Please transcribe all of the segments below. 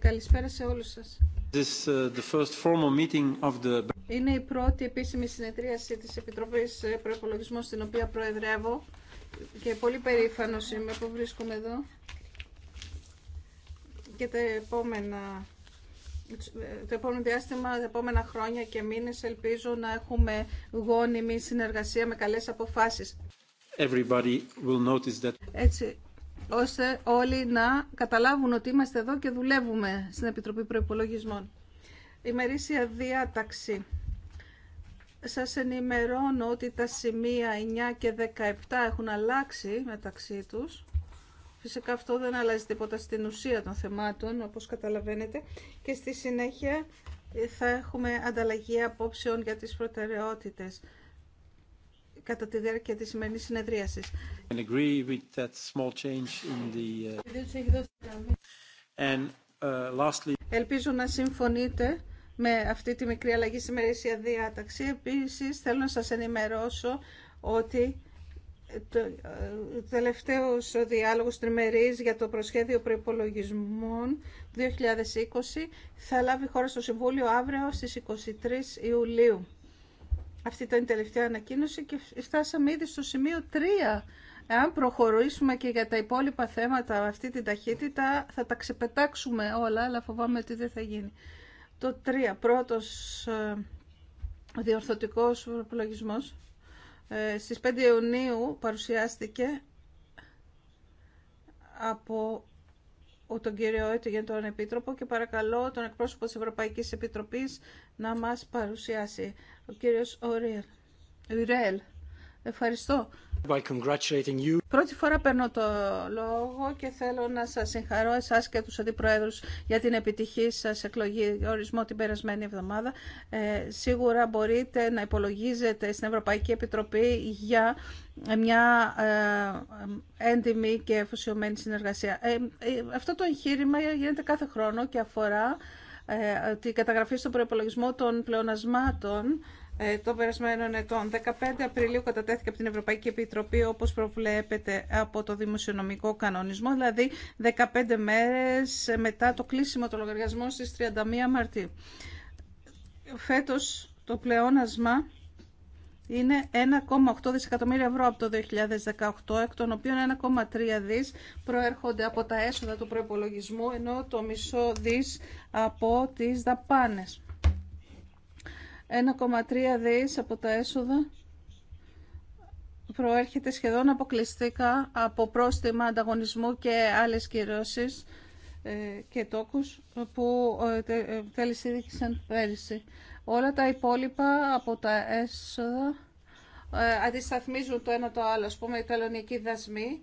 Καλησπέρα σε όλους σας. Uh, Είναι η πρώτη επίσημη συνεδρίαση της Επιτροπής ε, Προϋπολογισμού στην οποία προεδρεύω και πολύ περήφανος είμαι που βρίσκομαι εδώ. Και τα επόμενα, το επόμενο διάστημα, τα επόμενα χρόνια και μήνες ελπίζω να έχουμε γόνιμη συνεργασία με καλές αποφάσεις. will that. Έτσι, ώστε όλοι να καταλάβουν ότι είμαστε εδώ και δουλεύουμε στην Επιτροπή Προϋπολογισμών. Ημερήσια διάταξη. Σας ενημερώνω ότι τα σημεία 9 και 17 έχουν αλλάξει μεταξύ τους. Φυσικά αυτό δεν αλλάζει τίποτα στην ουσία των θεμάτων, όπως καταλαβαίνετε. Και στη συνέχεια θα έχουμε ανταλλαγή απόψεων για τις προτεραιότητες κατά τη διάρκεια της σημερινής συνεδρίασης. Ελπίζω να συμφωνείτε με αυτή τη μικρή αλλαγή στη μερίσια διάταξη. Επίσης, θέλω να σας ενημερώσω ότι το ε, τελευταίος διάλογος τριμερής για το προσχέδιο προϋπολογισμών 2020 θα λάβει χώρα στο Συμβούλιο αύριο στις 23 Ιουλίου. Αυτή ήταν η τελευταία ανακοίνωση και φτάσαμε ήδη στο σημείο 3. Εάν προχωρήσουμε και για τα υπόλοιπα θέματα αυτή την ταχύτητα θα τα ξεπετάξουμε όλα, αλλά φοβάμαι ότι δεν θα γίνει. Το 3. Πρώτος ε, διορθωτικός προπολογισμός. Ε, στις 5 Ιουνίου παρουσιάστηκε από τον κύριο Έτου τον Επίτροπο και παρακαλώ τον εκπρόσωπο της Ευρωπαϊκής Επιτροπής να μας παρουσιάσει ο κύριος Ουρέλ. Ευχαριστώ. By Πρώτη φορά παίρνω το λόγο και θέλω να σας συγχαρώ εσάς και τους αντιπροέδρους για την επιτυχή σας εκλογή ορισμό την περασμένη εβδομάδα. Ε, σίγουρα μπορείτε να υπολογίζετε στην Ευρωπαϊκή Επιτροπή για μια ε, έντιμη και εφοσιωμένη συνεργασία. Ε, ε, αυτό το εγχείρημα γίνεται κάθε χρόνο και αφορά ε, τη καταγραφή στον προπολογισμό των πλεονασμάτων ε, των περασμένων ετών. 15 Απριλίου κατατέθηκε από την Ευρωπαϊκή Επιτροπή όπως προβλέπεται από το Δημοσιονομικό Κανονισμό, δηλαδή 15 μέρες μετά το κλείσιμο των λογαριασμών στις 31 Μαρτίου. Φέτος το πλεόνασμα είναι 1,8 δισεκατομμύρια ευρώ από το 2018, εκ των οποίων 1,3 δις προέρχονται από τα έσοδα του προϋπολογισμού, ενώ το μισό δις από τις δαπάνες. 1,3 δις από τα έσοδα προέρχεται σχεδόν αποκλειστικά από πρόστιμα ανταγωνισμού και άλλες κυρώσεις ε, και τόκους που ήδη ε, ε, πέρυσι. Όλα τα υπόλοιπα από τα έσοδα ε, αντισταθμίζουν το ένα το άλλο. Ας πούμε, οι τελωνιακοί δασμοί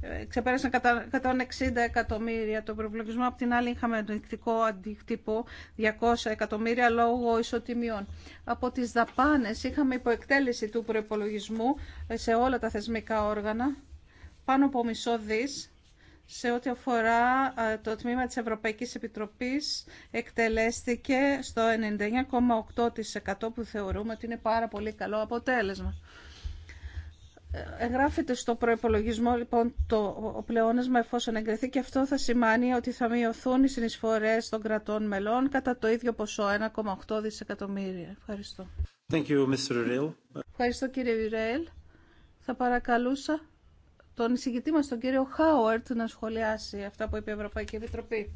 ε, ξεπέρασαν 160 εκατομμύρια το προβλογισμό. Απ' την άλλη είχαμε ενδεικτικό αντίκτυπο 200 εκατομμύρια λόγω ισοτιμιών. Από τις δαπάνες είχαμε υποεκτέλεση του προϋπολογισμού ε, σε όλα τα θεσμικά όργανα, πάνω από μισό δις σε ό,τι αφορά το τμήμα της Ευρωπαϊκής Επιτροπής εκτελέστηκε στο 99,8% που θεωρούμε ότι είναι πάρα πολύ καλό αποτέλεσμα. Ε, εγγράφεται στο προϋπολογισμό λοιπόν το πλεόνασμα εφόσον εγκριθεί και αυτό θα σημάνει ότι θα μειωθούν οι συνεισφορές των κρατών μελών κατά το ίδιο ποσό, 1,8 δισεκατομμύρια. Ευχαριστώ. Thank you, Mr. Ευχαριστώ κύριε Βιρέλ. Θα παρακαλούσα τον εισηγητή μας, τον κύριο Χάουερτ, να σχολιάσει αυτά που είπε η Ευρωπαϊκή Επιτροπή.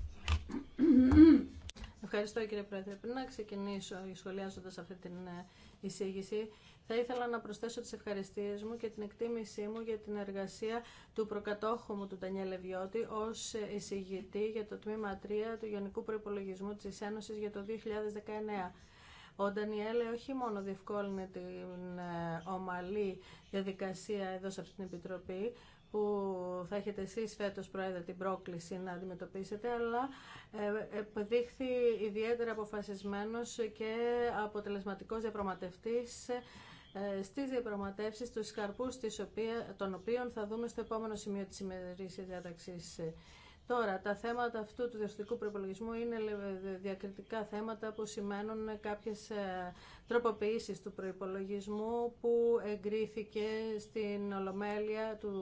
Ευχαριστώ κύριε Πρόεδρε. Πριν να ξεκινήσω σχολιάζοντα αυτή την ε, εισήγηση, θα ήθελα να προσθέσω τις ευχαριστίες μου και την εκτίμησή μου για την εργασία του προκατόχου μου, του Τανιέλε Βιώτη, ως ε, εισηγητή για το τμήμα 3 του Γενικού Προϋπολογισμού της Ένωσης για το 2019. Ο Ντανιέλε όχι μόνο διευκόλυνε την ε, ομαλή διαδικασία εδώ σε αυτήν την Επιτροπή, που θα έχετε εσείς φέτος Πρόεδρε την πρόκληση να αντιμετωπίσετε, αλλά ε, δείχθη ιδιαίτερα αποφασισμένος και αποτελεσματικός διαπραγματευτής ε, στις διαπραγματεύσεις, του σκαρπούς των οποίων θα δούμε στο επόμενο σημείο της της διάταξης. Τώρα, τα θέματα αυτού του διορθωτικού προπολογισμού είναι διακριτικά θέματα που σημαίνουν κάποιες ε, τροποποιήσεις του προϋπολογισμού που εγκρίθηκε στην Ολομέλεια του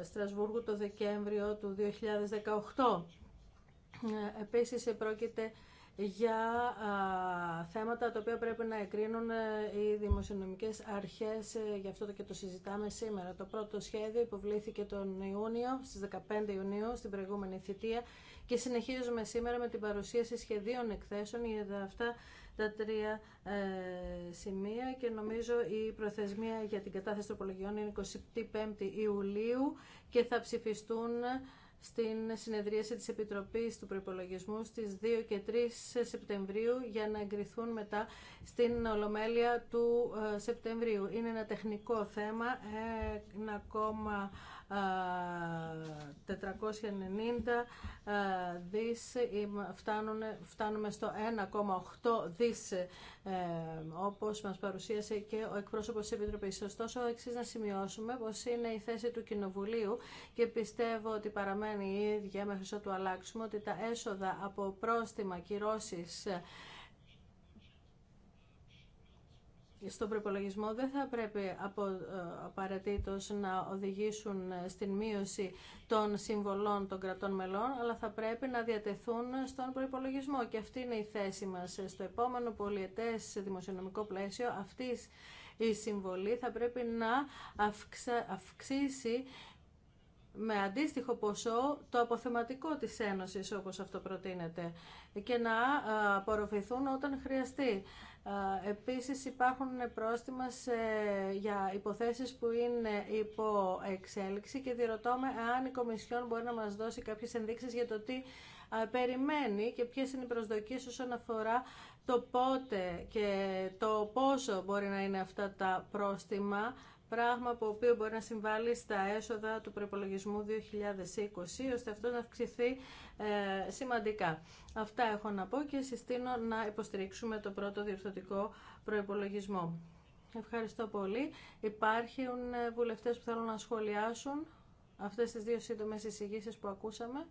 ε, Στρασβούργου το Δεκέμβριο του 2018. Ε, επίσης, πρόκειται για θέματα τα οποία πρέπει να εκρίνουν ε, οι δημοσιονομικές αρχές. Ε, γι' αυτό και το συζητάμε σήμερα. Το πρώτο σχέδιο υποβλήθηκε τον Ιούνιο, στις 15 Ιουνίου, στην προηγούμενη θητεία και συνεχίζουμε σήμερα με την παρουσίαση σχεδίων εκθέσεων για αυτά τα τρία ε, σημεία και νομίζω η προθεσμία για την κατάθεση τροπολογιών είναι 25 Ιουλίου και θα ψηφιστούν στην συνεδρίαση της Επιτροπής του Προϋπολογισμού στις 2 και 3 Σεπτεμβρίου για να εγκριθούν μετά στην Ολομέλεια του ε, Σεπτεμβρίου. Είναι ένα τεχνικό θέμα, ε, ένα ακόμα 490 δις φτάνουμε στο 1,8 δις ε, όπως μας παρουσίασε και ο εκπρόσωπος της Επιτροπής. Ωστόσο, εξής να σημειώσουμε πως είναι η θέση του Κοινοβουλίου και πιστεύω ότι παραμένει η ίδια μέχρι ότου αλλάξουμε ότι τα έσοδα από πρόστιμα κυρώσεις στον προπολογισμό δεν θα πρέπει απο, ε, απαραίτητο να οδηγήσουν στην μείωση των συμβολών των κρατών μελών, αλλά θα πρέπει να διατεθούν στον προπολογισμό. Και αυτή είναι η θέση μας. Στο επόμενο πολιετές δημοσιονομικό πλαίσιο αυτής η συμβολή θα πρέπει να αυξήσει με αντίστοιχο ποσό το αποθεματικό της Ένωσης όπως αυτό προτείνεται και να ε, απορροφηθούν όταν χρειαστεί. Επίσης υπάρχουν πρόστιμα σε, για υποθέσεις που είναι υπό εξέλιξη και διερωτώμε αν η Κομισιόν μπορεί να μας δώσει κάποιες ενδείξεις για το τι περιμένει και ποιες είναι οι προσδοκίες όσον αφορά το πότε και το πόσο μπορεί να είναι αυτά τα πρόστιμα πράγμα που οποίο μπορεί να συμβάλλει στα έσοδα του προπολογισμού 2020, ώστε αυτό να αυξηθεί ε, σημαντικά. Αυτά έχω να πω και συστήνω να υποστηρίξουμε το πρώτο διευθυντικό προπολογισμό. Ευχαριστώ πολύ. Υπάρχουν ε, βουλευτές που θέλουν να σχολιάσουν αυτές τις δύο σύντομες εισηγήσει που ακούσαμε.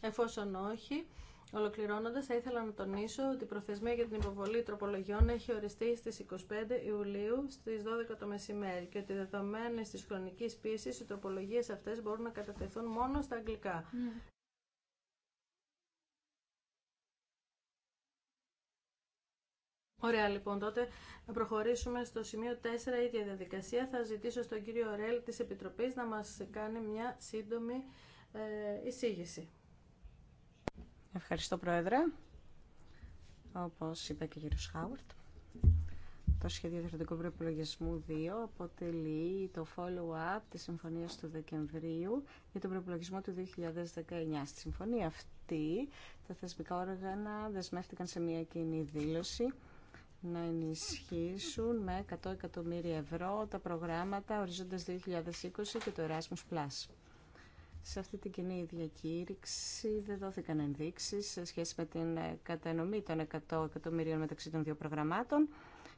Εφόσον όχι, Ολοκληρώνοντα, θα ήθελα να τονίσω ότι η προθεσμία για την υποβολή τροπολογιών έχει οριστεί στι 25 Ιουλίου στι 12 το μεσημέρι και ότι δεδομένε τη χρονική πίεση οι τροπολογίε αυτέ μπορούν να κατατεθούν μόνο στα αγγλικά. Mm. Ωραία λοιπόν, τότε να προχωρήσουμε στο σημείο 4 η διαδικασία. Θα ζητήσω στον κύριο Ρέλ της Επιτροπής να μας κάνει μια σύντομη ε, εισήγηση. Ευχαριστώ, Πρόεδρε. Όπως είπε και ο κ. Χάουρτ, το σχέδιο διευθυντικού προπολογισμού 2 αποτελεί το follow-up της συμφωνίας του Δεκεμβρίου για τον προπολογισμό του 2019. Στη συμφωνία αυτή, τα θεσμικά όργανα δεσμεύτηκαν σε μια κοινή δήλωση να ενισχύσουν με 100 εκατομμύρια ευρώ τα προγράμματα Οριζόντας 2020 και το Erasmus+. Σε αυτή την κοινή διακήρυξη δεν δόθηκαν ενδείξει σε σχέση με την ε, κατανομή των 100 εκατομμυρίων μεταξύ των δύο προγραμμάτων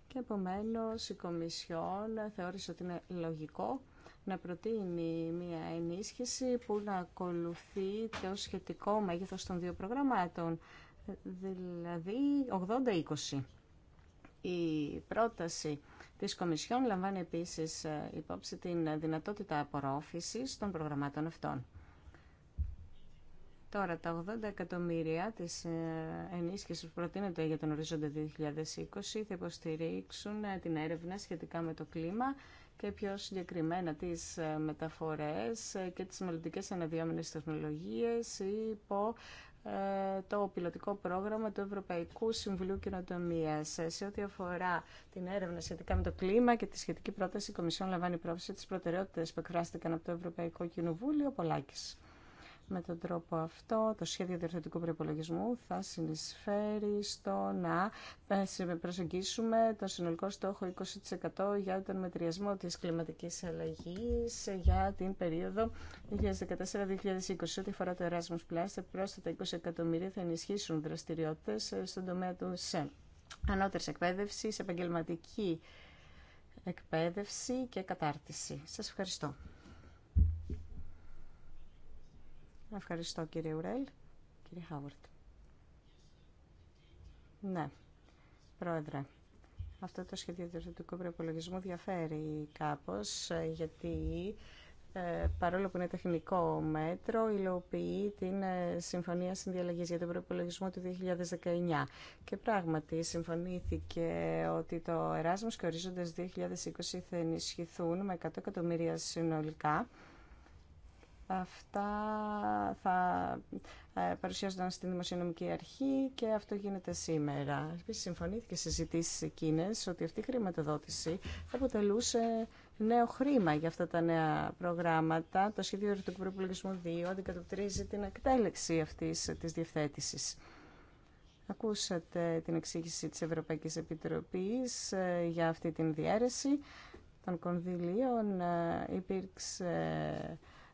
και επομένω, η Κομισιόν θεώρησε ότι είναι λογικό να προτείνει μια ενίσχυση που να ακολουθεί το σχετικό μέγεθος των δύο προγραμμάτων, δηλαδή 80-20. Η πρόταση της Κομισιόν λαμβάνει επίσης ε, υπόψη την δυνατότητα απορρόφησης των προγραμμάτων αυτών. Τώρα, τα 80 εκατομμύρια της ε, ενίσχυσης που προτείνεται για τον ορίζοντα 2020 θα υποστηρίξουν ε, την έρευνα σχετικά με το κλίμα και πιο συγκεκριμένα τις ε, μεταφορές και τις μελλοντικές αναδυόμενες τεχνολογίες υπό το πιλωτικό πρόγραμμα του Ευρωπαϊκού Συμβουλίου Κοινοτομία. Σε ό,τι αφορά την έρευνα σχετικά με το κλίμα και τη σχετική πρόταση, η Κομισιόν λαμβάνει πρόφαση τι προτεραιότητε που εκφράστηκαν από το Ευρωπαϊκό Κοινοβούλιο. Πολάκης. Με τον τρόπο αυτό, το σχέδιο διορθωτικού προπολογισμού θα συνεισφέρει στο να ε, προσεγγίσουμε το συνολικό στόχο 20% για τον μετριασμό της κλιματικής αλλαγής για την περίοδο 2014-2020. Ό,τι αφορά το Erasmus Plus, τα πρόσθετα 20 εκατομμύρια θα ενισχύσουν δραστηριότητες ε, στον τομέα του ΣΕ. Ανώτερης εκπαίδευσης, επαγγελματική εκπαίδευση και κατάρτιση. Σας ευχαριστώ. Ευχαριστώ κύριε Ουρέλ. Κύριε Χάουαρτ. Ναι, πρόεδρε. Αυτό το σχέδιο διορθωτικού προπολογισμού διαφέρει κάπως γιατί ε, παρόλο που είναι τεχνικό μέτρο, υλοποιεί την ε, Συμφωνία Συνδιαλλαγής για τον προπολογισμό του 2019. Και πράγματι συμφωνήθηκε ότι το Εράσμο και ορίζοντα 2020 θα ενισχυθούν με 100 εκατομμύρια συνολικά Αυτά θα ε, παρουσιάζονταν στην Δημοσιονομική Αρχή και αυτό γίνεται σήμερα. Επίση, συμφωνήθηκε σε συζητήσει εκείνε ότι αυτή η χρηματοδότηση θα αποτελούσε νέο χρήμα για αυτά τα νέα προγράμματα. Το σχέδιο του προπολογισμού 2 αντικατοπτρίζει την εκτέλεξη αυτή τη διευθέτηση. Ακούσατε την εξήγηση της Ευρωπαϊκής Επιτροπής ε, για αυτή την διαίρεση των κονδυλίων. Ε, υπήρξε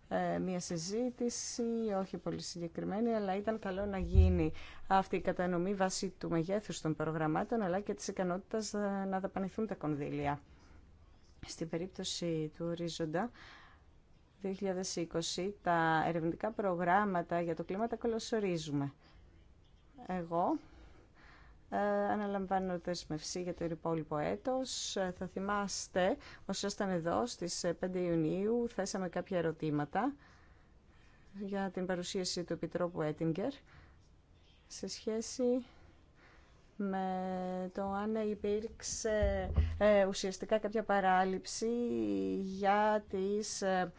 ε, μια συζήτηση, όχι πολύ συγκεκριμένη, αλλά ήταν καλό να γίνει αυτή η κατανομή βάσει του μεγέθους των προγραμμάτων, αλλά και της ικανότητας ε, να δαπανηθούν τα κονδύλια. Στην περίπτωση του ορίζοντα, 2020 τα ερευνητικά προγράμματα για το κλίμα τα κολοσορίζουμε. Εγώ ε, αναλαμβάνω δεσμευσή για το υπόλοιπο έτος. Ε, θα θυμάστε, όσοι ήσασταν εδώ στις 5 ε, Ιουνίου, θέσαμε κάποια ερωτήματα για την παρουσίαση του Επιτρόπου Έτιγκερ σε σχέση με το αν υπήρξε ε, ουσιαστικά κάποια παράληψη για τις ε,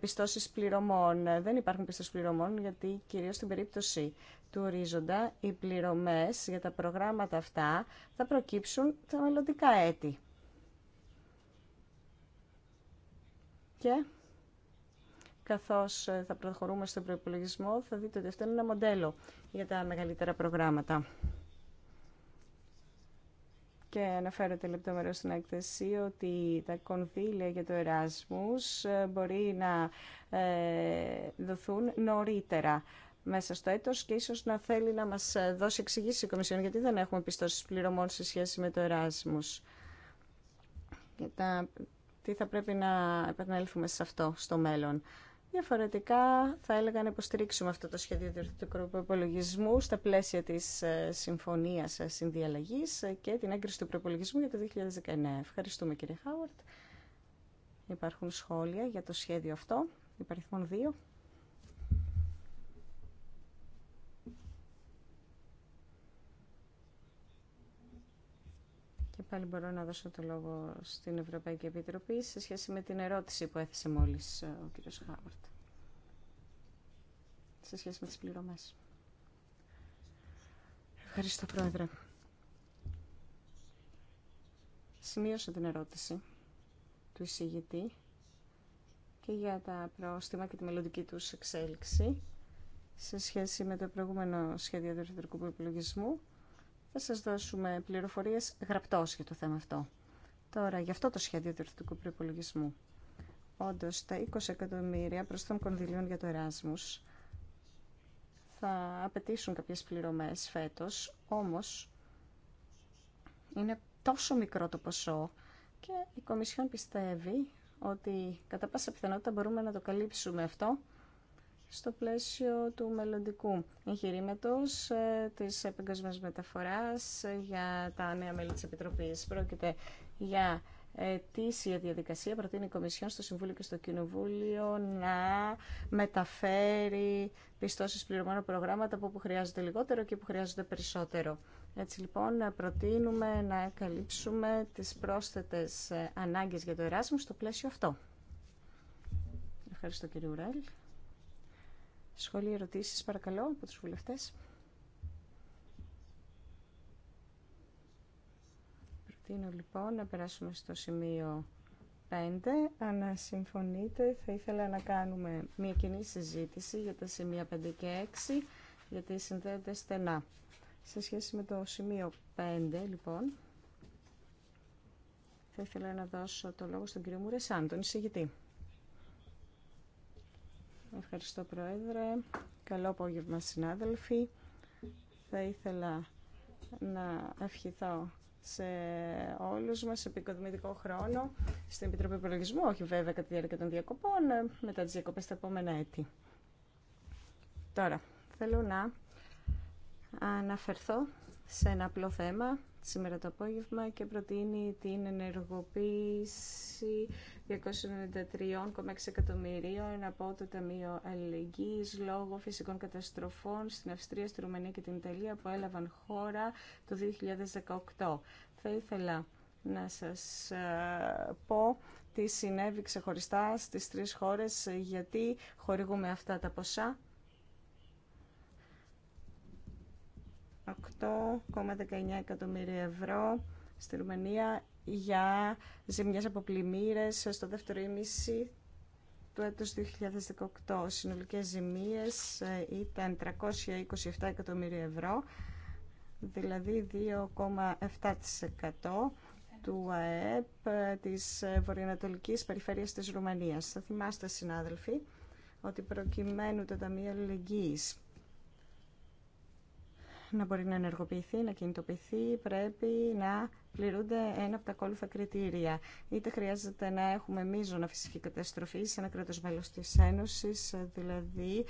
πιστώσεις πληρωμών. Δεν υπάρχουν πιστώσεις πληρωμών γιατί κυρίως στην περίπτωση του ορίζοντα, οι πληρωμές για τα προγράμματα αυτά θα προκύψουν τα μελλοντικά έτη. Και καθώς ε, θα προχωρούμε στον προϋπολογισμό, θα δείτε ότι αυτό είναι ένα μοντέλο για τα μεγαλύτερα προγράμματα. Και αναφέρεται λεπτομερώς στην έκθεση ότι τα κονδύλια για το Εράσμους μπορεί να ε, δοθούν νωρίτερα μέσα στο έτο και ίσω να θέλει να μα ε, δώσει εξηγήσει η Κομισιόν γιατί δεν έχουμε πιστώσει πληρωμών σε σχέση με το Εράσμους. Τι θα πρέπει να επανέλθουμε σε αυτό στο μέλλον. Διαφορετικά θα έλεγα να υποστηρίξουμε αυτό το σχέδιο διορθωτικού προπολογισμού στα πλαίσια της ε, συμφωνίας ε, συνδιαλλαγής και την έγκριση του προπολογισμού για το 2019. Ευχαριστούμε κύριε Χάουαρτ. Υπάρχουν σχόλια για το σχέδιο αυτό. Υπάρχουν δύο. Και πάλι μπορώ να δώσω το λόγο στην Ευρωπαϊκή Επιτροπή σε σχέση με την ερώτηση που έθεσε μόλις ε, ο κύριος Χάουαρτ. Σε σχέση με τις πληρωμές. Ευχαριστώ, Πρόεδρε. Σημείωσα την ερώτηση του εισηγητή και για τα πρόστιμα και τη μελλοντική τους εξέλιξη σε σχέση με το προηγούμενο σχέδιο του επιλογισμού θα σας δώσουμε πληροφορίες γραπτός για το θέμα αυτό. Τώρα, για αυτό το σχέδιο του διορθωτικού προπολογισμού. Όντω, τα 20 εκατομμύρια προ των κονδυλίων για το Εράσμους θα απαιτήσουν κάποιες πληρωμές φέτος, όμως είναι τόσο μικρό το ποσό και η Κομισιόν πιστεύει ότι κατά πάσα πιθανότητα μπορούμε να το καλύψουμε αυτό στο πλαίσιο του μελλοντικού εγχειρήματος ε, της επεγκόσμιας μεταφοράς ε, για τα νέα μέλη της Επιτροπής. Πρόκειται για ετήσια διαδικασία, προτείνει η Κομισιόν στο Συμβούλιο και στο Κοινοβούλιο να μεταφέρει πιστώσεις πληρωμένων προγράμματα από όπου χρειάζονται λιγότερο και που χρειάζονται περισσότερο. Έτσι λοιπόν προτείνουμε να καλύψουμε τις πρόσθετες ε, ανάγκες για το Εράσμου στο πλαίσιο αυτό. Ευχαριστώ κύριε Ουρέλ. Σχόλια, ερωτήσεις, παρακαλώ, από τους βουλευτές. Προτείνω λοιπόν να περάσουμε στο σημείο 5. Αν συμφωνείτε, θα ήθελα να κάνουμε μια κοινή συζήτηση για τα σημεία 5 και 6, γιατί συνδέονται στενά. Σε σχέση με το σημείο 5, λοιπόν, θα ήθελα να δώσω το λόγο στον κύριο Μουρεσάν, τον εισηγητή. Ευχαριστώ Πρόεδρε. Καλό απόγευμα συνάδελφοι. Θα ήθελα να ευχηθώ σε όλους μας επικοδομητικό χρόνο στην Επιτροπή Προλογισμού, όχι βέβαια κατά τη διάρκεια των διακοπών, μετά τις διακοπές τα επόμενα έτη. Τώρα, θέλω να αναφερθώ σε ένα απλό θέμα σήμερα το απόγευμα και προτείνει την ενεργοποίηση 293,6 εκατομμυρίων από το Ταμείο Αλληλεγγύης λόγω φυσικών καταστροφών στην Αυστρία, στη Ρουμανία και την Ιταλία που έλαβαν χώρα το 2018. Θα ήθελα να σας πω τι συνέβη ξεχωριστά στις τρεις χώρες γιατί χορηγούμε αυτά τα ποσά 8,19 εκατομμύρια ευρώ στη Ρουμανία για ζημιές από πλημμύρες στο δεύτερο ήμιση του έτους 2018. Συνολικές ζημίες ε, ήταν 327 εκατομμύρια ευρώ, δηλαδή 2,7% του ΑΕΠ ε, της ε, βορειοανατολικής περιφέρειας της Ρουμανίας. Θα θυμάστε, συνάδελφοι, ότι προκειμένου το Ταμείο Αλληλεγγύης να μπορεί να ενεργοποιηθεί, να κινητοποιηθεί, πρέπει να πληρούνται ένα από τα ακόλουθα κριτήρια. Είτε χρειάζεται να έχουμε μείζωνα φυσική καταστροφή σε ένα κράτο μέλο τη Ένωση, δηλαδή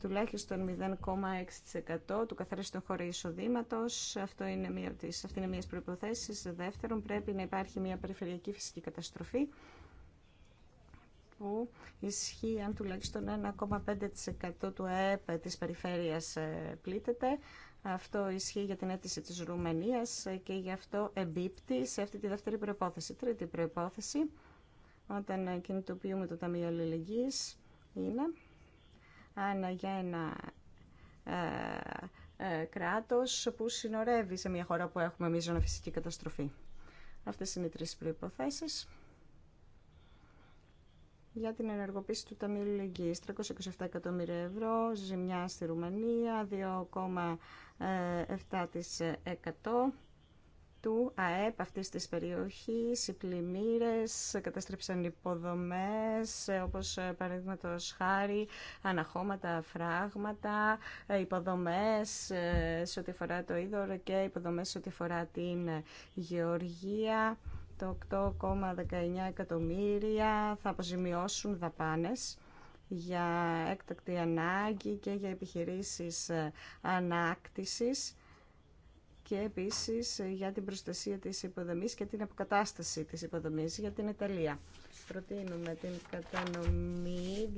τουλάχιστον 0,6% του καθαρίστων χωρί εισοδήματο. Αυτή είναι μία, από είναι μία προποθέσει. Δεύτερον, πρέπει να υπάρχει μία περιφερειακή φυσική καταστροφή που ισχύει αν τουλάχιστον 1,5% του ΕΕΠ της περιφέρειας ε, πλήττεται. Αυτό ισχύει για την αίτηση της Ρουμανίας και γι' αυτό εμπίπτει σε αυτή τη δεύτερη προϋπόθεση. Τρίτη προϋπόθεση, όταν κινητοποιούμε το Ταμείο Αλληλεγγύης, είναι αν για ένα ε, ε κράτος που συνορεύει σε μια χώρα που έχουμε μείζωνα φυσική καταστροφή. Αυτές είναι οι τρεις προϋποθέσεις για την ενεργοποίηση του Ταμείου Λεγγύης. 327 εκατομμύρια ευρώ, ζημιά στη Ρουμανία, 2,7% του ΑΕΠ αυτής της περιοχής, οι πλημμύρες, καταστρέψαν υποδομές όπως ε, παραδείγματο χάρη, αναχώματα, φράγματα, ε, υποδομές ε, σε ό,τι αφορά το είδωρο και υποδομές σε ό,τι αφορά την γεωργία το 8,19 εκατομμύρια θα αποζημιώσουν δαπάνες για έκτακτη ανάγκη και για επιχειρήσεις ε, ανάκτησης και επίσης ε, για την προστασία της υποδομής και την αποκατάσταση της υποδομής για την Ιταλία. Προτείνουμε την κατανομή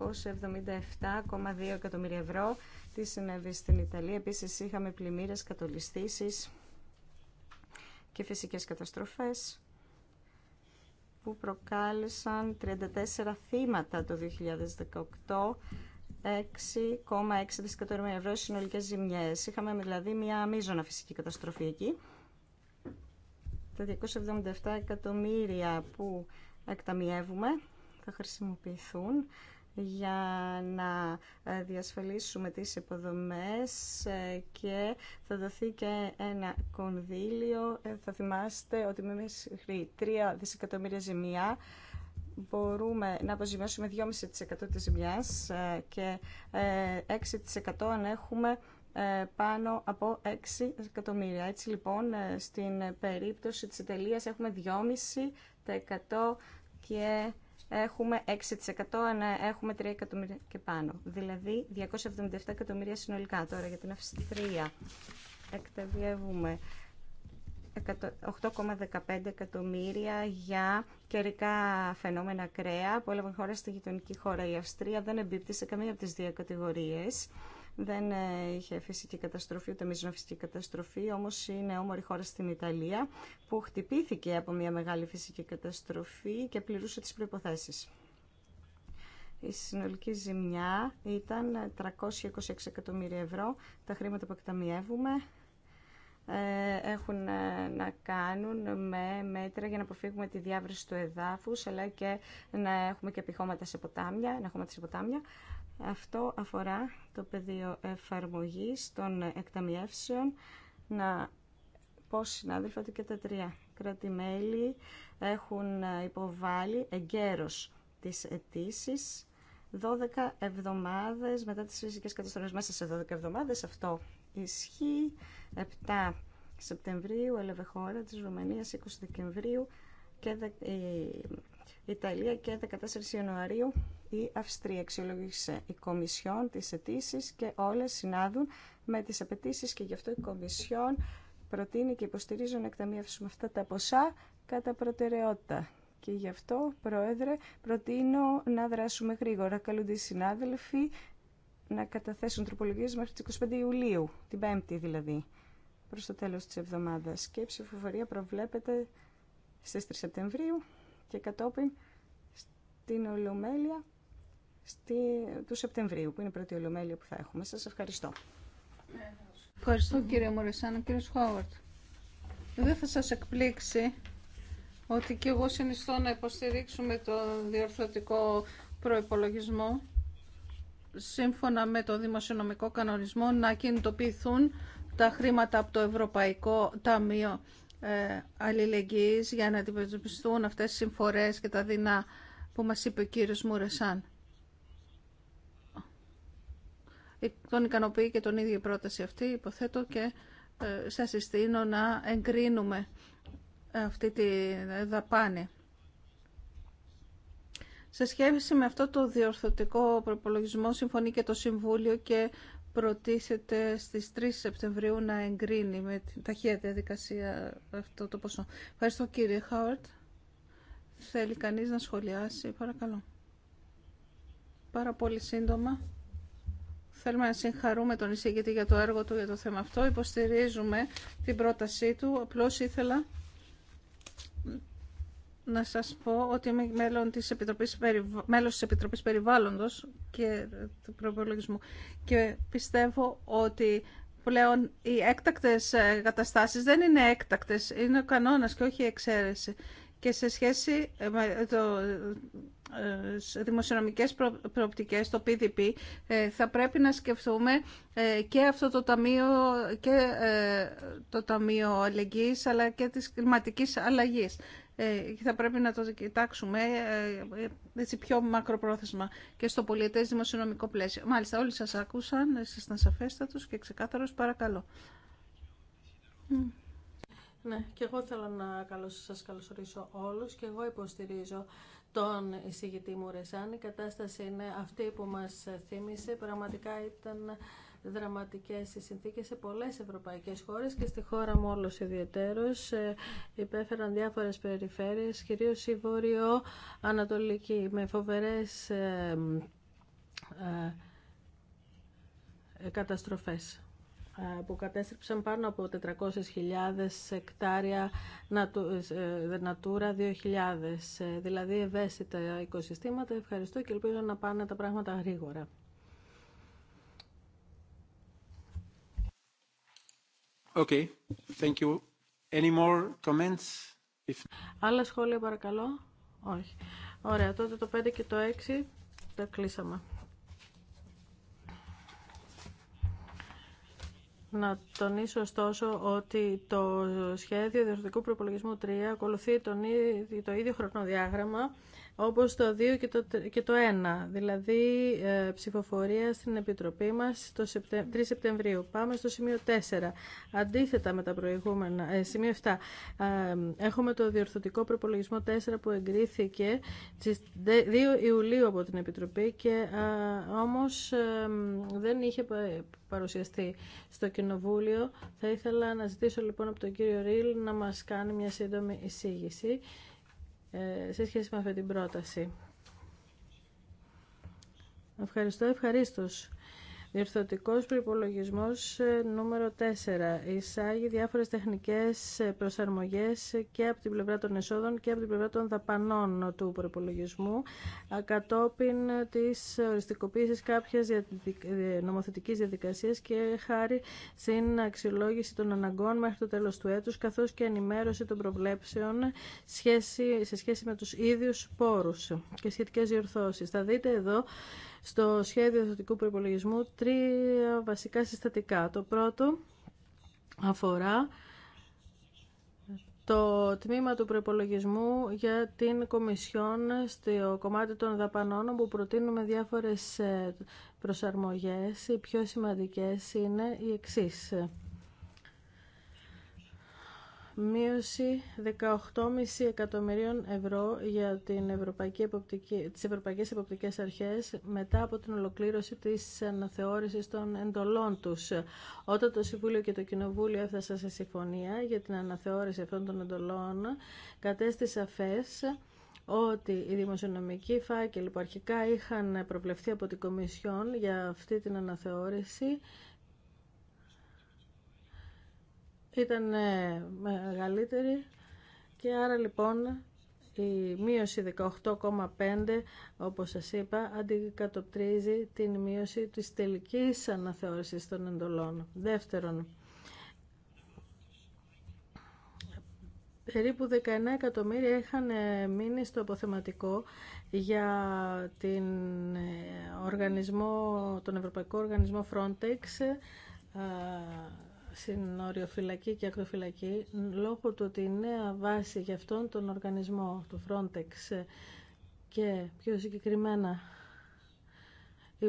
277,2 εκατομμύρια ευρώ τι συνέβη στην Ιταλία. Επίσης είχαμε πλημμύρες, κατολιστήσεις και φυσικές καταστροφές που προκάλεσαν 34 θύματα το 2018 6,6 δισεκατομμύρια ευρώ συνολικές ζημιές. Είχαμε δηλαδή μια μείζωνα φυσική καταστροφή εκεί. Τα 277 εκατομμύρια που εκταμιεύουμε θα χρησιμοποιηθούν για να ε, διασφαλίσουμε τις υποδομές ε, και θα δοθεί και ένα κονδύλιο. Ε, θα θυμάστε ότι με μέχρι 3 δισεκατομμύρια ζημιά μπορούμε να αποζημιώσουμε 2,5% της ζημιάς και 6% αν έχουμε πάνω από 6 δισεκατομμύρια. Έτσι λοιπόν στην περίπτωση της εταιρείας έχουμε 2,5% και έχουμε 6% αν έχουμε 3 εκατομμύρια και πάνω. Δηλαδή 277 εκατομμύρια συνολικά. Τώρα για την Αυστρία Εκτεβιεύουμε 8,15 εκατομμύρια για καιρικά φαινόμενα κρέα που έλαβαν χώρα στη γειτονική χώρα. Η Αυστρία δεν εμπίπτει σε καμία από τις δύο κατηγορίες. Δεν ε, είχε φυσική καταστροφή, ούτε μίζωνα φυσική καταστροφή, όμως είναι όμορφη χώρα στην Ιταλία που χτυπήθηκε από μια μεγάλη φυσική καταστροφή και πληρούσε τις προποθέσει. Η συνολική ζημιά ήταν 326 εκατομμύρια ευρώ. Τα χρήματα που εκταμιεύουμε ε, έχουν ε, να κάνουν με μέτρα για να αποφύγουμε τη διάβρεση του εδάφους, αλλά και να έχουμε και επιχώματα σε ποτάμια, να έχουμε σε ποτάμια. Αυτό αφορά το πεδίο εφαρμογής των εκταμιεύσεων να πω συνάδελφα ότι και τα τρία κράτη-μέλη έχουν υποβάλει εγκαίρως τις αιτήσει 12 εβδομάδες μετά τις φυσικές καταστροφές μέσα σε 12 εβδομάδες αυτό ισχύει 7 Σεπτεμβρίου έλαβε χώρα της Ρουμανίας 20 Δεκεμβρίου και η Ιταλία και 14 Ιανουαρίου η Αυστρία αξιολόγησε η Κομισιόν τις αιτήσει και όλες συνάδουν με τις απαιτήσει και γι' αυτό η Κομισιόν προτείνει και υποστηρίζει να εκταμείευσουμε αυτά τα ποσά κατά προτεραιότητα. Και γι' αυτό, Πρόεδρε, προτείνω να δράσουμε γρήγορα. Καλούνται οι συνάδελφοι να καταθέσουν τροπολογίες μέχρι τις 25 Ιουλίου, την 5η δηλαδή, προς το τέλος της εβδομάδας. Και η ψηφοφορία προβλέπεται στις 3 Σεπτεμβρίου και κατόπιν στην Ολομέλεια στη, του Σεπτεμβρίου, που είναι η πρώτη ολομέλεια που θα έχουμε. Σας ευχαριστώ. Ευχαριστώ κύριε Μουρεσάν κύριε Χάουαρτ. Δεν θα σας εκπλήξει ότι και εγώ συνιστώ να υποστηρίξουμε το διορθωτικό προϋπολογισμό σύμφωνα με το δημοσιονομικό κανονισμό να κινητοποιηθούν τα χρήματα από το Ευρωπαϊκό Ταμείο ε, Αλληλεγγύης για να αντιμετωπιστούν αυτές τις συμφορές και τα δεινά που μας είπε ο κύριος Μουρεσάν. Τον ικανοποιεί και τον ίδιο η πρόταση αυτή, υποθέτω, και ε, σα συστήνω να εγκρίνουμε αυτή τη δαπάνη. Σε σχέση με αυτό το διορθωτικό προπολογισμό συμφωνεί και το Συμβούλιο και προτίθεται στις 3 Σεπτεμβρίου να εγκρίνει με την ταχεία διαδικασία αυτό το ποσό. Ευχαριστώ κύριε Χάουαρτ. Θέλει κανείς να σχολιάσει, παρακαλώ. Πάρα πολύ σύντομα. Θέλουμε να συγχαρούμε τον εισηγητή για το έργο του για το θέμα αυτό. Υποστηρίζουμε την πρότασή του. Απλώς ήθελα να σας πω ότι είμαι μέλος της Επιτροπής, μέλος της Επιτροπής Περιβάλλοντος και του προπολογισμού και πιστεύω ότι πλέον οι έκτακτες καταστάσεις δεν είναι έκτακτες, είναι ο κανόνας και όχι η εξαίρεση και σε σχέση ε, με το ε, δημοσιονομικές προοπτικές, το PDP, ε, θα πρέπει να σκεφτούμε και αυτό το ταμείο, και το ταμείο αλληλεγγύης, αλλά και της κλιματικής αλλαγής. Θα πρέπει να το κοιτάξουμε έτσι πιο μακροπρόθεσμα και στο πολιτές δημοσιονομικό πλαίσιο. Μάλιστα, όλοι σας άκουσαν, ήσασταν σαφέστατος και ξεκάθαρος, παρακαλώ. Ναι, και εγώ θέλω να σας καλωσορίσω όλους και εγώ υποστηρίζω τον εισηγητή μου Ρεσάν. Η κατάσταση είναι αυτή που μας θύμισε. Πραγματικά ήταν δραματικές οι συνθήκες σε πολλές ευρωπαϊκές χώρες και στη χώρα μου όλος ιδιαιτέρως ε, υπέφεραν διάφορες περιφέρειες, κυρίως η Βόρειο-Ανατολική, με φοβερές ε, ε, καταστροφές. Ε, που κατέστρεψαν πάνω από 400.000 εκτάρια ε, ε, Natura 2000, δηλαδή ευαίσθητα οικοσυστήματα. Ευχαριστώ και ελπίζω να πάνε τα πράγματα γρήγορα. Okay, thank you. Any more comments? If... Άλλα σχόλια παρακαλώ. Όχι. Ωραία, τότε το 5 και το 6 τα κλείσαμε. Να τονίσω ωστόσο ότι το σχέδιο διορθωτικού προπολογισμού 3 ακολουθεί το ίδιο χρονοδιάγραμμα όπως το 2 και το, 1, δηλαδή ε, ψηφοφορία στην Επιτροπή μας το 3 Σεπτεμβρίου. Πάμε στο σημείο 4. Αντίθετα με τα προηγούμενα, ε, σημείο 7, ε, έχουμε το διορθωτικό προπολογισμό 4 που εγκρίθηκε στις 2 Ιουλίου από την Επιτροπή και ε, όμως δεν είχε παρουσιαστεί στο Κοινοβούλιο. Θα ήθελα να ζητήσω λοιπόν από τον κύριο Ρίλ να μας κάνει μια σύντομη εισήγηση ε, σε σχέση με αυτή την πρόταση. Ευχαριστώ, ευχαρίστως. Διορθωτικός προϋπολογισμός ε, νούμερο 4. Εισάγει διάφορες τεχνικές ε, προσαρμογές και από την πλευρά των εσόδων και από την πλευρά των δαπανών του προϋπολογισμού ε, κατόπιν της οριστικοποίησης κάποιας νομοθετικής διαδικασίας και χάρη στην αξιολόγηση των αναγκών μέχρι το τέλος του έτους καθώς και ενημέρωση των προβλέψεων σε σχέση με τους ίδιους πόρους και σχετικές διορθώσεις. Θα δείτε εδώ στο σχέδιο δοτικού προπολογισμού τρία βασικά συστατικά. Το πρώτο αφορά το τμήμα του προπολογισμού για την Κομισιόν στο κομμάτι των δαπανών που προτείνουμε διάφορες ε, προσαρμογές. Οι πιο σημαντικές είναι οι εξής μείωση 18,5 εκατομμυρίων ευρώ για την Ευρωπαϊκή Εποπτική, τις Ευρωπαϊκές Εποπτικές Αρχές μετά από την ολοκλήρωση της αναθεώρησης των εντολών τους. Όταν το Συμβούλιο και το Κοινοβούλιο έφτασαν σε συμφωνία για την αναθεώρηση αυτών των εντολών, κατέστησε σαφές ότι οι δημοσιονομικοί φάκελοι που αρχικά είχαν προβλεφθεί από την Κομισιόν για αυτή την αναθεώρηση ήταν μεγαλύτερη και άρα λοιπόν η μείωση 18,5 όπως σας είπα αντικατοπτρίζει την μείωση της τελικής αναθεώρησης των εντολών. Δεύτερον, περίπου 19 εκατομμύρια είχαν μείνει στο αποθεματικό για την ε, οργανισμό, τον Ευρωπαϊκό Οργανισμό Frontex ε, συνοριοφυλακή και ακροφυλακή λόγω του ότι η νέα βάση για αυτόν τον οργανισμό του Frontex και πιο συγκεκριμένα η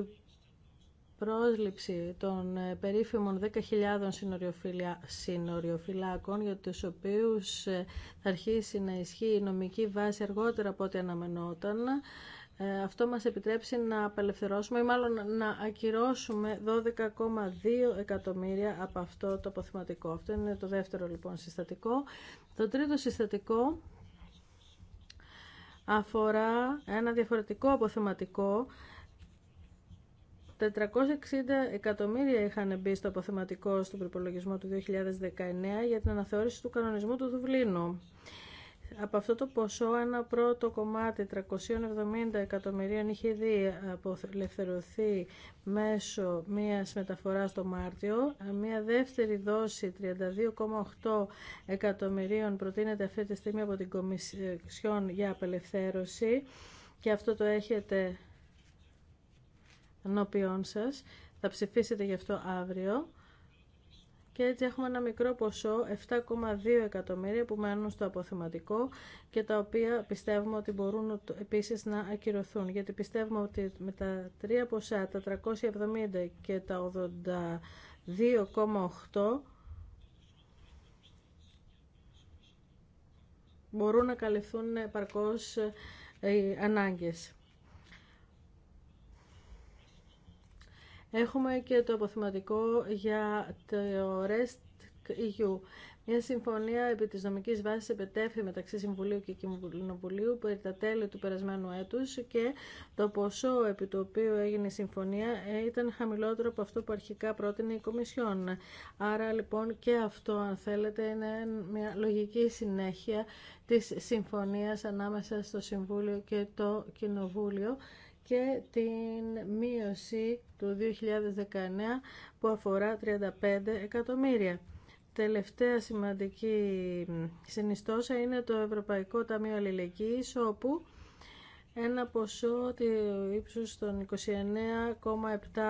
πρόσληψη των ε, περίφημων 10.000 συνοριοφυλάκων για τους οποίους ε, θα αρχίσει να ισχύει η νομική βάση αργότερα από ό,τι αναμενόταν ε, αυτό μας επιτρέψει να απελευθερώσουμε ή μάλλον να ακυρώσουμε 12,2 εκατομμύρια από αυτό το αποθηματικό. Αυτό είναι το δεύτερο λοιπόν συστατικό. Το τρίτο συστατικό αφορά ένα διαφορετικό αποθεματικό 460 εκατομμύρια είχαν μπει στο αποθεματικό στον προπολογισμό του 2019 για την αναθεώρηση του κανονισμού του Δουβλίνου από αυτό το ποσό ένα πρώτο κομμάτι 370 εκατομμυρίων είχε δει απολευθερωθεί μέσω μιας μεταφοράς το Μάρτιο. Μια δεύτερη δόση 32,8 εκατομμυρίων προτείνεται αυτή τη στιγμή από την Κομισιόν για απελευθέρωση και αυτό το έχετε ενώπιόν σας. Θα ψηφίσετε γι' αυτό αύριο και έτσι έχουμε ένα μικρό ποσό 7,2 εκατομμύρια που μένουν στο αποθεματικό και τα οποία πιστεύουμε ότι μπορούν επίσης να ακυρωθούν γιατί πιστεύουμε ότι με τα τρία ποσά, τα 370 και τα 82,8 μπορούν να καλυφθούν παρκώς ε, οι ανάγκες. Έχουμε και το αποθηματικό για το REST EU. Μια συμφωνία επί της νομικής βάσης επετέφθη μεταξύ Συμβουλίου και Κοινοβουλίου περί τα τέλη του περασμένου έτους και το ποσό επί το οποίο έγινε η συμφωνία ήταν χαμηλότερο από αυτό που αρχικά πρότεινε η Κομισιόν. Άρα λοιπόν και αυτό αν θέλετε είναι μια λογική συνέχεια της συμφωνίας ανάμεσα στο Συμβούλιο και το Κοινοβούλιο και την μείωση του 2019 που αφορά 35 εκατομμύρια. Τελευταία σημαντική συνιστόσα είναι το Ευρωπαϊκό Ταμείο Αλληλεγγύης όπου ένα ποσό του ύψους των 29,7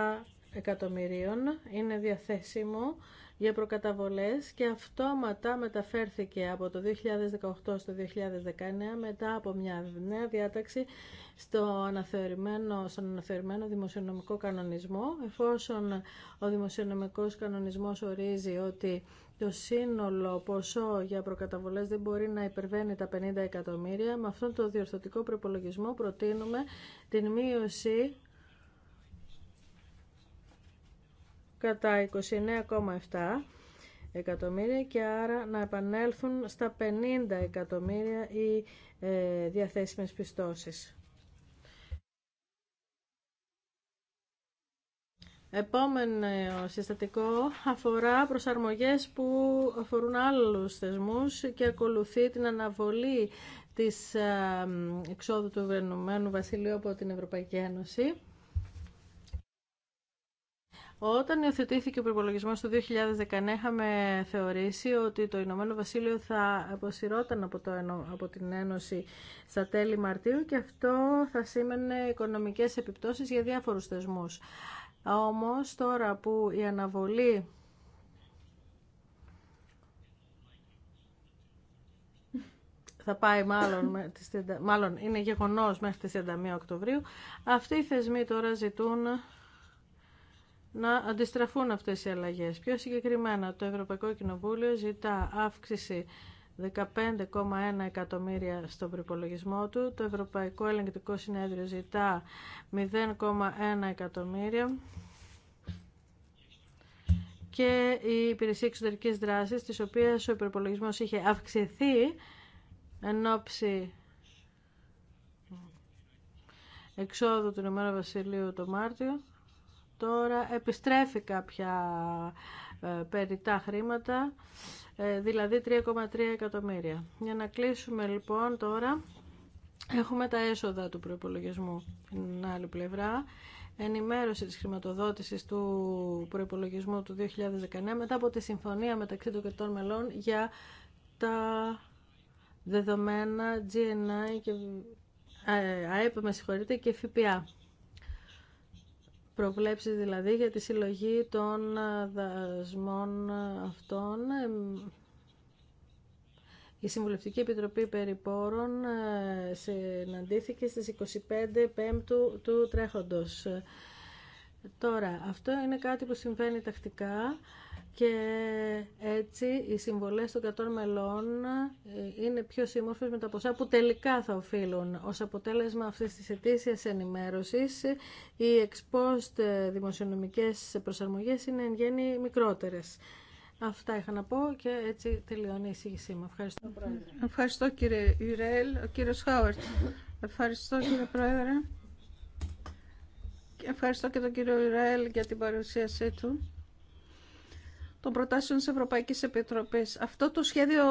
εκατομμυρίων είναι διαθέσιμο για προκαταβολές και αυτόματα μεταφέρθηκε από το 2018 στο 2019 μετά από μια νέα διάταξη στο αναθεωρημένο, στον αναθεωρημένο δημοσιονομικό κανονισμό εφόσον ο δημοσιονομικός κανονισμός ορίζει ότι το σύνολο ποσό για προκαταβολές δεν μπορεί να υπερβαίνει τα 50 εκατομμύρια. Με αυτόν τον διορθωτικό προπολογισμό προτείνουμε την μείωση κατά 29,7 εκατομμύρια και άρα να επανέλθουν στα 50 εκατομμύρια οι ε, διαθέσιμες πιστώσεις. Επόμενο συστατικό αφορά προσαρμογές που αφορούν άλλους θεσμούς και ακολουθεί την αναβολή της ε, εξόδου του Ευρωπαϊκού Βασιλείου από την Ευρωπαϊκή Ένωση. Όταν υιοθετήθηκε ο προπολογισμό του 2019, είχαμε θεωρήσει ότι το Ηνωμένο Βασίλειο θα αποσυρώταν από, το, από την Ένωση στα τέλη Μαρτίου και αυτό θα σήμαινε οικονομικές επιπτώσεις για διάφορους θεσμού. Όμω τώρα που η αναβολή θα πάει μάλλον, μάλλον είναι γεγονός μέχρι τις 31 Οκτωβρίου, αυτοί οι θεσμοί τώρα ζητούν να αντιστραφούν αυτές οι αλλαγές. Πιο συγκεκριμένα, το Ευρωπαϊκό Κοινοβούλιο ζητά αύξηση 15,1 εκατομμύρια στον προπολογισμό του. Το Ευρωπαϊκό Ελεγκτικό Συνέδριο ζητά 0,1 εκατομμύρια. Και η Υπηρεσία Εξωτερικής Δράσης, της οποίας ο προπολογισμός είχε αυξηθεί εν ώψη εξόδου του Ηνωμένου Βασιλείου το Μάρτιο, τώρα επιστρέφει κάποια ε, περιτά χρήματα, ε, δηλαδή 3,3 εκατομμύρια. Για να κλείσουμε λοιπόν τώρα, έχουμε τα έσοδα του προϋπολογισμού Στην άλλη πλευρά, ενημέρωση της χρηματοδότησης του προϋπολογισμού του 2019 μετά από τη συμφωνία μεταξύ των κρατών μελών για τα δεδομένα GNI και ε, ΑΕΠ και ΦΠΑ προβλέψεις δηλαδή για τη συλλογή των ε, δασμών ε, αυτών. Ε, η Συμβουλευτική Επιτροπή Περιπόρων συναντήθηκε στις 25 Πέμπτου του τρέχοντος. Τώρα, αυτό είναι κάτι που συμβαίνει τακτικά και έτσι οι συμβολές των 100 μελών ε, είναι πιο σύμμορφες με τα ποσά που τελικά θα οφείλουν. Ως αποτέλεσμα αυτής της ετήσιας ενημέρωσης, οι εξπόστ δημοσιονομικές προσαρμογές είναι εν γέννη μικρότερες. Αυτά είχα να πω και έτσι τελειώνει η εισήγησή μου. Ευχαριστώ, Πρόεδρε. Ευχαριστώ, κύριε Ιουρέλ. Ο κύριος Χάουαρτ. Ευχαριστώ, κύριε Πρόεδρε. Ευχαριστώ και τον κύριο Ιουρέλ για την παρουσίασή του των προτάσεων της Ευρωπαϊκής Επιτροπής. Αυτό το σχέδιο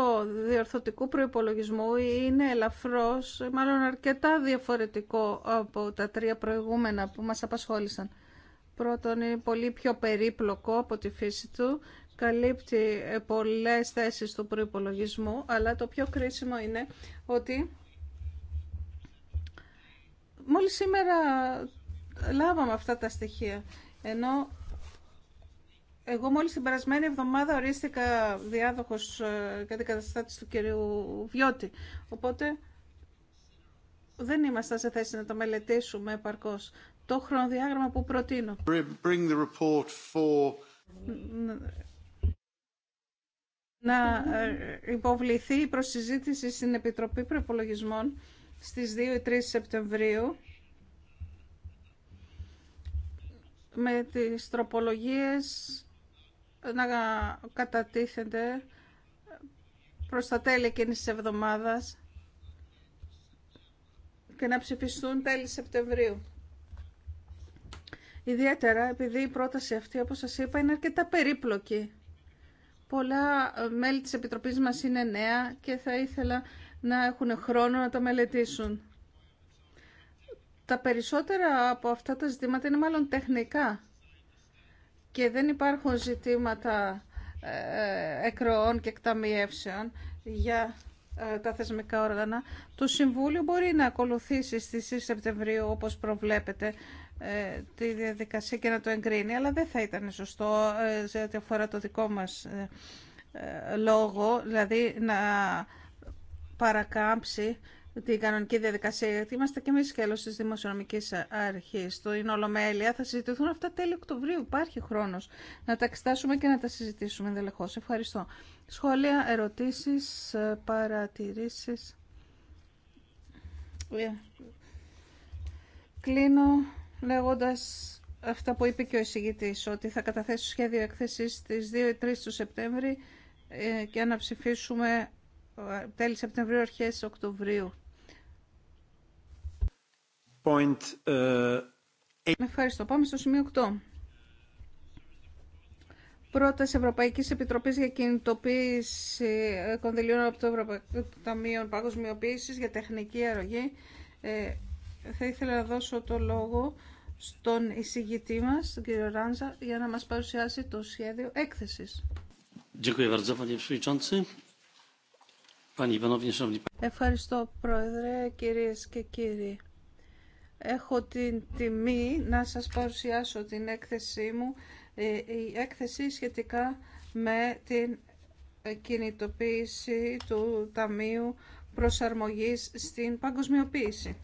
διορθωτικού προϋπολογισμού είναι ελαφρώς, μάλλον αρκετά διαφορετικό από τα τρία προηγούμενα που μας απασχόλησαν. Πρώτον, είναι πολύ πιο περίπλοκο από τη φύση του, καλύπτει ε, πολλές θέσεις του προϋπολογισμού, αλλά το πιο κρίσιμο είναι ότι μόλις σήμερα λάβαμε αυτά τα στοιχεία, ενώ εγώ μόλις την περασμένη εβδομάδα ορίστηκα διάδοχος ε, και του κυρίου Βιώτη. Οπότε δεν είμαστε σε θέση να το μελετήσουμε επαρκώς. Το χρονοδιάγραμμα που προτείνω. Bring the Να ε, υποβληθεί η προσυζήτηση στην Επιτροπή Προπολογισμών στις 2 ή 3 Σεπτεμβρίου με τις τροπολογίες να κατατίθενται προς τα τέλη εκείνης της εβδομάδας και να ψηφιστούν τέλη Σεπτεμβρίου. Ιδιαίτερα επειδή η πρόταση αυτή, όπως σας είπα, είναι αρκετά περίπλοκη. Πολλά μέλη της Επιτροπής μας είναι νέα και θα ήθελα να έχουν χρόνο να τα μελετήσουν. Τα περισσότερα από αυτά τα ζητήματα είναι μάλλον τεχνικά και δεν υπάρχουν ζητήματα ε, εκροών και εκταμιεύσεων για ε, τα θεσμικά όργανα. Το Συμβούλιο μπορεί να ακολουθήσει στις 6 Σεπτεμβρίου, όπως προβλέπετε, ε, τη διαδικασία και να το εγκρίνει, αλλά δεν θα ήταν σωστό σε αφορά το δικό μας λόγο, δηλαδή να παρακάμψει την κανονική διαδικασία, γιατί είμαστε και εμεί σκέλο τη Δημοσιονομική Αρχή. είναι Ολομέλεια θα συζητηθούν αυτά τέλη Οκτωβρίου. Υπάρχει χρόνο να τα εξετάσουμε και να τα συζητήσουμε ενδελεχώ. Ευχαριστώ. Σχόλια, ερωτήσει, παρατηρήσει. Ε, κλείνω λέγοντα αυτά που είπε και ο εισηγητή, ότι θα καταθέσει σχέδιο εκθέση στι 2 3 του Σεπτέμβρη ε, και να ψηφίσουμε ε, τέλη Σεπτεμβρίου, αρχές Οκτωβρίου. Ε, ε, ευχαριστώ. Πάμε στο σημείο 8. Πρόταση Ευρωπαϊκή Επιτροπή για κινητοποίηση ε, κονδυλίων από το Ευρωπαϊκό Ταμείο Παγκοσμιοποίηση για τεχνική αρρωγή. θα ήθελα να δώσω το λόγο στον εισηγητή μα, τον κύριο Ράνζα, για να μα παρουσιάσει το σχέδιο έκθεση. Ευχαριστώ, Πρόεδρε, κυρίε και κύριοι. Έχω την τιμή να σας παρουσιάσω την έκθεσή μου, ε, η έκθεση σχετικά με την κινητοποίηση του Ταμείου Προσαρμογής στην Παγκοσμιοποίηση.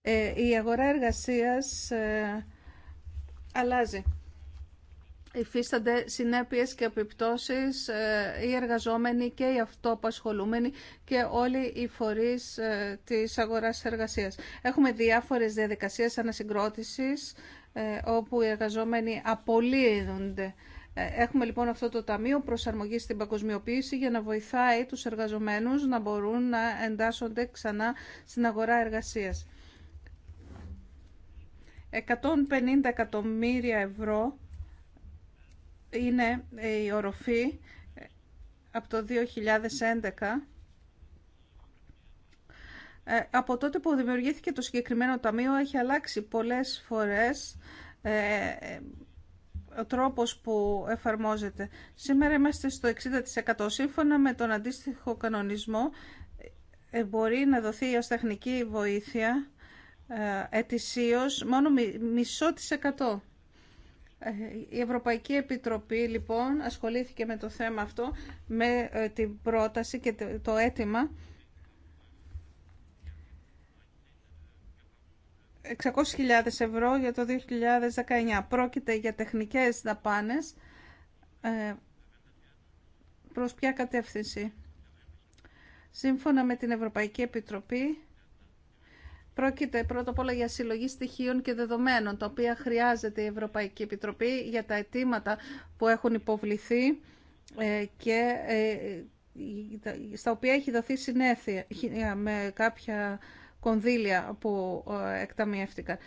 Ε, η αγορά εργασίας ε, αλλάζει υφίστανται συνέπειες και επιπτώσεις ε, οι εργαζόμενοι και οι αυτοπασχολούμενοι και όλοι οι φορείς ε, της αγοράς εργασίας. Έχουμε διάφορες διαδικασίες ανασυγκρότησης ε, όπου οι εργαζόμενοι απολύονται. Έχουμε λοιπόν αυτό το Ταμείο Προσαρμογής στην Παγκοσμιοποίηση για να βοηθάει τους εργαζομένους να μπορούν να εντάσσονται ξανά στην αγορά εργασίας. 150 εκατομμύρια ευρώ είναι ε, η οροφή ε, από το 2011 ε, από τότε που δημιουργήθηκε το συγκεκριμένο ταμείο έχει αλλάξει πολλές φορές ο τρόπος που εφαρμόζεται. Σήμερα είμαστε στο 60% σύμφωνα με τον αντίστοιχο κανονισμό μπορεί να δοθεί ως τεχνική βοήθεια ετησίως μόνο μισό της εκατό. Ε, η Ευρωπαϊκή Επιτροπή λοιπόν ασχολήθηκε με το θέμα αυτό, με ε, την πρόταση και το αίτημα 600.000 ευρώ για το 2019. Πρόκειται για τεχνικές δαπάνες. Ε, προς ποια κατεύθυνση. Σύμφωνα με την Ευρωπαϊκή Επιτροπή, Πρόκειται πρώτα απ' όλα για συλλογή στοιχείων και δεδομένων, τα οποία χρειάζεται η Ευρωπαϊκή Επιτροπή για τα αιτήματα που έχουν υποβληθεί ε, και ε, στα οποία έχει δοθεί συνέθεια με κάποια κονδύλια που ε, εκταμιεύτηκαν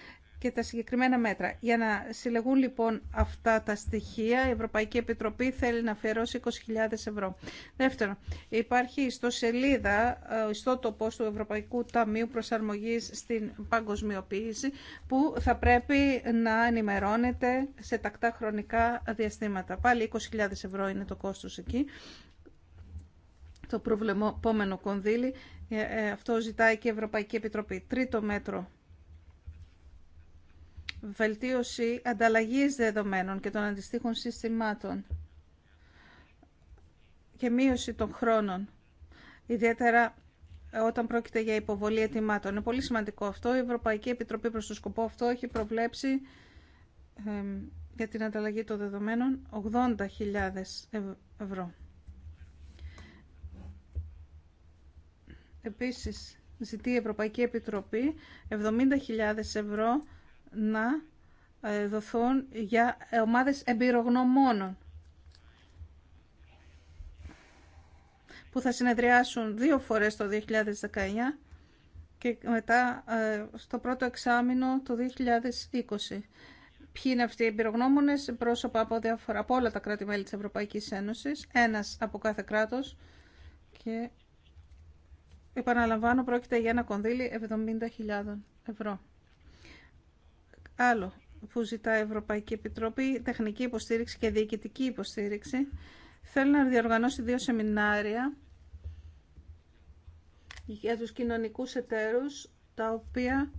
και τα συγκεκριμένα μέτρα. Για να συλλεγούν λοιπόν αυτά τα στοιχεία, η Ευρωπαϊκή Επιτροπή θέλει να αφιερώσει 20.000 ευρώ. Δεύτερον, υπάρχει στο σελίδα, ε, στο τοπό του Ευρωπαϊκού Ταμείου Προσαρμογής στην Παγκοσμιοποίηση, που θα πρέπει να ενημερώνεται σε τακτά χρονικά διαστήματα. Πάλι 20.000 ευρώ είναι το κόστος εκεί. Το προβλεπόμενο κονδύλι, ε, ε, αυτό ζητάει και η Ευρωπαϊκή Επιτροπή. Τρίτο μέτρο βελτίωση ανταλλαγής δεδομένων και των αντιστοίχων συστημάτων και μείωση των χρόνων, ιδιαίτερα όταν πρόκειται για υποβολή αιτημάτων. Είναι πολύ σημαντικό αυτό. Η Ευρωπαϊκή Επιτροπή προς το σκοπό αυτό έχει προβλέψει για την ανταλλαγή των δεδομένων 80.000 ευρώ. Επίσης, ζητεί η Ευρωπαϊκή Επιτροπή 70.000 ευρώ να ε, δοθούν για ε, ομάδες εμπειρογνωμόνων που θα συνεδριάσουν δύο φορές το 2019 και μετά ε, στο πρώτο εξάμεινο το 2020. Ποιοι είναι αυτοί οι εμπειρογνώμονε, πρόσωπα από, διάφορα, από όλα τα κράτη-μέλη τη Ευρωπαϊκή Ένωση, ένα από κάθε κράτο. Και επαναλαμβάνω, πρόκειται για ένα κονδύλι 70.000 ευρώ άλλο που ζητά η Ευρωπαϊκή Επιτροπή, τεχνική υποστήριξη και διοικητική υποστήριξη, θέλει να διοργανώσει δύο σεμινάρια για τους κοινωνικούς εταίρους, τα οποία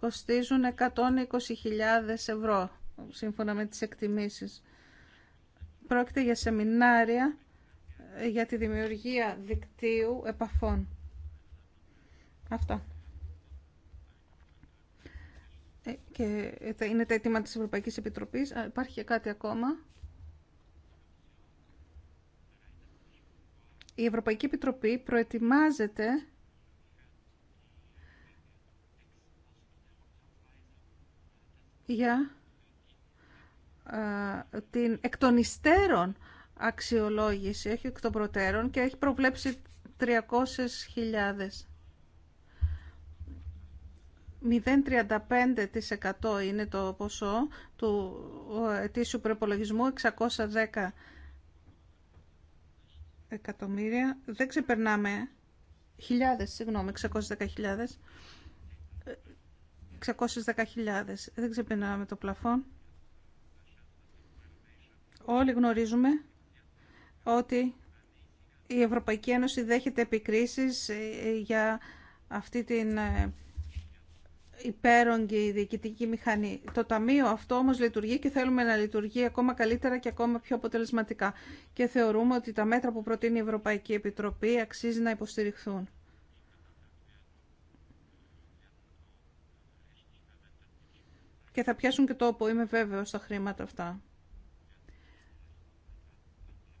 κοστίζουν 120.000 ευρώ, σύμφωνα με τις εκτιμήσεις. Πρόκειται για σεμινάρια για τη δημιουργία δικτύου επαφών. Αυτά. Ε, και θα είναι τα αιτήματα της Ευρωπαϊκής Επιτροπής. Υπάρχει κάτι ακόμα. Η Ευρωπαϊκή Επιτροπή προετοιμάζεται για την εκ των αξιολόγηση, έχει εκ των προτέρων και έχει προβλέψει 300.000 0,35% είναι το ποσό του ετήσιου προπολογισμού, 610 εκατομμύρια. Δεν ξεπερνάμε χιλιάδες, συγγνώμη, 610.000. 610.000. Δεν ξεπερνάμε το πλαφόν. Όλοι γνωρίζουμε ότι η Ευρωπαϊκή Ένωση δέχεται επικρίσεις για αυτή την ε, υπέρογγη διοικητική μηχανή. Το Ταμείο αυτό όμως λειτουργεί και θέλουμε να λειτουργεί ακόμα καλύτερα και ακόμα πιο αποτελεσματικά. Και θεωρούμε ότι τα μέτρα που προτείνει η Ευρωπαϊκή Επιτροπή αξίζει να υποστηριχθούν. Και θα πιάσουν και τόπο, είμαι βέβαιος, στα χρήματα αυτά.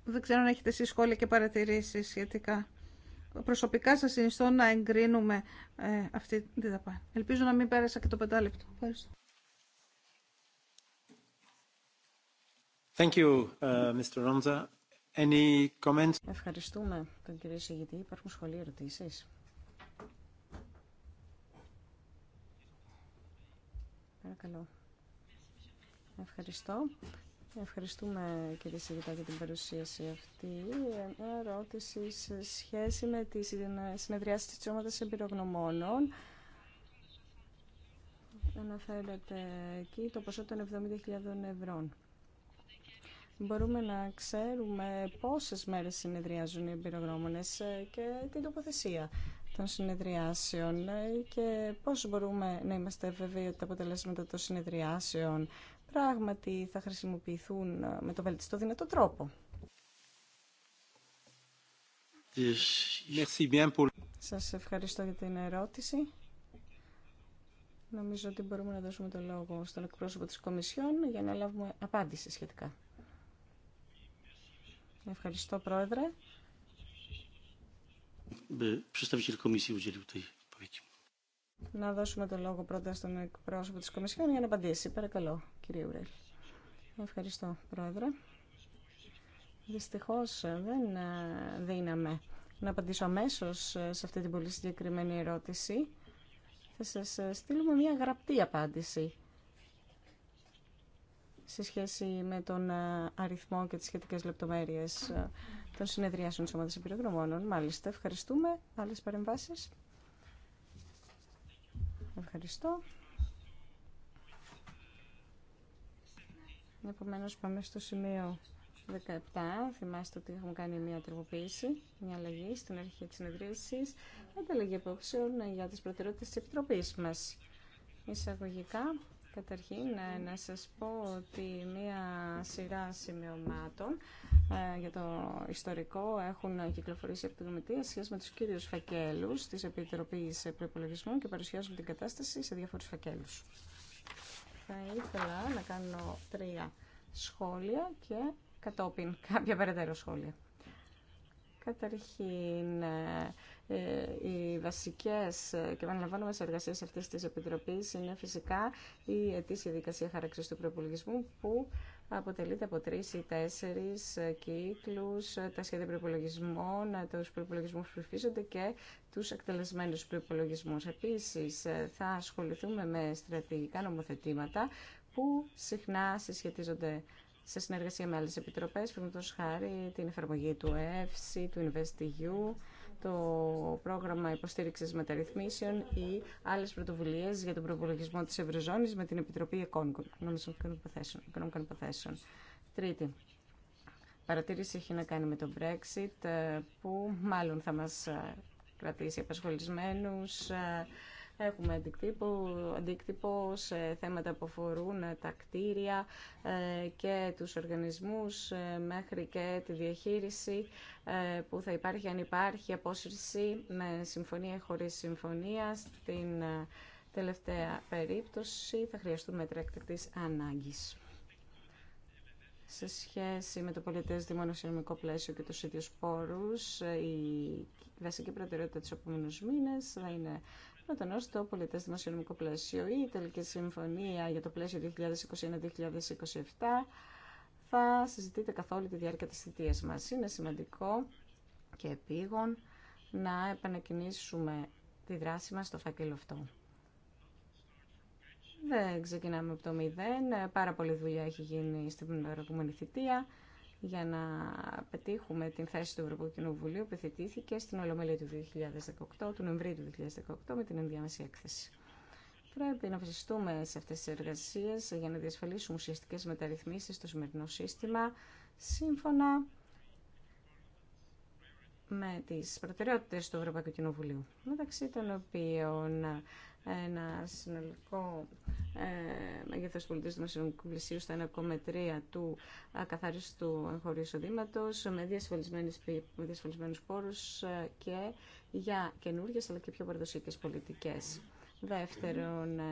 Δεν ξέρω αν έχετε εσείς σχόλια και παρατηρήσεις σχετικά προσωπικά σας συνιστώ να εγκρίνουμε ε, αυτή τη δαπάνη. Ελπίζω να μην πέρασα και το πεντάλεπτο. Ευχαριστώ. Uh, Ευχαριστούμε τον κύριο Σιγητή. Υπάρχουν σχολεία ερωτήσεις. Παρακαλώ. Ευχαριστώ. Ευχαριστούμε κύριε Σιγητά για την παρουσίαση αυτή. Μια ερώτηση σε σχέση με τη συνεδριάση της Ομάδας Εμπειρογνωμόνων. Αναφέρεται εκεί το ποσό των 70.000 ευρώ. Μπορούμε να ξέρουμε πόσες μέρες συνεδριάζουν οι εμπειρογνώμονες ε, και την τοποθεσία των συνεδριάσεων ε, και πώς μπορούμε να είμαστε βέβαιοι ότι τα αποτελέσματα των συνεδριάσεων πράγματι θα χρησιμοποιηθούν ε, με το βελτιστό δυνατό τρόπο. Σας ευχαριστώ για την ερώτηση. Νομίζω ότι μπορούμε να δώσουμε το λόγο στον εκπρόσωπο της Κομισιόν για να λάβουμε απάντηση σχετικά. Ευχαριστώ, Πρόεδρε. Przedstawiciel Komisji udzielił tej να δώσουμε το λόγο πρώτα στον εκπρόσωπο της Κομισιόν για να απαντήσει. Παρακαλώ, κύριε Ουρέλ. Ευχαριστώ, Πρόεδρε. Δυστυχώς ε, δεν ε, δίναμε να απαντήσω αμέσω ε, σε αυτή την πολύ συγκεκριμένη ερώτηση. Θα σας στείλουμε μια γραπτή απάντηση σε σχέση με τον αριθμό και τις σχετικές λεπτομέρειες των συνεδριάσεων Ομάδας επιρρογνωμόνων. Μάλιστα, ευχαριστούμε. Άλλες παρεμβάσεις. Ευχαριστώ. Επομένω πάμε στο σημείο 17. Θυμάστε ότι έχουμε κάνει μια τροποποίηση, μια αλλαγή στην αρχή της συνεδρίασης και ανταλλαγή απόψεων για τις προτεραιότητες της Επιτροπής μας. Εισαγωγικά Καταρχήν, ε, να σας πω ότι μία σειρά σημειωμάτων ε, για το ιστορικό έχουν κυκλοφορήσει από την Κομιτεία σχέση με τους κύριους φακέλους της Επιτροπής Προϋπολογισμού και παρουσιάζουν την κατάσταση σε διάφορους φακέλους. Θα ήθελα να κάνω τρία σχόλια και κατόπιν κάποια περαιτέρω σχόλια. Καταρχήν, ε, ε, οι βασικές ε, και επαναλαμβάνομες εργασίες αυτής της Επιτροπής είναι φυσικά η ετήσια δικασία χαράξη του προπολογισμού που αποτελείται από τρεις ή τέσσερις ε, κύκλους, τα σχέδια προπολογισμών, τους προπολογισμού που υφίζονται και τους εκτελεσμένους προπολογισμού. Επίσης, θα ασχοληθούμε με στρατηγικά νομοθετήματα που συχνά συσχετίζονται σε συνεργασία με άλλες επιτροπές, πριν την εφαρμογή του ΕΦΣΙ, του InvestEU, το πρόγραμμα υποστήριξης μεταρρυθμίσεων ή άλλες πρωτοβουλίες για τον προπολογισμό της Ευρωζώνης με την Επιτροπή Οικονομικών Υποθέσεων. Τρίτη. Παρατήρηση έχει να κάνει με το Brexit ε, που μάλλον θα μας ε, κρατήσει απασχολισμένους ε, Έχουμε αντικτύπο, σε θέματα που αφορούν ε, τα κτίρια ε, και τους οργανισμούς ε, μέχρι και τη διαχείριση που θα υπάρχει αν υπάρχει απόσυρση με συμφωνία ή χωρίς συμφωνία. Στην τελευταία περίπτωση θα χρειαστούν μέτρα εκτεκτής ανάγκης σε σχέση με το πολιτές δημοσιονομικό πλαίσιο και τους ίδιους πόρους, η βασική προτεραιότητα της επόμενου μήνε θα είναι όταν το πολιτέ δημοσιονομικό πλαίσιο ή η τελική συμφωνία για το πλαίσιο 2021-2027 θα συζητείτε καθ' όλη τη διάρκεια της θητείας μας. Είναι σημαντικό και επίγον να επανακινήσουμε τη δράση μας στο φάκελο αυτό. Δεν ξεκινάμε από το μηδέν. Πάρα πολλή δουλειά έχει γίνει στην προηγούμενη θητεία για να πετύχουμε την θέση του Ευρωπαϊκού Κοινοβουλίου που θετήθηκε στην Ολομέλεια του 2018, του Νοεμβρίου του 2018, με την ενδιάμεση έκθεση. Πρέπει να βασιστούμε σε αυτές τις εργασίες για να διασφαλίσουμε ουσιαστικές μεταρρυθμίσεις στο σημερινό σύστημα, σύμφωνα με τις προτεραιότητες του Ευρωπαϊκού Κοινοβουλίου, μεταξύ των οποίων ένα συνολικό ε, μέγεθο πολιτή δημοσιονομικού πλησίου στα 1,3 του ακαθαρίστου ε, εγχωρίου εισοδήματο με, διασφαλισμένου πόρου ε, και για καινούριε αλλά και πιο παραδοσιακέ πολιτικέ. Δεύτερον, ε,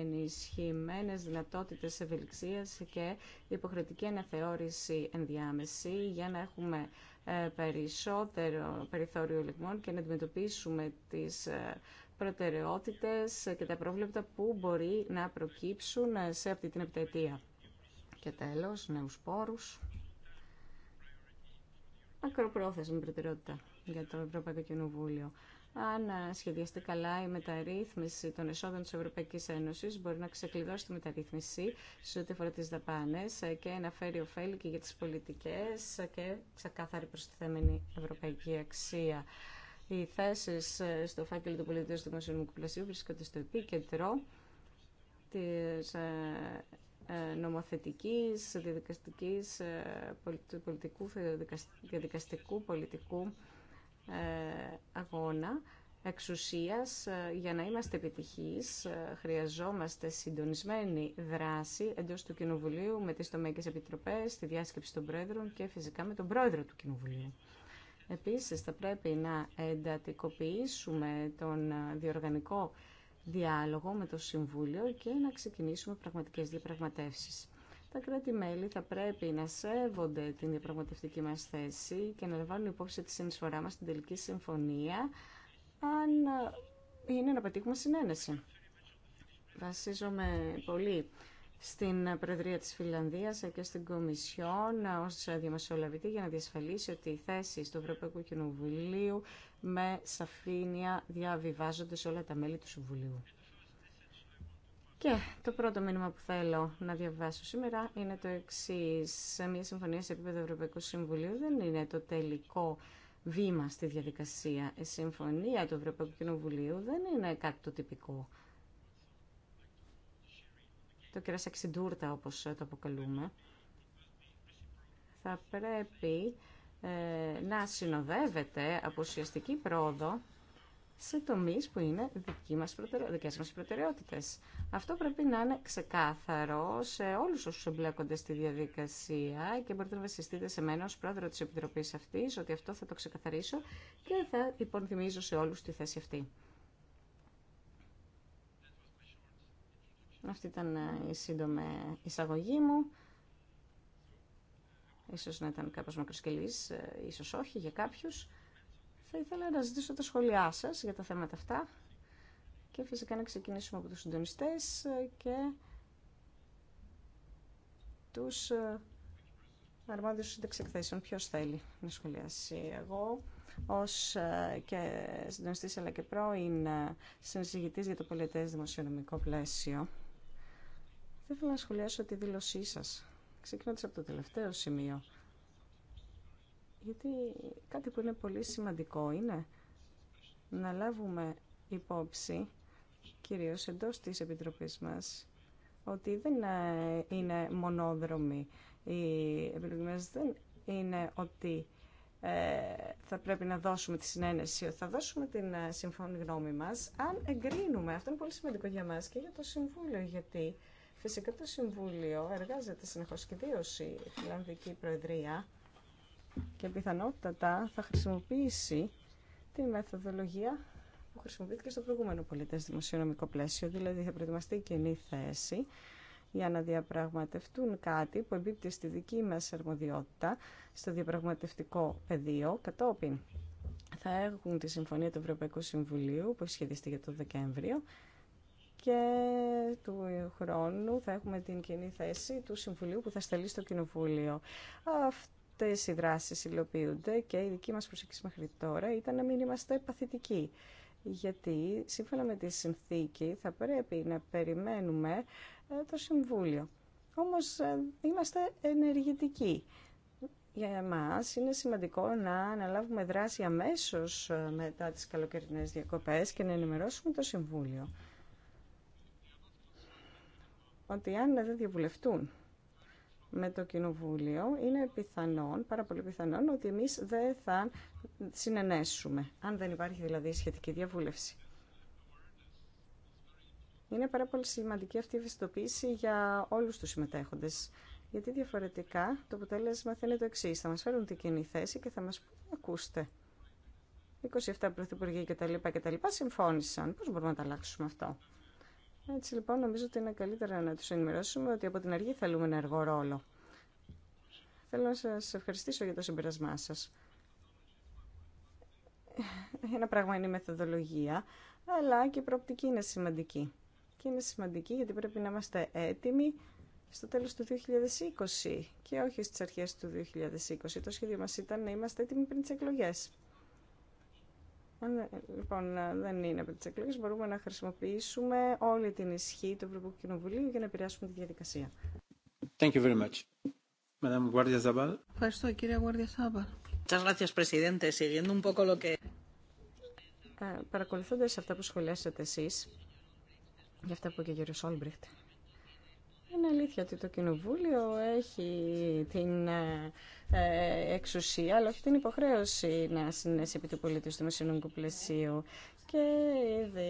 ενισχυμένε δυνατότητε ευελιξία και υποχρεωτική αναθεώρηση ενδιάμεση για να έχουμε περισσότερο περιθώριο λιγμών και να αντιμετωπίσουμε τις προτεραιότητες και τα πρόβλεπτα που μπορεί να προκύψουν σε αυτή την επιτετία. Και τέλος, νέους πόρους. Ακροπρόθεσμη προτεραιότητα για το Ευρωπαϊκό Κοινοβούλιο. Αν σχεδιαστεί καλά η μεταρρύθμιση των εσόδων της Ευρωπαϊκής Ένωσης, μπορεί να ξεκλειδώσει τη μεταρρύθμιση σε ό,τι αφορά τις δαπάνες και να φέρει ωφέλη και για τι πολιτικέ και ξεκάθαρη προστιθέμενη ευρωπαϊκή αξία. Οι θέσει ε, στο φάκελο του πολιτικού του δημοσιονομικού πλασίου βρίσκονται στο επίκεντρο τη ε, ε, νομοθετικής, διαδικαστική πολιτικού, διαδικαστικού, πολιτικού αγώνα εξουσίας για να είμαστε επιτυχείς χρειαζόμαστε συντονισμένη δράση εντός του Κοινοβουλίου με τις τομέικες επιτροπές, τη διάσκεψη των Πρόεδρων και φυσικά με τον Πρόεδρο του Κοινοβουλίου. Επίσης θα πρέπει να εντατικοποιήσουμε τον διοργανικό διάλογο με το Συμβούλιο και να ξεκινήσουμε πραγματικές διαπραγματεύσεις. Τα κράτη-μέλη θα πρέπει να σέβονται την διαπραγματευτική μας θέση και να λαμβάνουν υπόψη τη συνεισφορά μας στην τελική συμφωνία αν είναι να πετύχουμε συνένεση. Βασίζομαι πολύ στην Προεδρία της Φιλανδίας και στην Κομισιόν ως διαμεσολαβητή για να διασφαλίσει ότι οι θέσεις του Ευρωπαϊκού Κοινοβουλίου με σαφήνεια διαβιβάζονται σε όλα τα μέλη του Συμβουλίου. Και το πρώτο μήνυμα που θέλω να διαβάσω σήμερα είναι το εξή. Μια συμφωνία σε επίπεδο Ευρωπαϊκού Συμβουλίου δεν είναι το τελικό βήμα στη διαδικασία. Η συμφωνία του Ευρωπαϊκού Κοινοβουλίου δεν είναι κάτι το τυπικό το κερασάκι σε όπως ε, το αποκαλούμε, θα πρέπει ε, να συνοδεύεται από ουσιαστική πρόοδο σε τομείς που είναι δικέ μας δικές μας προτεραιότητες. Αυτό πρέπει να είναι ξεκάθαρο σε όλους όσους εμπλέκονται στη διαδικασία και μπορείτε να βασιστείτε σε μένα ως πρόεδρο της Επιτροπής αυτής ότι αυτό θα το ξεκαθαρίσω και θα υπονθυμίζω σε όλους τη θέση αυτή. Αυτή ήταν ε, η σύντομη εισαγωγή μου. Ίσως να ήταν κάπως μακροσκελής, ε, ίσως όχι για κάποιους. Θα ήθελα να ζητήσω τα σχόλιά σας για τα θέματα αυτά και φυσικά να ξεκινήσουμε από τους συντονιστές ε, και τους αρμόδιους συνταξεκθέσεων. Ποιος θέλει να σχολιάσει εγώ ως και συντονιστής αλλά και πρώην συνεισηγητής για το πολιτές δημοσιονομικό πλαίσιο. Θα ήθελα να σχολιάσω τη δήλωσή σας, ξεκινώντας από το τελευταίο σημείο. Γιατί κάτι που είναι πολύ σημαντικό είναι να λάβουμε υπόψη, κυρίως εντός της Επιτροπής μας, ότι δεν ε, είναι μονόδρομοι οι επιλογές, δεν είναι ότι ε, θα πρέπει να δώσουμε τη συνένεση, θα δώσουμε την ε, συμφωνή γνώμη μας αν εγκρίνουμε. Αυτό είναι πολύ σημαντικό για μας και για το Συμβούλιο, γιατί Φυσικά το Συμβούλιο εργάζεται συνεχώς και δίωση η Φιλανδική Προεδρία και πιθανότατα θα χρησιμοποιήσει τη μεθοδολογία που χρησιμοποιήθηκε στο προηγούμενο πολιτές δημοσιονομικό πλαίσιο, δηλαδή θα προετοιμαστεί κοινή θέση για να διαπραγματευτούν κάτι που εμπίπτει στη δική μας αρμοδιότητα στο διαπραγματευτικό πεδίο κατόπιν. Θα έχουν τη Συμφωνία του Ευρωπαϊκού Συμβουλίου που σχεδιστεί για το Δεκέμβριο και του χρόνου θα έχουμε την κοινή θέση του Συμβουλίου που θα στελεί στο Κοινοβούλιο. Αυτέ οι δράσει υλοποιούνται και η δική μα προσέγγιση μέχρι τώρα ήταν να μην είμαστε παθητικοί. Γιατί σύμφωνα με τη συνθήκη θα πρέπει να περιμένουμε ε, το Συμβούλιο. Όμως ε, είμαστε ενεργητικοί. Για εμάς είναι σημαντικό να αναλάβουμε δράση αμέσως ε, μετά τις καλοκαιρινές διακοπές και να ενημερώσουμε το Συμβούλιο ότι αν δεν διαβουλευτούν με το Κοινοβούλιο, είναι πιθανόν, πάρα πολύ πιθανόν, ότι εμείς δεν θα συνενέσουμε, αν δεν υπάρχει δηλαδή σχετική διαβούλευση. Είναι πάρα πολύ σημαντική αυτή η ευαισθητοποίηση για όλους τους συμμετέχοντες. Γιατί διαφορετικά το αποτέλεσμα θα είναι το εξή. Θα μα φέρουν την κοινή θέση και θα μα πούν: Ακούστε, 27 πρωθυπουργοί κτλ. κτλ συμφώνησαν. Πώ μπορούμε να τα αλλάξουμε αυτό. Έτσι λοιπόν νομίζω ότι είναι καλύτερα να τους ενημερώσουμε ότι από την αρχή θέλουμε ένα εργό ρόλο. Θέλω να σας ευχαριστήσω για το συμπερασμά σας. Ένα πράγμα είναι η μεθοδολογία, αλλά και η προοπτική είναι σημαντική. Και είναι σημαντική γιατί πρέπει να είμαστε έτοιμοι στο τέλος του 2020 και όχι στις αρχές του 2020. Το σχέδιο μας ήταν να είμαστε έτοιμοι πριν τις εκλογές. Ε, λοιπόν, ε, δεν είναι από τι εκλογέ. Μπορούμε να χρησιμοποιήσουμε όλη την ισχύ του Ευρωπαϊκού Κοινοβουλίου για να επηρεάσουμε τη διαδικασία. Thank you very much. Madame Ευχαριστώ, Γουάρδια Σάμπαλ. Παρακολουθώντα αυτά που σχολιάσατε εσεί, για αυτά που είπε και ο κύριο Όλμπριχτ, είναι αλήθεια ότι το Κοινοβούλιο έχει την ε, ε, εξουσία, αλλά όχι την υποχρέωση να συνέσει επί του πολίτη του μεσονομικού πλαισίου. Και ήδη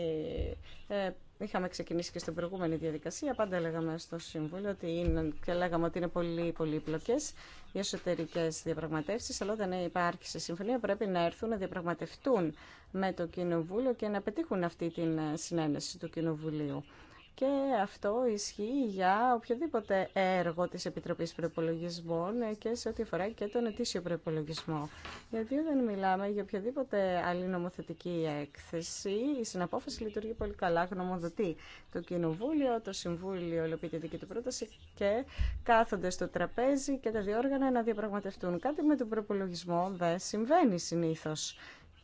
ε, είχαμε ξεκινήσει και στην προηγούμενη διαδικασία. Πάντα λέγαμε στο Συμβούλιο ότι είναι, και λέγαμε ότι είναι πολύ πολύπλοκε οι εσωτερικέ διαπραγματεύσει. Αλλά όταν υπάρχει σε συμφωνία, πρέπει να έρθουν να διαπραγματευτούν με το Κοινοβούλιο και να πετύχουν αυτή την συνένεση του Κοινοβουλίου και αυτό ισχύει για οποιοδήποτε έργο της Επιτροπής Προπολογισμών και σε ό,τι αφορά και τον ετήσιο προπολογισμό. Γιατί όταν μιλάμε για οποιαδήποτε άλλη νομοθετική έκθεση, η συναπόφαση λειτουργεί πολύ καλά, γνωμοδοτεί το Κοινοβούλιο, το Συμβούλιο ολοποιεί τη δική του πρόταση και κάθονται στο τραπέζι και τα διόργανα να διαπραγματευτούν. Κάτι με τον προπολογισμό δεν συμβαίνει συνήθως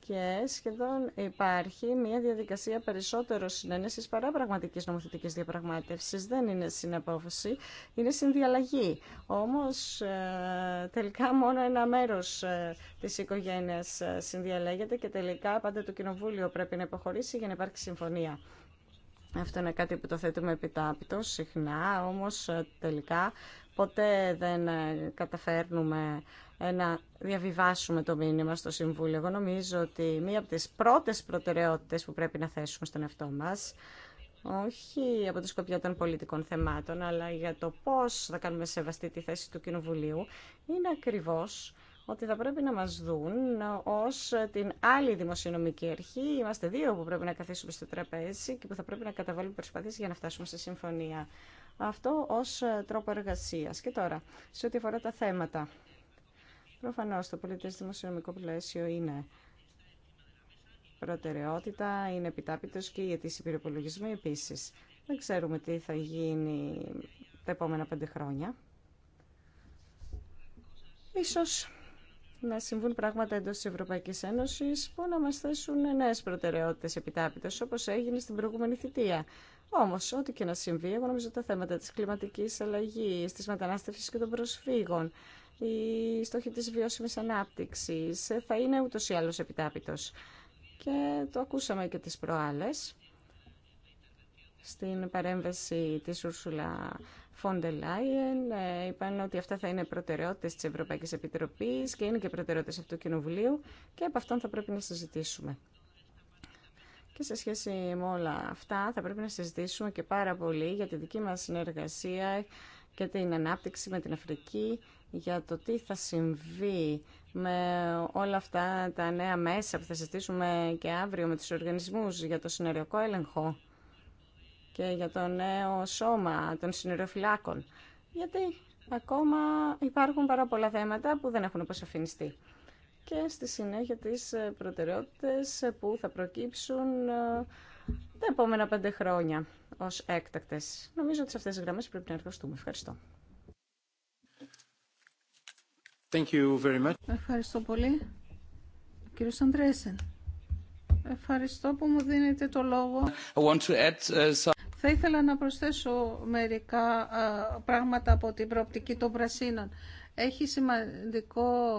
και σχεδόν υπάρχει μια διαδικασία περισσότερο συνένεση παρά πραγματικής νομοθετικής διαπραγμάτευσης. Δεν είναι συναπόφαση, είναι συνδιαλλαγή. Όμως ε, τελικά μόνο ένα μέρος ε, της οικογένειας ε, συνδιαλέγεται και τελικά πάντα το Κοινοβούλιο πρέπει να υποχωρήσει για να υπάρξει συμφωνία. Αυτό είναι κάτι που το θέτουμε επιτάπητο συχνά, όμως τελικά ποτέ δεν ε, καταφέρνουμε ε, να διαβιβάσουμε το μήνυμα στο Συμβούλιο. Εγώ νομίζω ότι μία από τις πρώτες προτεραιότητες που πρέπει να θέσουμε στον εαυτό μας όχι από τη σκοπιά των πολιτικών θεμάτων, αλλά για το πώς θα κάνουμε σεβαστή τη θέση του Κοινοβουλίου, είναι ακριβώς ότι θα πρέπει να μας δουν ως την άλλη δημοσιονομική αρχή. Είμαστε δύο που πρέπει να καθίσουμε στο τραπέζι και που θα πρέπει να καταβάλουμε προσπάθειες για να φτάσουμε σε συμφωνία αυτό ως ε, τρόπο εργασίας. Και τώρα, σε ό,τι αφορά τα θέματα. Προφανώς το πολιτές δημοσιονομικό πλαίσιο είναι προτεραιότητα, είναι επιτάπητος και οι αιτήσεις υπηρεπολογισμοί επίσης. Δεν ξέρουμε τι θα γίνει τα επόμενα πέντε χρόνια. Ίσως να συμβούν πράγματα εντός της Ευρωπαϊκή Ένωση που να μας θέσουν νέε προτεραιότητε επιτάπητο, όπως έγινε στην προηγούμενη θητεία. Όμω, ό,τι και να συμβεί, εγώ νομίζω τα θέματα τη κλιματική αλλαγή, τη μετανάστευση και των προσφύγων, η στόχοι τη βιώσιμη ανάπτυξη ε, θα είναι ούτω ή άλλω επιτάπητο. Και το ακούσαμε και τι προάλλε στην παρέμβαση της Ουρσουλα Φόντε Λάιεν. Ε, είπαν ότι αυτά θα είναι προτεραιότητες της Ευρωπαϊκής Επιτροπής και είναι και προτεραιότητες αυτού του Κοινοβουλίου και από αυτόν θα πρέπει να συζητήσουμε. Και σε σχέση με όλα αυτά θα πρέπει να συζητήσουμε και πάρα πολύ για τη δική μας συνεργασία και την ανάπτυξη με την Αφρική, για το τι θα συμβεί με όλα αυτά τα νέα μέσα που θα συζητήσουμε και αύριο με τους οργανισμούς για το συνεργειακό έλεγχο και για το νέο σώμα των συνεργοφυλάκων. Γιατί ακόμα υπάρχουν πάρα πολλά θέματα που δεν έχουν αποσαφινιστεί και στη συνέχεια τις ε, προτεραιότητες ε, που θα προκύψουν ε, τα επόμενα πέντε χρόνια ως έκτακτες. Νομίζω ότι σε αυτές τις γραμμές πρέπει να εργαστούμε. Ευχαριστώ. Thank you very much. Ευχαριστώ πολύ. Κύριο Αντρέσεν. Ευχαριστώ που μου δίνετε το λόγο. I want to add uh, Θα ήθελα να προσθέσω μερικά πράγματα από την προοπτική των πρασίνων. Έχει σημαντικό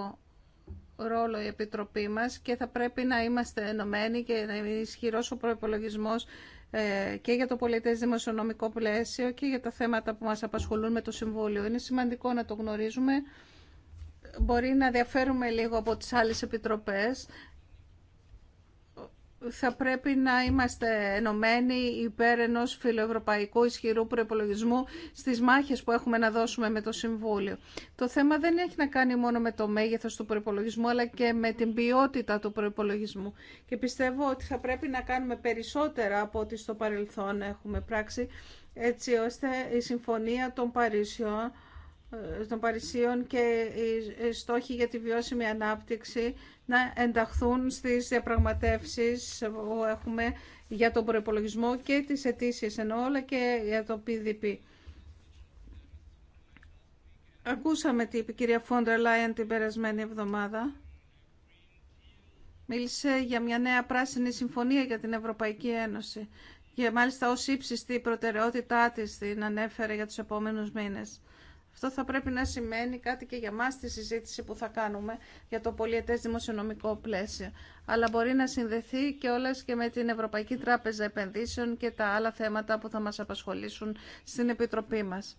ρόλο η Επιτροπή μας και θα πρέπει να είμαστε ενωμένοι και να είναι ισχυρός ο προϋπολογισμός ε, και για το πολιτές δημοσιονομικό πλαίσιο και για τα θέματα που μας απασχολούν με το Συμβούλιο. Είναι σημαντικό να το γνωρίζουμε. Μπορεί να διαφέρουμε λίγο από τις άλλες επιτροπές, θα πρέπει να είμαστε ενωμένοι υπέρ ενό φιλοευρωπαϊκού ισχυρού προπολογισμού στι μάχε που έχουμε να δώσουμε με το Συμβούλιο. Το θέμα δεν έχει να κάνει μόνο με το μέγεθο του προπολογισμού, αλλά και με την ποιότητα του προπολογισμού. Και πιστεύω ότι θα πρέπει να κάνουμε περισσότερα από ό,τι στο παρελθόν έχουμε πράξει, έτσι ώστε η Συμφωνία των Παρισιών ε, των Παρισίων και οι στόχοι για τη βιώσιμη ανάπτυξη να ενταχθούν στις διαπραγματεύσεις που έχουμε για τον προϋπολογισμό και τις αιτήσεις ενώ όλα και για το PDP. Ακούσαμε την κυρία Φόντρα Λάιεν την περασμένη εβδομάδα. Μίλησε για μια νέα πράσινη συμφωνία για την Ευρωπαϊκή Ένωση και μάλιστα ως ύψιστη προτεραιότητά της την ανέφερε για τους επόμενους μήνες. Αυτό θα πρέπει να σημαίνει κάτι και για μας τη συζήτηση που θα κάνουμε για το πολιετές δημοσιονομικό πλαίσιο. Αλλά μπορεί να συνδεθεί και όλα και με την Ευρωπαϊκή Τράπεζα Επενδύσεων και τα άλλα θέματα που θα μας απασχολήσουν στην Επιτροπή μας.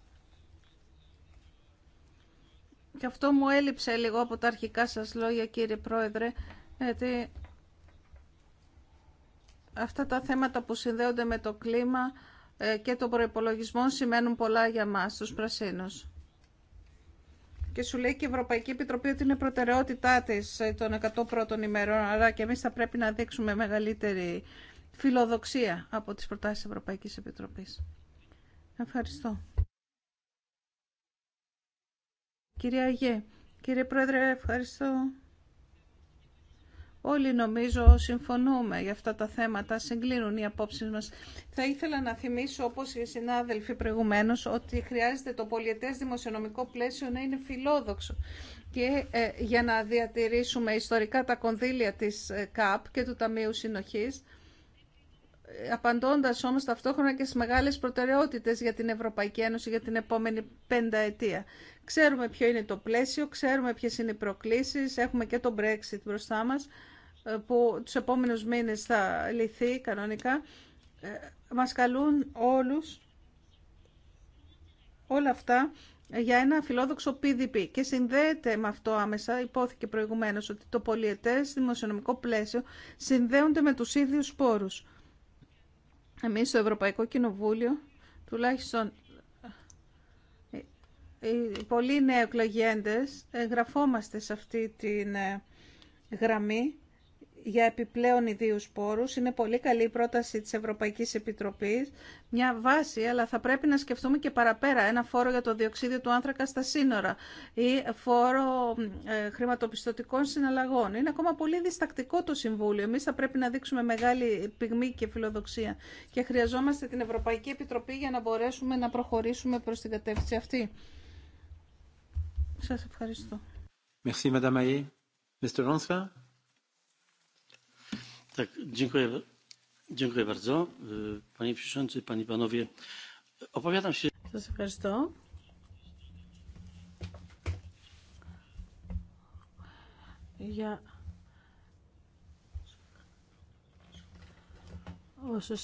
Και αυτό μου έλειψε λίγο από τα αρχικά σας λόγια κύριε Πρόεδρε, γιατί αυτά τα θέματα που συνδέονται με το κλίμα ε, και τον προϋπολογισμό σημαίνουν πολλά για μας, τους πρασίνους και σου λέει και η Ευρωπαϊκή Επιτροπή ότι είναι προτεραιότητά της ε, των 100 πρώτων ημερών, άρα και εμείς θα πρέπει να δείξουμε μεγαλύτερη φιλοδοξία από τις προτάσεις Ευρωπαϊκής Επιτροπής. Ευχαριστώ. Κυρία Αγίε, κύριε Πρόεδρε, ευχαριστώ. Όλοι νομίζω συμφωνούμε για αυτά τα θέματα, συγκλίνουν οι απόψει μα. Θα ήθελα να θυμίσω, όπω οι συνάδελφοι προηγουμένω, ότι χρειάζεται το πολιετέ δημοσιονομικό πλαίσιο να είναι φιλόδοξο και ε, για να διατηρήσουμε ιστορικά τα κονδύλια της ε, ΚΑΠ και του Ταμείου Συνοχής απαντώντας όμως ταυτόχρονα και στις μεγάλες προτεραιότητες για την Ευρωπαϊκή Ένωση για την επόμενη πενταετία. Ξέρουμε ποιο είναι το πλαίσιο, ξέρουμε ποιες είναι οι προκλήσεις, έχουμε και το Brexit μπροστά μας ε, που τους επόμενους μήνες θα λυθεί κανονικά. Ε, μας καλούν όλους όλα αυτά για ένα φιλόδοξο PDP και συνδέεται με αυτό άμεσα, υπόθηκε προηγουμένως ότι το πολιετές δημοσιονομικό πλαίσιο συνδέονται με τους ίδιους πόρους. Εμείς στο Ευρωπαϊκό Κοινοβούλιο, τουλάχιστον ε, ε, οι πολλοί νέοι εκλογέντες, εγγραφόμαστε σε αυτή τη ε, γραμμή για επιπλέον ιδίους πόρους. Είναι πολύ καλή η πρόταση της Ευρωπαϊκής Επιτροπής, μια βάση, αλλά θα πρέπει να σκεφτούμε και παραπέρα ένα φόρο για το διοξίδιο του άνθρακα στα σύνορα ή φόρο ε, χρηματοπιστωτικών συναλλαγών. Είναι ακόμα πολύ διστακτικό το Συμβούλιο. Εμείς θα πρέπει να δείξουμε μεγάλη πυγμή και φιλοδοξία και χρειαζόμαστε την Ευρωπαϊκή Επιτροπή για να μπορέσουμε να προχωρήσουμε προς την κατεύθυνση αυτή. Σας ευχαριστώ. Merci, Madame Mr. Tak, dziękuję, dziękuję bardzo. Panie Przewodniczący, Panie Panowie, opowiadam się... Σας ευχαριστώ. Για όσους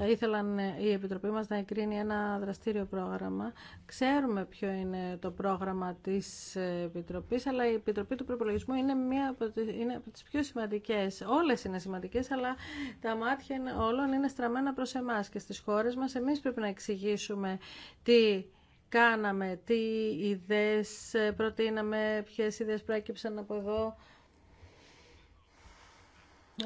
θα ήθελαν ε, η Επιτροπή μας να εγκρίνει ένα δραστήριο πρόγραμμα. Ξέρουμε ποιο είναι το πρόγραμμα της ε, Επιτροπής, αλλά η Επιτροπή του Προπολογισμού είναι, μία από τις, είναι τις πιο σημαντικές. Όλες είναι σημαντικές, αλλά τα μάτια όλων είναι στραμμένα προς εμάς και στις χώρες μας. Εμείς πρέπει να εξηγήσουμε τι κάναμε, τι ιδέες ε, προτείναμε, ποιες ιδέες προέκυψαν από εδώ.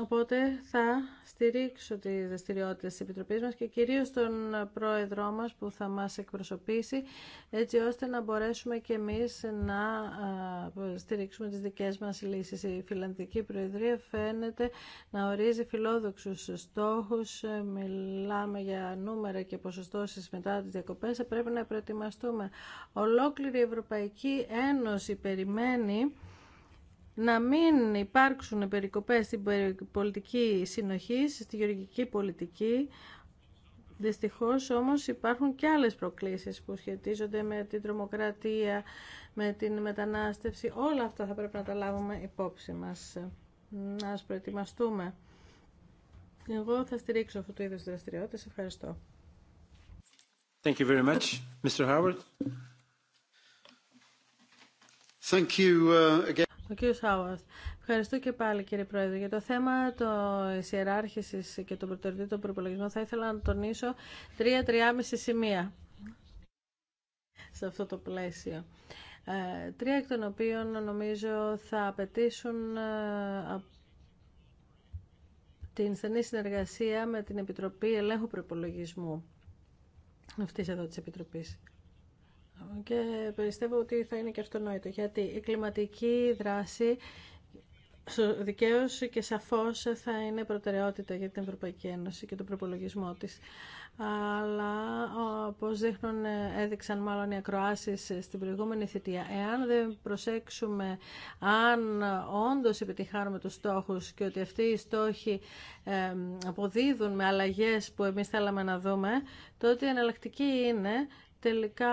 Οπότε θα στηρίξω τις δραστηριότητε της Επιτροπής μας και κυρίως τον πρόεδρό μας που θα μας εκπροσωπήσει έτσι ώστε να μπορέσουμε και εμείς να στηρίξουμε τις δικές μας λύσεις. Η Φιλανδική Προεδρία φαίνεται να ορίζει φιλόδοξους στόχους. Μιλάμε για νούμερα και ποσοστώσεις μετά τις διακοπές. πρέπει να προετοιμαστούμε. Ολόκληρη η Ευρωπαϊκή Ένωση περιμένει να μην υπάρξουν περικοπές στην πολιτική συνοχή, στη γεωργική πολιτική. Δυστυχώς όμως υπάρχουν και άλλες προκλήσεις που σχετίζονται με την τρομοκρατία, με την μετανάστευση. Όλα αυτά θα πρέπει να τα λάβουμε υπόψη μας, να ας προετοιμαστούμε. Εγώ θα στηρίξω αυτό το είδος δραστηριότητας. Ευχαριστώ. Thank you very much, Mr. Howard. Thank you uh, again. Ο κύριος Χάουαρτ. Ευχαριστώ και πάλι κύριε Πρόεδρε. Για το θέμα τη ιεράρχηση και των προτεραιοτήτων προπολογισμών θα ήθελα να τονίσω τρία-τριάμιση σημεία σε αυτό το πλαίσιο. Ε, τρία εκ των οποίων νομίζω θα απαιτήσουν ε, την στενή συνεργασία με την Επιτροπή Ελέγχου Προπολογισμού αυτής εδώ της Επιτροπής και πιστεύω ότι θα είναι και αυτονόητο γιατί η κλιματική δράση δικαίω και σαφώς θα είναι προτεραιότητα για την Ευρωπαϊκή Ένωση και τον προπολογισμό της. Αλλά όπως δείχνουν, έδειξαν μάλλον οι ακροάσεις στην προηγούμενη θητεία, εάν δεν προσέξουμε αν όντως επιτυχάνουμε τους στόχους και ότι αυτοί οι στόχοι αποδίδουν με αλλαγές που εμείς θέλαμε να δούμε, τότε η εναλλακτική είναι τελικά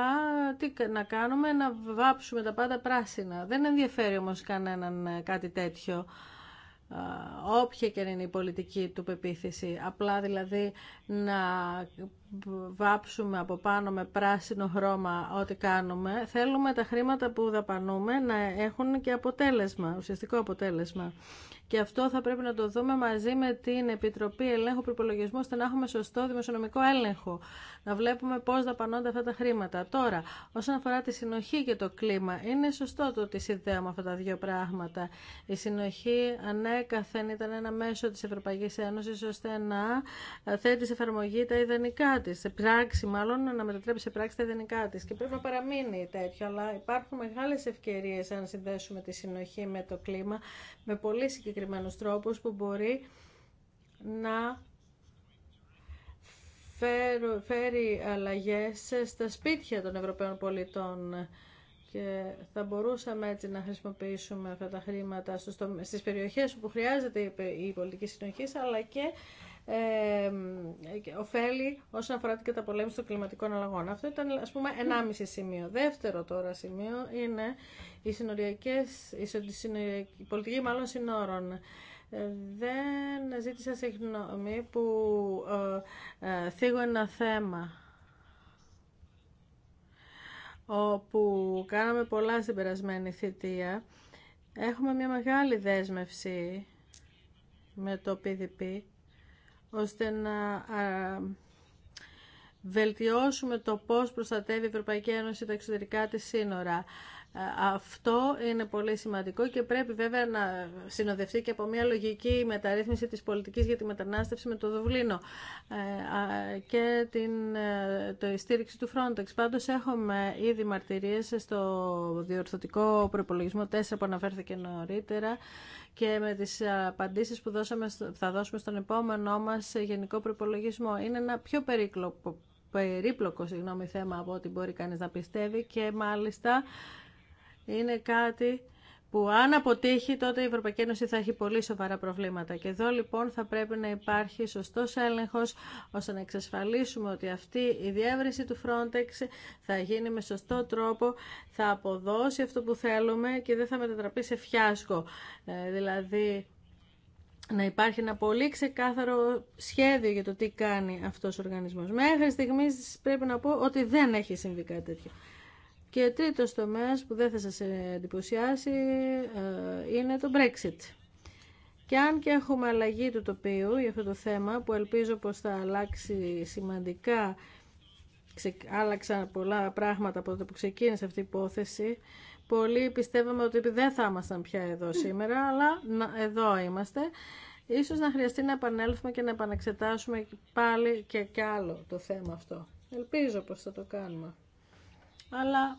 τι να κάνουμε, να βάψουμε τα πάντα πράσινα. Δεν ενδιαφέρει όμως κανέναν ε, κάτι τέτοιο, όποια και είναι η πολιτική του πεποίθηση. Απλά δηλαδή να βάψουμε από πάνω με πράσινο χρώμα ό,τι κάνουμε. Θέλουμε τα χρήματα που δαπανούμε να έχουν και αποτέλεσμα, ουσιαστικό αποτέλεσμα. Και αυτό θα πρέπει να το δούμε μαζί με την Επιτροπή Ελέγχου Προπολογισμού, ώστε να έχουμε σωστό δημοσιονομικό έλεγχο. Να βλέπουμε πώ δαπανώνται αυτά τα χρήματα. Τώρα, όσον αφορά τη συνοχή και το κλίμα, είναι σωστό το ότι συνδέαμε αυτά τα δύο πράγματα. Η συνοχή ανέκαθεν ναι, ήταν ένα μέσο τη Ευρωπαϊκή Ένωση, ώστε να θέτει σε εφαρμογή τα ιδανικά τη. Σε πράξη, μάλλον, να μετατρέπει σε πράξη τα ιδανικά τη. Και πρέπει να παραμείνει τέτοιο. Αλλά υπάρχουν μεγάλε ευκαιρίε αν συνδέσουμε τη συνοχή με το κλίμα, με πολύ συγκεκριμένα συγκεκριμένος τρόπος που μπορεί να φέρει αλλαγές στα σπίτια των Ευρωπαίων πολιτών και θα μπορούσαμε έτσι να χρησιμοποιήσουμε αυτά τα χρήματα στις περιοχές όπου χρειάζεται η πολιτική συνοχή, αλλά και ε, ωφέλει όσον αφορά την καταπολέμηση των κλιματικών αλλαγών. Αυτό ήταν ας πούμε ενάμιση σημείο. Δεύτερο τώρα σημείο είναι οι, συνοριακές, οι πολιτικοί μάλλον συνόρων. Ε, δεν ζήτησα συγγνώμη που ε, ε, θίγω ένα θέμα όπου κάναμε πολλά στην περασμένη θητεία. Έχουμε μια μεγάλη δέσμευση με το PDP ώστε να βελτιώσουμε το πώς προστατεύει η Ευρωπαϊκή Ένωση τα εξωτερικά της σύνορα. Αυτό είναι πολύ σημαντικό και πρέπει βέβαια να συνοδευτεί και από μια λογική μεταρρύθμιση της πολιτικής για τη μετανάστευση με το Δουβλίνο ε, και την, ε, το στήριξη του Frontex. Πάντως έχουμε ήδη μαρτυρίες στο διορθωτικό προπολογισμό 4 που αναφέρθηκε νωρίτερα και με τις απαντήσεις που δώσαμε, θα δώσουμε στον επόμενό μας γενικό προπολογισμό. Είναι ένα πιο περίπλοκο, περίπλοκο συγγνώμη, θέμα από ό,τι μπορεί κανείς να πιστεύει και μάλιστα είναι κάτι που αν αποτύχει τότε η Ευρωπαϊκή Ένωση θα έχει πολύ σοβαρά προβλήματα. Και εδώ λοιπόν θα πρέπει να υπάρχει σωστός έλεγχος ώστε να εξασφαλίσουμε ότι αυτή η διεύρυνση του Frontex θα γίνει με σωστό τρόπο, θα αποδώσει αυτό που θέλουμε και δεν θα μετατραπεί σε φιάσκο. Ε, δηλαδή να υπάρχει ένα πολύ ξεκάθαρο σχέδιο για το τι κάνει αυτός ο οργανισμός. Μέχρι στιγμής πρέπει να πω ότι δεν έχει συμβεί κάτι τέτοιο. Και τρίτος τομέα που δεν θα σα εντυπωσιάσει ε, είναι το Brexit. Και αν και έχουμε αλλαγή του τοπίου για αυτό το θέμα που ελπίζω πως θα αλλάξει σημαντικά άλλαξαν πολλά πράγματα από το που ξεκίνησε αυτή η υπόθεση. Πολλοί πιστεύαμε ότι δεν θα ήμασταν πια εδώ σήμερα, αλλά εδώ είμαστε. Ίσως να χρειαστεί να επανέλθουμε και να επαναξετάσουμε πάλι και, κι άλλο το θέμα αυτό. Ελπίζω πως θα το κάνουμε αλλά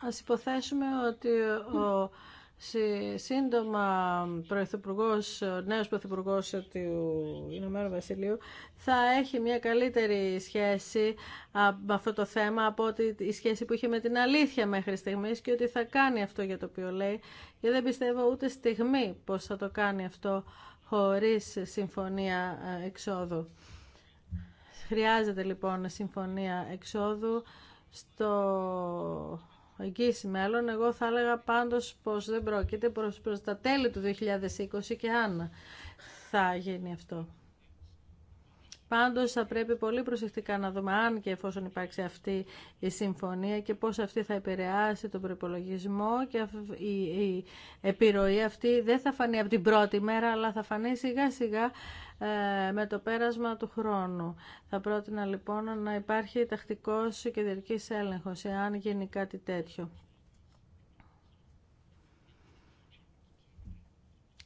ας υποθέσουμε ότι ο σύντομα ο νέος πρωθυπουργός του Ηνωμένου Βασιλείου θα έχει μια καλύτερη σχέση με αυτό το θέμα από ότι η σχέση που είχε με την αλήθεια μέχρι στιγμής και ότι θα κάνει αυτό για το οποίο λέει και δεν πιστεύω ούτε στιγμή πως θα το κάνει αυτό χωρίς συμφωνία ε, εξόδου. Χρειάζεται λοιπόν συμφωνία εξόδου στο εγγύηση μέλλον, εγώ θα έλεγα πάντως πως δεν πρόκειται προς, προς τα τέλη του 2020 και αν θα γίνει αυτό. Πάντως θα πρέπει πολύ προσεκτικά να δούμε αν και εφόσον υπάρξει αυτή η συμφωνία και πώς αυτή θα επηρεάσει τον προπολογισμό και η επιρροή αυτή δεν θα φανεί από την πρώτη μέρα αλλά θα φανεί σιγά σιγά ε, με το πέρασμα του χρόνου. Θα πρότεινα λοιπόν να υπάρχει τακτικός και διαρκής έλεγχος εάν γίνει κάτι τέτοιο.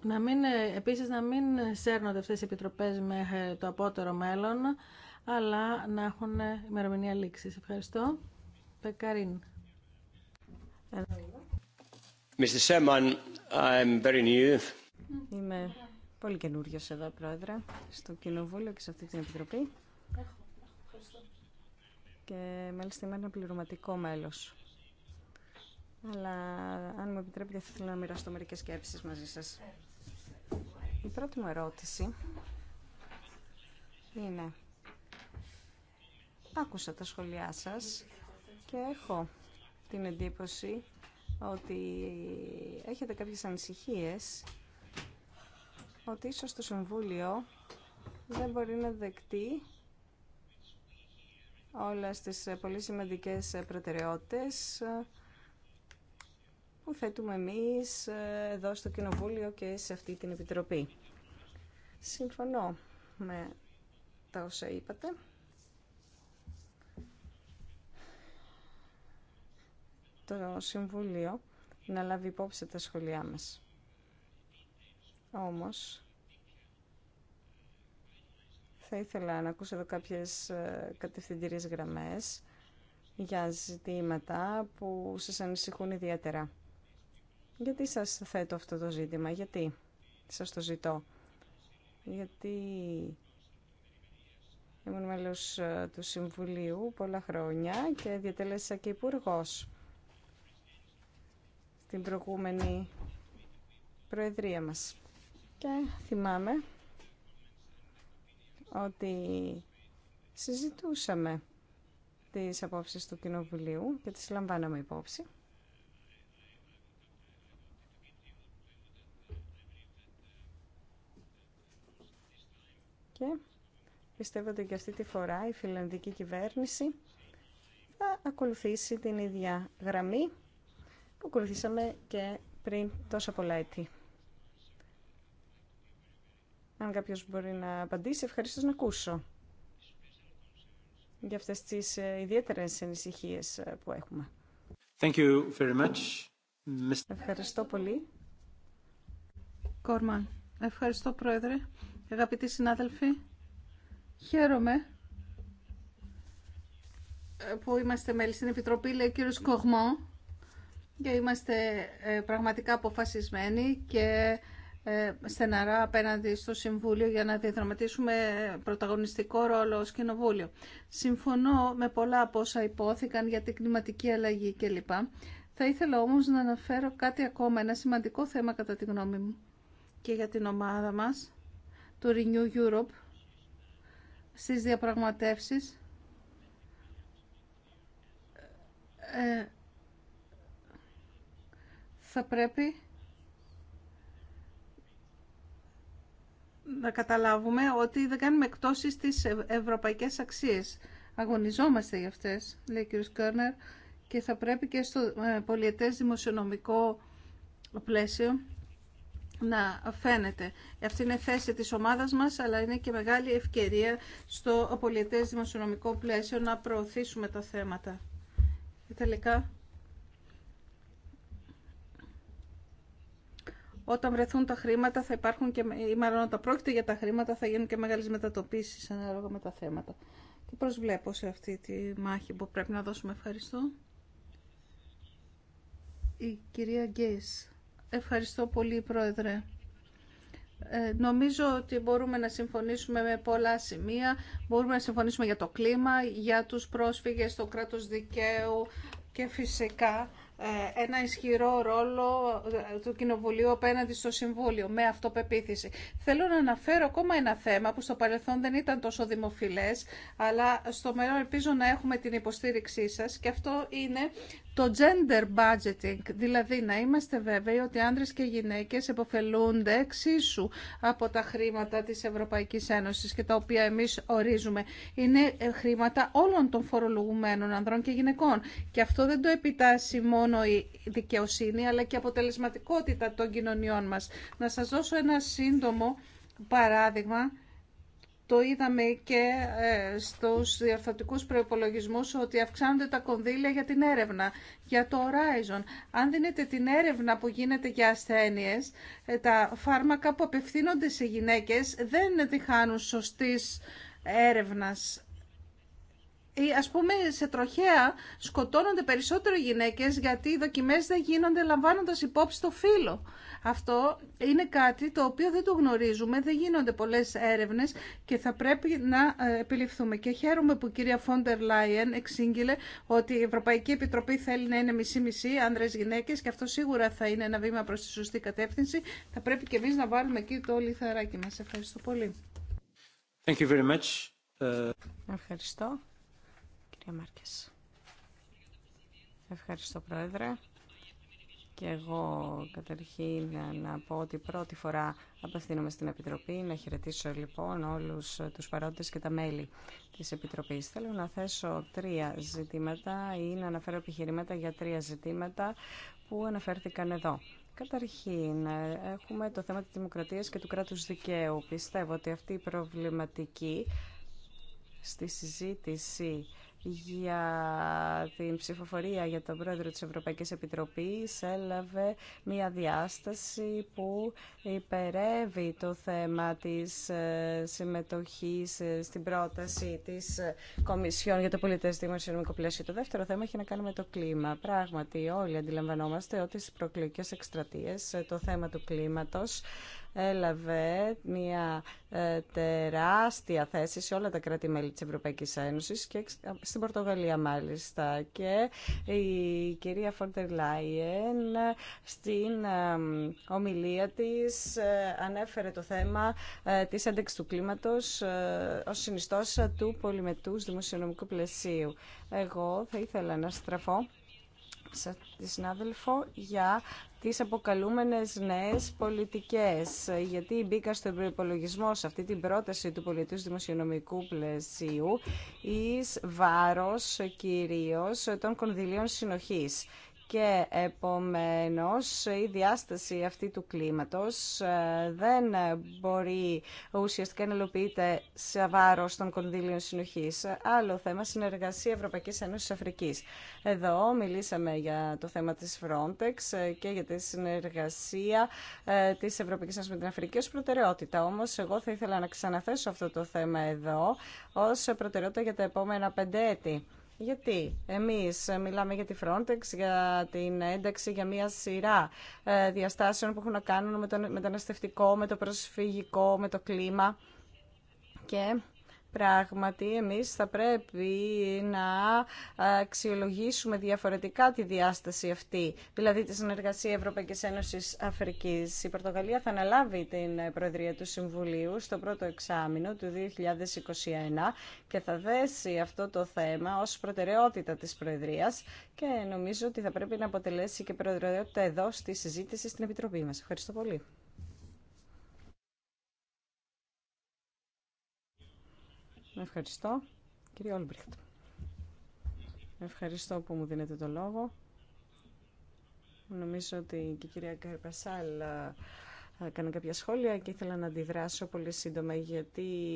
Να μην, ε, επίσης να μην σέρνονται αυτές οι επιτροπές με το απότερο μέλλον, αλλά να έχουν ημερομηνία λήξης. Ευχαριστώ. Πεκαρίν. Mr. I'm very new. Είμαι πολύ καινούριος εδώ, Πρόεδρε, στο Κοινοβούλιο και σε αυτή την Επιτροπή. Και μάλιστα είμαι ένα πληρωματικό μέλος. Αλλά αν μου επιτρέπετε θα ήθελα να μοιραστώ μερικές σκέψεις μαζί σας. Η πρώτη μου ερώτηση είναι άκουσα τα σχόλιά σας και έχω την εντύπωση ότι έχετε κάποιες ανησυχίες ότι ίσως το Συμβούλιο δεν μπορεί να δεκτεί όλες τις πολύ σημαντικές προτεραιότητες που θέτουμε εμείς ε, εδώ στο Κοινοβούλιο και σε αυτή την Επιτροπή. Συμφωνώ με τα όσα είπατε. Το Συμβούλιο να λάβει υπόψη τα σχολιά μας. Όμως, θα ήθελα να ακούσω εδώ κάποιες ε, κατευθυντήριες γραμμές για ζητήματα που σας ανησυχούν ιδιαίτερα. Γιατί σας θέτω αυτό το ζήτημα, γιατί σας το ζητώ. Γιατί ήμουν μέλος ε, του Συμβουλίου πολλά χρόνια και διατέλεσα και υπουργό στην προηγούμενη προεδρία μας. Και θυμάμαι ότι συζητούσαμε τις απόψεις του Κοινοβουλίου και τις λαμβάναμε υπόψη. Και πιστεύω ότι και αυτή τη φορά η φιλανδική κυβέρνηση θα ακολουθήσει την ίδια γραμμή που ακολουθήσαμε και πριν τόσα πολλά έτη. Αν κάποιος μπορεί να απαντήσει, ευχαριστώ να ακούσω για αυτές τις ε, ιδιαίτερες ανησυχίε ε, που έχουμε. Thank you Ευχαριστώ πολύ. Κόρμαν, ευχαριστώ Πρόεδρε. Αγαπητοί συνάδελφοι, χαίρομαι που είμαστε μέλη στην Επιτροπή, λέει ο κύριος Κογμό, και είμαστε ε, πραγματικά αποφασισμένοι και ε, στεναρά απέναντι στο Συμβούλιο για να διαδραματίσουμε πρωταγωνιστικό ρόλο ως Κοινοβούλιο. Συμφωνώ με πολλά από όσα υπόθηκαν για την κλιματική αλλαγή κλπ. Θα ήθελα όμως να αναφέρω κάτι ακόμα, ένα σημαντικό θέμα κατά τη γνώμη μου και για την ομάδα μας του Renew Europe στις διαπραγματεύσεις ε, θα πρέπει να καταλάβουμε ότι δεν κάνουμε εκτόσεις στις ευρωπαϊκές αξίες. Αγωνιζόμαστε για αυτές, λέει ο κ. Κέρνερ, και θα πρέπει και στο ε, πολιετές δημοσιονομικό πλαίσιο να φαίνεται. Αυτή είναι θέση της ομάδας μας, αλλά είναι και μεγάλη ευκαιρία στο πολιτές δημοσιονομικό πλαίσιο να προωθήσουμε τα θέματα. Και τελικά, όταν βρεθούν τα χρήματα θα υπάρχουν και, ή μάλλον όταν πρόκειται για τα χρήματα θα γίνουν και μεγάλες μετατοπίσεις ανάλογα με τα θέματα. Και προσβλέπω σε αυτή τη μάχη που πρέπει να δώσουμε ευχαριστώ. Η κυρία Γκέις. Ευχαριστώ πολύ, Πρόεδρε. Ε, νομίζω ότι μπορούμε να συμφωνήσουμε με πολλά σημεία. Μπορούμε να συμφωνήσουμε για το κλίμα, για τους πρόσφυγες, το κράτος δικαίου και φυσικά ε, ένα ισχυρό ρόλο ε, του Κοινοβουλίου απέναντι στο Συμβούλιο με αυτοπεποίθηση. Θέλω να αναφέρω ακόμα ένα θέμα που στο παρελθόν δεν ήταν τόσο δημοφιλές αλλά στο μέλλον ελπίζω να έχουμε την υποστήριξή σας και αυτό είναι το gender budgeting, δηλαδή να είμαστε βέβαιοι ότι άνδρες και γυναίκες επωφελούνται εξίσου από τα χρήματα της Ευρωπαϊκής Ένωσης και τα οποία εμείς ορίζουμε. Είναι ε, χρήματα όλων των φορολογουμένων ανδρών και γυναικών. Και αυτό δεν το επιτάσσει μόνο η δικαιοσύνη, αλλά και η αποτελεσματικότητα των κοινωνιών μας. Να σας δώσω ένα σύντομο παράδειγμα το είδαμε και ε, στους διορθωτικούς προϋπολογισμούς ότι αυξάνονται τα κονδύλια για την έρευνα, για το Horizon. Αν δίνετε την έρευνα που γίνεται για ασθένειες, ε, τα φάρμακα που απευθύνονται σε γυναίκες δεν διχάνουν σωστής έρευνας. Ε, ας πούμε σε τροχέα σκοτώνονται περισσότερο γυναίκες γιατί οι δοκιμές δεν γίνονται λαμβάνοντας υπόψη το φύλλο. Αυτό είναι κάτι το οποίο δεν το γνωρίζουμε, δεν γίνονται πολλές έρευνες και θα πρέπει να ε, επιληφθούμε. Και χαίρομαι που η κυρία Φόντερ Λάιεν εξήγηλε ότι η Ευρωπαϊκή Επιτροπή θέλει να είναι μισή-μισή άνδρες-γυναίκες και αυτό σίγουρα θα είναι ένα βήμα προς τη σωστή κατεύθυνση. Θα πρέπει και εμείς να βάλουμε εκεί το λιθαράκι μας. Ευχαριστώ πολύ. Thank you very much. Ε, ευχαριστώ. Κυρία Μάρκες. Ευχαριστώ, Πρόεδρε. Και εγώ καταρχήν να πω ότι πρώτη φορά απευθύνομαι στην Επιτροπή, να χαιρετήσω λοιπόν όλους τους παρόντες και τα μέλη της Επιτροπής. Θέλω να θέσω τρία ζητήματα ή να αναφέρω επιχειρήματα για τρία ζητήματα που αναφέρθηκαν εδώ. Καταρχήν, έχουμε το θέμα της δημοκρατίας και του κράτους δικαίου. Πιστεύω ότι αυτή η προβληματική στη συζήτηση για την ψηφοφορία για τον πρόεδρο της Ευρωπαϊκής Επιτροπής έλαβε μια διάσταση που υπερεύει το θέμα της ε, συμμετοχής ε, στην πρόταση της ε, Κομισιόν για το πολιτές δημοσιονομικό πλαίσιο. Το δεύτερο θέμα έχει να κάνει με το κλίμα. Πράγματι όλοι αντιλαμβανόμαστε ότι στις προκλητικές εκστρατείες το θέμα του κλίματος έλαβε μια ε, τεράστια θέση σε όλα τα κράτη-μέλη της Ευρωπαϊκής Ένωσης και στην Πορτογαλία μάλιστα. Και η κυρία Φόρτερ Λάιεν στην ε, ομιλία της ε, ανέφερε το θέμα της ένταξης του κλίματος ως συνιστόσα του πολυμετούς δημοσιονομικού πλαισίου. Εγώ θα ήθελα να στραφώ τη συνάδελφο για τις αποκαλούμενες νέες πολιτικές. Γιατί μπήκα στον προπολογισμό σε αυτή την πρόταση του πολιτικού δημοσιονομικού πλαισίου εις βάρος κυρίως των κονδυλίων συνοχής και επομένως η διάσταση αυτή του κλίματος ε, δεν μπορεί ουσιαστικά να ελοποιείται σε βάρος των κονδύλιων συνοχής. Άλλο θέμα, συνεργασία Ευρωπαϊκής Ένωσης Αφρικής. Εδώ μιλήσαμε για το θέμα της Frontex και για τη συνεργασία ε, της Ευρωπαϊκής Ένωσης με την Αφρική ως προτεραιότητα. Όμως εγώ θα ήθελα να ξαναθέσω αυτό το θέμα εδώ ως προτεραιότητα για τα επόμενα πεντέτη. Γιατί εμείς μιλάμε για τη Frontex, για την ένταξη, για μια σειρά ε, διαστάσεων που έχουν να κάνουν με το μεταναστευτικό, με το προσφυγικό, με το κλίμα. Και Πράγματι, εμείς θα πρέπει να αξιολογήσουμε διαφορετικά τη διάσταση αυτή, δηλαδή τη συνεργασία Ευρωπαϊκής Ένωσης Αφρικής. Η Πορτογαλία θα αναλάβει την Προεδρία του Συμβουλίου στο πρώτο εξάμεινο του 2021 και θα δέσει αυτό το θέμα ως προτεραιότητα της Προεδρίας και νομίζω ότι θα πρέπει να αποτελέσει και προτεραιότητα εδώ στη συζήτηση στην Επιτροπή μας. Ευχαριστώ πολύ. Ευχαριστώ. Κύριε Όλμπριχτ. Ευχαριστώ που μου δίνετε το λόγο. Νομίζω ότι και η κυρία Καρπασάλ έκανε κάποια σχόλια και ήθελα να αντιδράσω πολύ σύντομα γιατί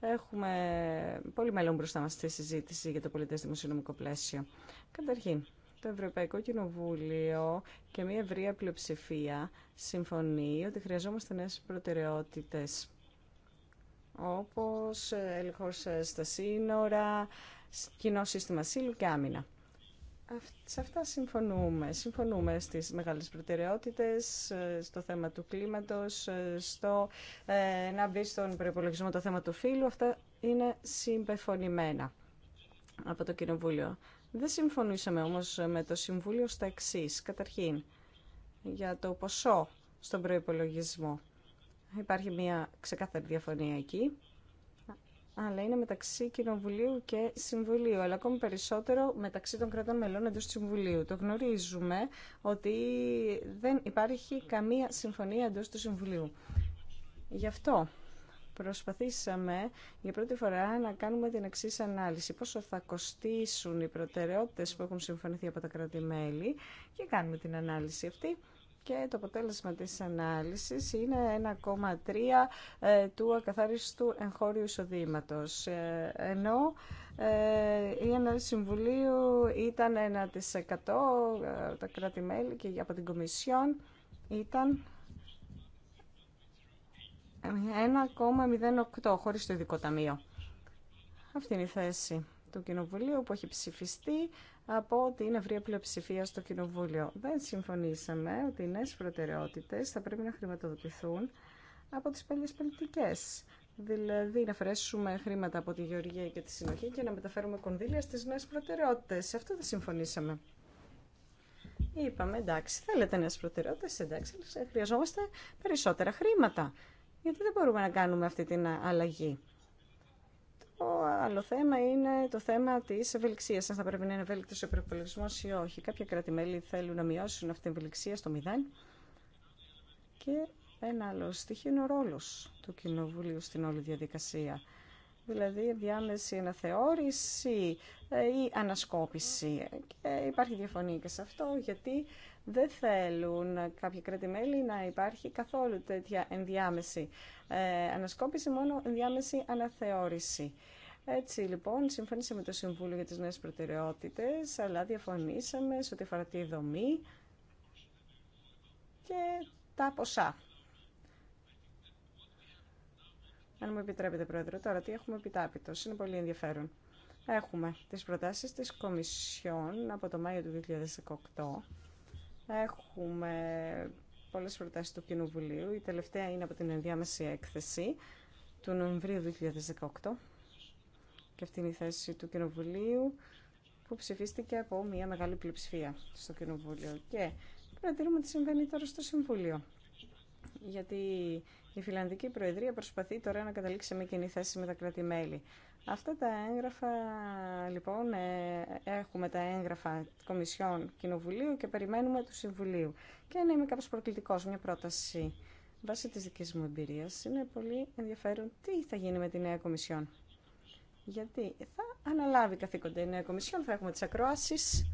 έχουμε πολύ μέλλον μπροστά μας στη συζήτηση για το πολιτές δημοσιονομικό πλαίσιο. Καταρχήν, το Ευρωπαϊκό Κοινοβούλιο και μια ευρεία πλειοψηφία συμφωνεί ότι χρειαζόμαστε νέες προτεραιότητες όπως ε, έλεγχος ε, στα σύνορα, κοινό σύστημα σύλλου και άμυνα. Σε αυτά συμφωνούμε. Συμφωνούμε στις μεγάλες προτεραιότητες, ε, στο θέμα του κλίματος, στο να μπει στον προπολογισμό το θέμα του φύλου. Αυτά είναι συμπεφωνημένα από το Κοινοβούλιο. Δεν συμφωνήσαμε όμως με το Συμβούλιο στα εξή. Καταρχήν, για το ποσό στον προϋπολογισμό. Υπάρχει μια ξεκάθαρη διαφωνία εκεί, αλλά είναι μεταξύ Κοινοβουλίου και Συμβουλίου, αλλά ακόμη περισσότερο μεταξύ των κρατών μελών εντός του Συμβουλίου. Το γνωρίζουμε ότι δεν υπάρχει καμία συμφωνία εντός του Συμβουλίου. Γι' αυτό προσπαθήσαμε για πρώτη φορά να κάνουμε την εξή ανάλυση. Πόσο θα κοστίσουν οι προτεραιότητες που έχουν συμφωνηθεί από τα κράτη-μέλη και κάνουμε την ανάλυση αυτή και το αποτέλεσμα της ανάλυσης είναι 1,3 ε, του ακαθάριστου εγχώριου εισοδήματος. Ε, ενώ ε, η ανάλυση συμβουλίου ήταν 1% τα κράτη-μέλη και από την Κομισιόν ήταν 1,08 χωρίς το ειδικό ταμείο. Αυτή είναι η θέση του Κοινοβουλίου που έχει ψηφιστεί από την ευρία πλειοψηφία στο Κοινοβούλιο. Δεν συμφωνήσαμε ότι οι νέες προτεραιότητες θα πρέπει να χρηματοδοτηθούν από τις παλιέ πολιτικές. Δηλαδή να αφαιρέσουμε χρήματα από τη γεωργία και τη συνοχή και να μεταφέρουμε κονδύλια στις νέες προτεραιότητες. Σε αυτό δεν συμφωνήσαμε. Είπαμε εντάξει, θέλετε νέες προτεραιότητες, εντάξει, χρειαζόμαστε περισσότερα χρήματα. Γιατί δεν μπορούμε να κάνουμε αυτή την αλλαγή. Το άλλο θέμα είναι το θέμα τη ευελιξία. Αν θα πρέπει να είναι ευέλικτο ο προπολογισμό ή όχι. Κάποια κράτη-μέλη θέλουν να μειώσουν αυτή την ευελιξία στο μηδέν. Και ένα άλλο στοιχείο είναι ο ρόλο του Κοινοβουλίου στην όλη διαδικασία. Δηλαδή, διάμεση αναθεώρηση ε, ή ανασκόπηση. Ε, και υπάρχει διαφωνία και σε αυτό, γιατί δεν θέλουν κάποια κράτη-μέλη να υπάρχει καθόλου τέτοια ενδιάμεση ε, ανασκόπηση, μόνο ενδιάμεση αναθεώρηση. Έτσι λοιπόν, συμφωνήσαμε με το Συμβούλιο για τις νέες προτεραιότητες, αλλά διαφωνήσαμε σε ό,τι αφορά τη δομή και τα ποσά. Αν μου επιτρέπετε, Πρόεδρε, τώρα τι έχουμε επιτάπητος. Είναι πολύ ενδιαφέρον. Έχουμε τις προτάσεις της Κομισιόν από το Μάιο του 2018 Έχουμε πολλές προτάσεις του Κοινοβουλίου. Η τελευταία είναι από την ενδιάμεση έκθεση του Νοεμβρίου 2018 και αυτή είναι η θέση του Κοινοβουλίου που ψηφίστηκε από μια μεγάλη πλειοψηφία στο Κοινοβούλιο. Και παρατηρούμε τι συμβαίνει τώρα στο Συμβούλιο. Γιατί η Φιλανδική Προεδρία προσπαθεί τώρα να καταλήξει με κοινή θέση με τα κράτη-μέλη. Αυτά τα έγγραφα, λοιπόν, ε, έχουμε τα έγγραφα Κομισιόν Κοινοβουλίου και περιμένουμε του Συμβουλίου. Και να είμαι κάπως προκλητικός, μια πρόταση βάσει της δικής μου εμπειρίας. Είναι πολύ ενδιαφέρον τι θα γίνει με τη νέα Κομισιόν. Γιατί θα αναλάβει καθήκοντα η νέα Κομισιόν, θα έχουμε τις ακροάσεις.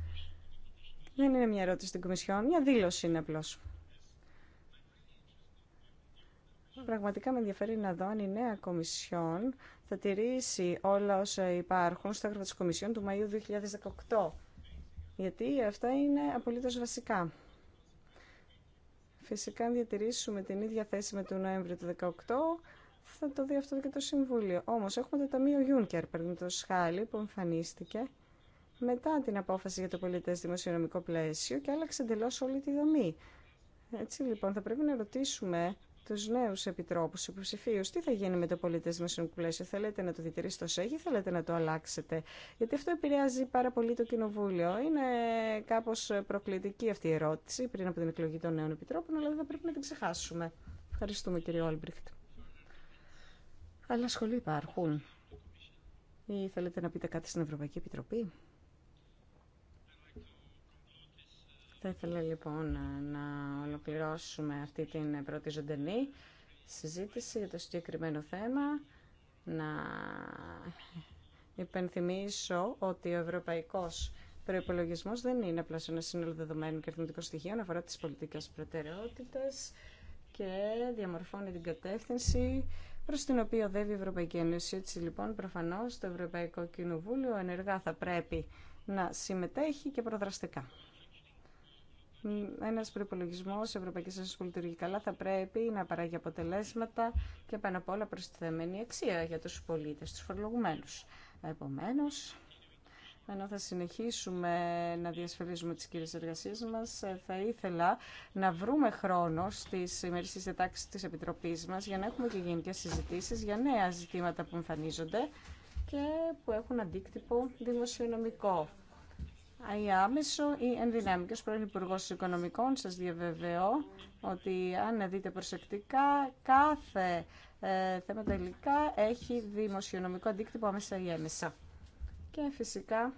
Δεν είναι μια ερώτηση στην Κομισιόν, μια δήλωση είναι απλώς. Πραγματικά με ενδιαφέρει να δω αν η νέα Κομισιόν θα τηρήσει όλα όσα υπάρχουν στα έγγραφα της Κομισιόν του Μαΐου 2018. Γιατί αυτά είναι απολύτως βασικά. Φυσικά, αν διατηρήσουμε την ίδια θέση με τον Νοέμβριο του 2018, θα το δει αυτό και το Συμβούλιο. Όμως, έχουμε το Ταμείο Γιούνκερ, το σχάλι, που εμφανίστηκε μετά την απόφαση για το πολιτές δημοσιονομικό πλαίσιο και άλλαξε εντελώ όλη τη δομή. Έτσι λοιπόν θα πρέπει να ρωτήσουμε τους νέους επιτρόπους υποψηφίου, Τι θα γίνει με το πολιτές στην Θέλετε να το διτηρήσετε ω έχει, θέλετε να το αλλάξετε. Γιατί αυτό επηρεάζει πάρα πολύ το κοινοβούλιο. Είναι κάπως προκλητική αυτή η ερώτηση πριν από την εκλογή των νέων επιτρόπων, αλλά δεν θα πρέπει να την ξεχάσουμε. Ευχαριστούμε κύριε Όλμπριχτ. Άλλα σχολεία υπάρχουν. Ή θέλετε να πείτε κάτι στην Ευρωπαϊκή Επιτροπή. Θα ήθελα λοιπόν να ολοκληρώσουμε αυτή την πρώτη ζωντανή συζήτηση για το συγκεκριμένο θέμα. Να υπενθυμίσω ότι ο Ευρωπαϊκός Προϋπολογισμός δεν είναι απλά ένα σύνολο δεδομένων και αρνητικών στοιχείων, αφορά τις πολιτικές προτεραιότητες και διαμορφώνει την κατεύθυνση προ την οποία οδεύει η Ευρωπαϊκή Ένωση. Έτσι λοιπόν προφανώ το Ευρωπαϊκό Κοινοβούλιο ενεργά θα πρέπει να συμμετέχει και προδραστικά. Ένα προπολογισμό Ευρωπαϊκή Ένωση που λειτουργεί καλά θα πρέπει να παράγει αποτελέσματα και πάνω απ' όλα προστιθέμενη αξία για τους πολίτες, τους φορολογουμένου. Επομένως, ενώ θα συνεχίσουμε να διασφαλίζουμε τις κύριες εργασίες μας, θα ήθελα να βρούμε χρόνο στις ημερήσεις διατάξεις της Επιτροπής μας για να έχουμε και γενικές συζητήσεις για νέα ζητήματα που εμφανίζονται και που έχουν αντίκτυπο δημοσιονομικό ή άμεσο ή ενδυνάμει. πρώην Υπουργό Οικονομικών σας διαβεβαιώ ότι αν δείτε προσεκτικά κάθε ε, θέμα τελικά έχει δημοσιονομικό αντίκτυπο άμεσα ή έμεσα. Και φυσικά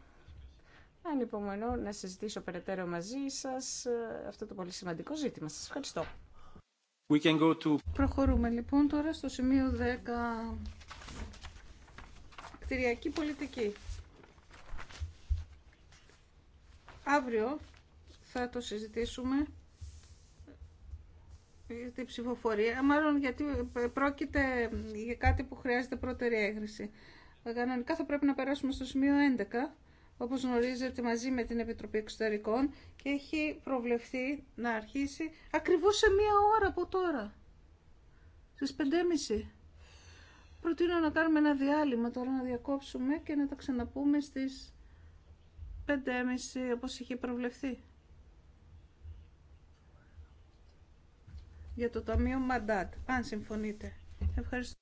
ανυπομονώ να συζητήσω περαιτέρω μαζί σας ε, αυτό το πολύ σημαντικό ζήτημα. Σας ευχαριστώ. We can go to... Προχωρούμε λοιπόν τώρα στο σημείο 10. Κτηριακή πολιτική. Αύριο θα το συζητήσουμε για την ψηφοφορία, μάλλον γιατί πρόκειται για κάτι που χρειάζεται πρώτερη έγκριση. Κανονικά θα πρέπει να περάσουμε στο σημείο 11, όπως γνωρίζετε μαζί με την Επιτροπή Εξωτερικών και έχει προβλεφθεί να αρχίσει ακριβώς σε μία ώρα από τώρα, στις 5.30. Προτείνω να κάνουμε ένα διάλειμμα τώρα, να διακόψουμε και να τα ξαναπούμε στις 5,5 όπως είχε προβλεφθεί. Για το Ταμείο Μαντάτ. Αν συμφωνείτε. Ευχαριστώ.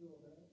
AUTHORWAVE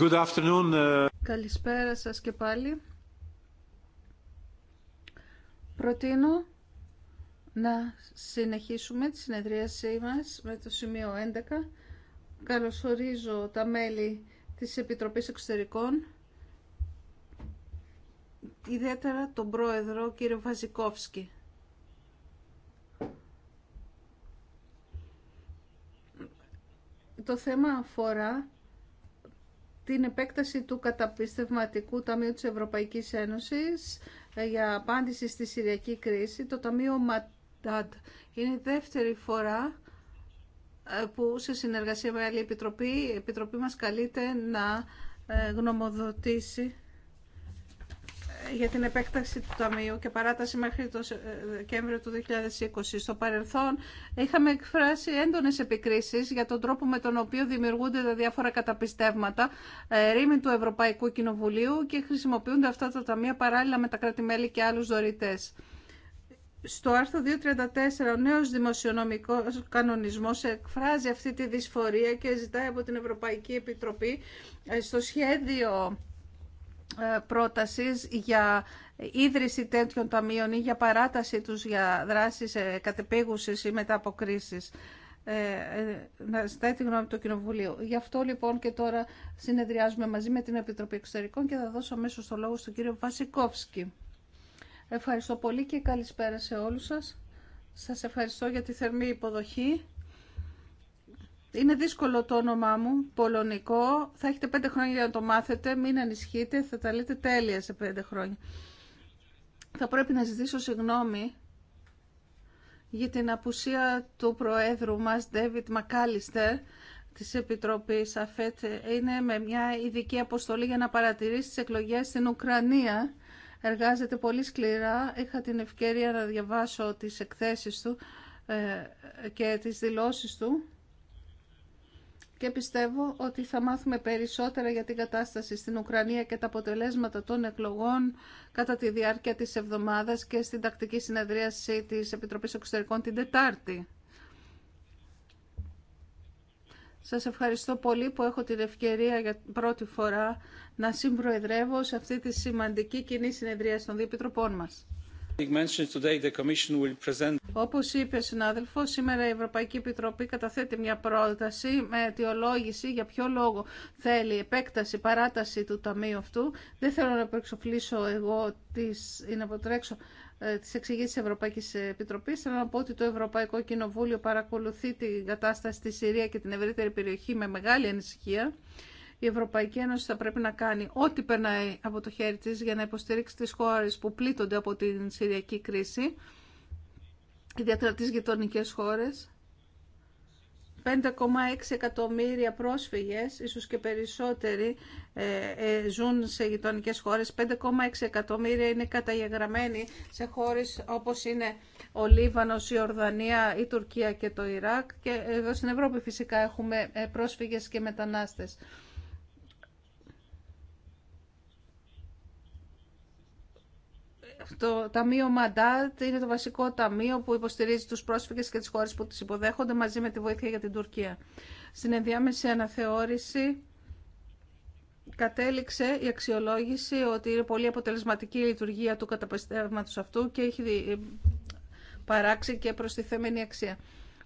Ε. Καλησπέρα σας και πάλι. Προτείνω να συνεχίσουμε τη συνεδρίασή μας με το σημείο 11. Καλωσορίζω τα μέλη της Επιτροπής Εξωτερικών, ιδιαίτερα τον πρόεδρο κύριο Βαζικόφσκι. Το θέμα αφορά την επέκταση του καταπιστευματικού Ταμείου της Ευρωπαϊκής Ένωσης ε, για απάντηση στη Συριακή κρίση. Το Ταμείο Ματάντ είναι η δεύτερη φορά ε, που σε συνεργασία με άλλη επιτροπή, η επιτροπή μας καλείται να ε, γνωμοδοτήσει για την επέκταση του Ταμείου και παράταση μέχρι το ε, Δεκέμβριο του 2020. Στο παρελθόν είχαμε εκφράσει έντονες επικρίσεις για τον τρόπο με τον οποίο δημιουργούνται τα διάφορα καταπιστεύματα ε, ρήμην του Ευρωπαϊκού Κοινοβουλίου και χρησιμοποιούνται αυτά τα ταμεία παράλληλα με τα κρατημέλη και άλλους δωρητές. Στο άρθρο 234 ο νέος δημοσιονομικός κανονισμός εκφράζει αυτή τη δυσφορία και ζητάει από την Ευρωπαϊκή Επιτροπή ε, στο σχέδιο ε, πρότασης για ίδρυση τέτοιων ταμείων ή για παράταση τους για δράσεις ε, κατεπήγουσης ή μετά από ε, ε, Να ζητάει τη γνώμη του Κοινοβουλίου. Γι' αυτό λοιπόν και τώρα συνεδριάζουμε μαζί με την Επιτροπή Εξωτερικών και θα δώσω αμέσω το λόγο στον κύριο Βασικόφσκι. Ευχαριστώ πολύ και καλησπέρα σε όλους σας. Σας ευχαριστώ για τη θερμή υποδοχή είναι δύσκολο το όνομά μου, πολωνικό. Θα έχετε πέντε χρόνια για να το μάθετε. Μην ανησυχείτε, θα τα λέτε τέλεια σε πέντε χρόνια. Θα πρέπει να ζητήσω συγγνώμη για την απουσία του Προέδρου μας, David McAllister, της Επιτροπής ΑΦΕΤ. Είναι με μια ειδική αποστολή για να παρατηρήσει τις εκλογές στην Ουκρανία. Εργάζεται πολύ σκληρά. Είχα την ευκαιρία να διαβάσω τις εκθέσεις του ε, και τις δηλώσεις του και πιστεύω ότι θα μάθουμε περισσότερα για την κατάσταση στην Ουκρανία και τα αποτελέσματα των εκλογών κατά τη διάρκεια της εβδομάδας και στην τακτική συνεδρίαση της Επιτροπής Εξωτερικών την Τετάρτη. Σας ευχαριστώ πολύ που έχω την ευκαιρία για πρώτη φορά να συμπροεδρεύω σε αυτή τη σημαντική κοινή συνεδρία των Διεπιτροπών μας. Όπως είπε ο συνάδελφο, σήμερα η Ευρωπαϊκή Επιτροπή καταθέτει μια πρόταση με αιτιολόγηση για ποιο λόγο θέλει επέκταση, παράταση του ταμείου αυτού. Δεν θέλω να προεξοφλήσω εγώ τις, ή να αποτρέξω ε, τις εξηγήσεις της Ευρωπαϊκής Επιτροπής. Θέλω να πω ότι το Ευρωπαϊκό Κοινοβούλιο παρακολουθεί την κατάσταση στη Συρία και την ευρύτερη περιοχή με μεγάλη ανησυχία η Ευρωπαϊκή Ένωση θα πρέπει να κάνει ό,τι περνάει από το χέρι της για να υποστηρίξει τις χώρες που πλήττονται από την Συριακή κρίση, ιδιαίτερα τις γειτονικές χώρες. 5,6 εκατομμύρια πρόσφυγες, ίσως και περισσότεροι, ε, ε, ζουν σε γειτονικέ χώρες. 5,6 εκατομμύρια είναι καταγεγραμμένοι σε χώρες όπως είναι ο Λίβανος, η Ορδανία, η Τουρκία και το Ιράκ. Και εδώ στην Ευρώπη φυσικά έχουμε ε, πρόσφυγες και μετανάστες. Το Ταμείο Μαντάτ είναι το βασικό ταμείο που υποστηρίζει τους πρόσφυγες και τις χώρες που τις υποδέχονται μαζί με τη βοήθεια για την Τουρκία. Στην ενδιάμεση αναθεώρηση κατέληξε η αξιολόγηση ότι είναι πολύ αποτελεσματική η λειτουργία του καταπιστεύματος αυτού και έχει παράξει και προστιθέμενη αξία.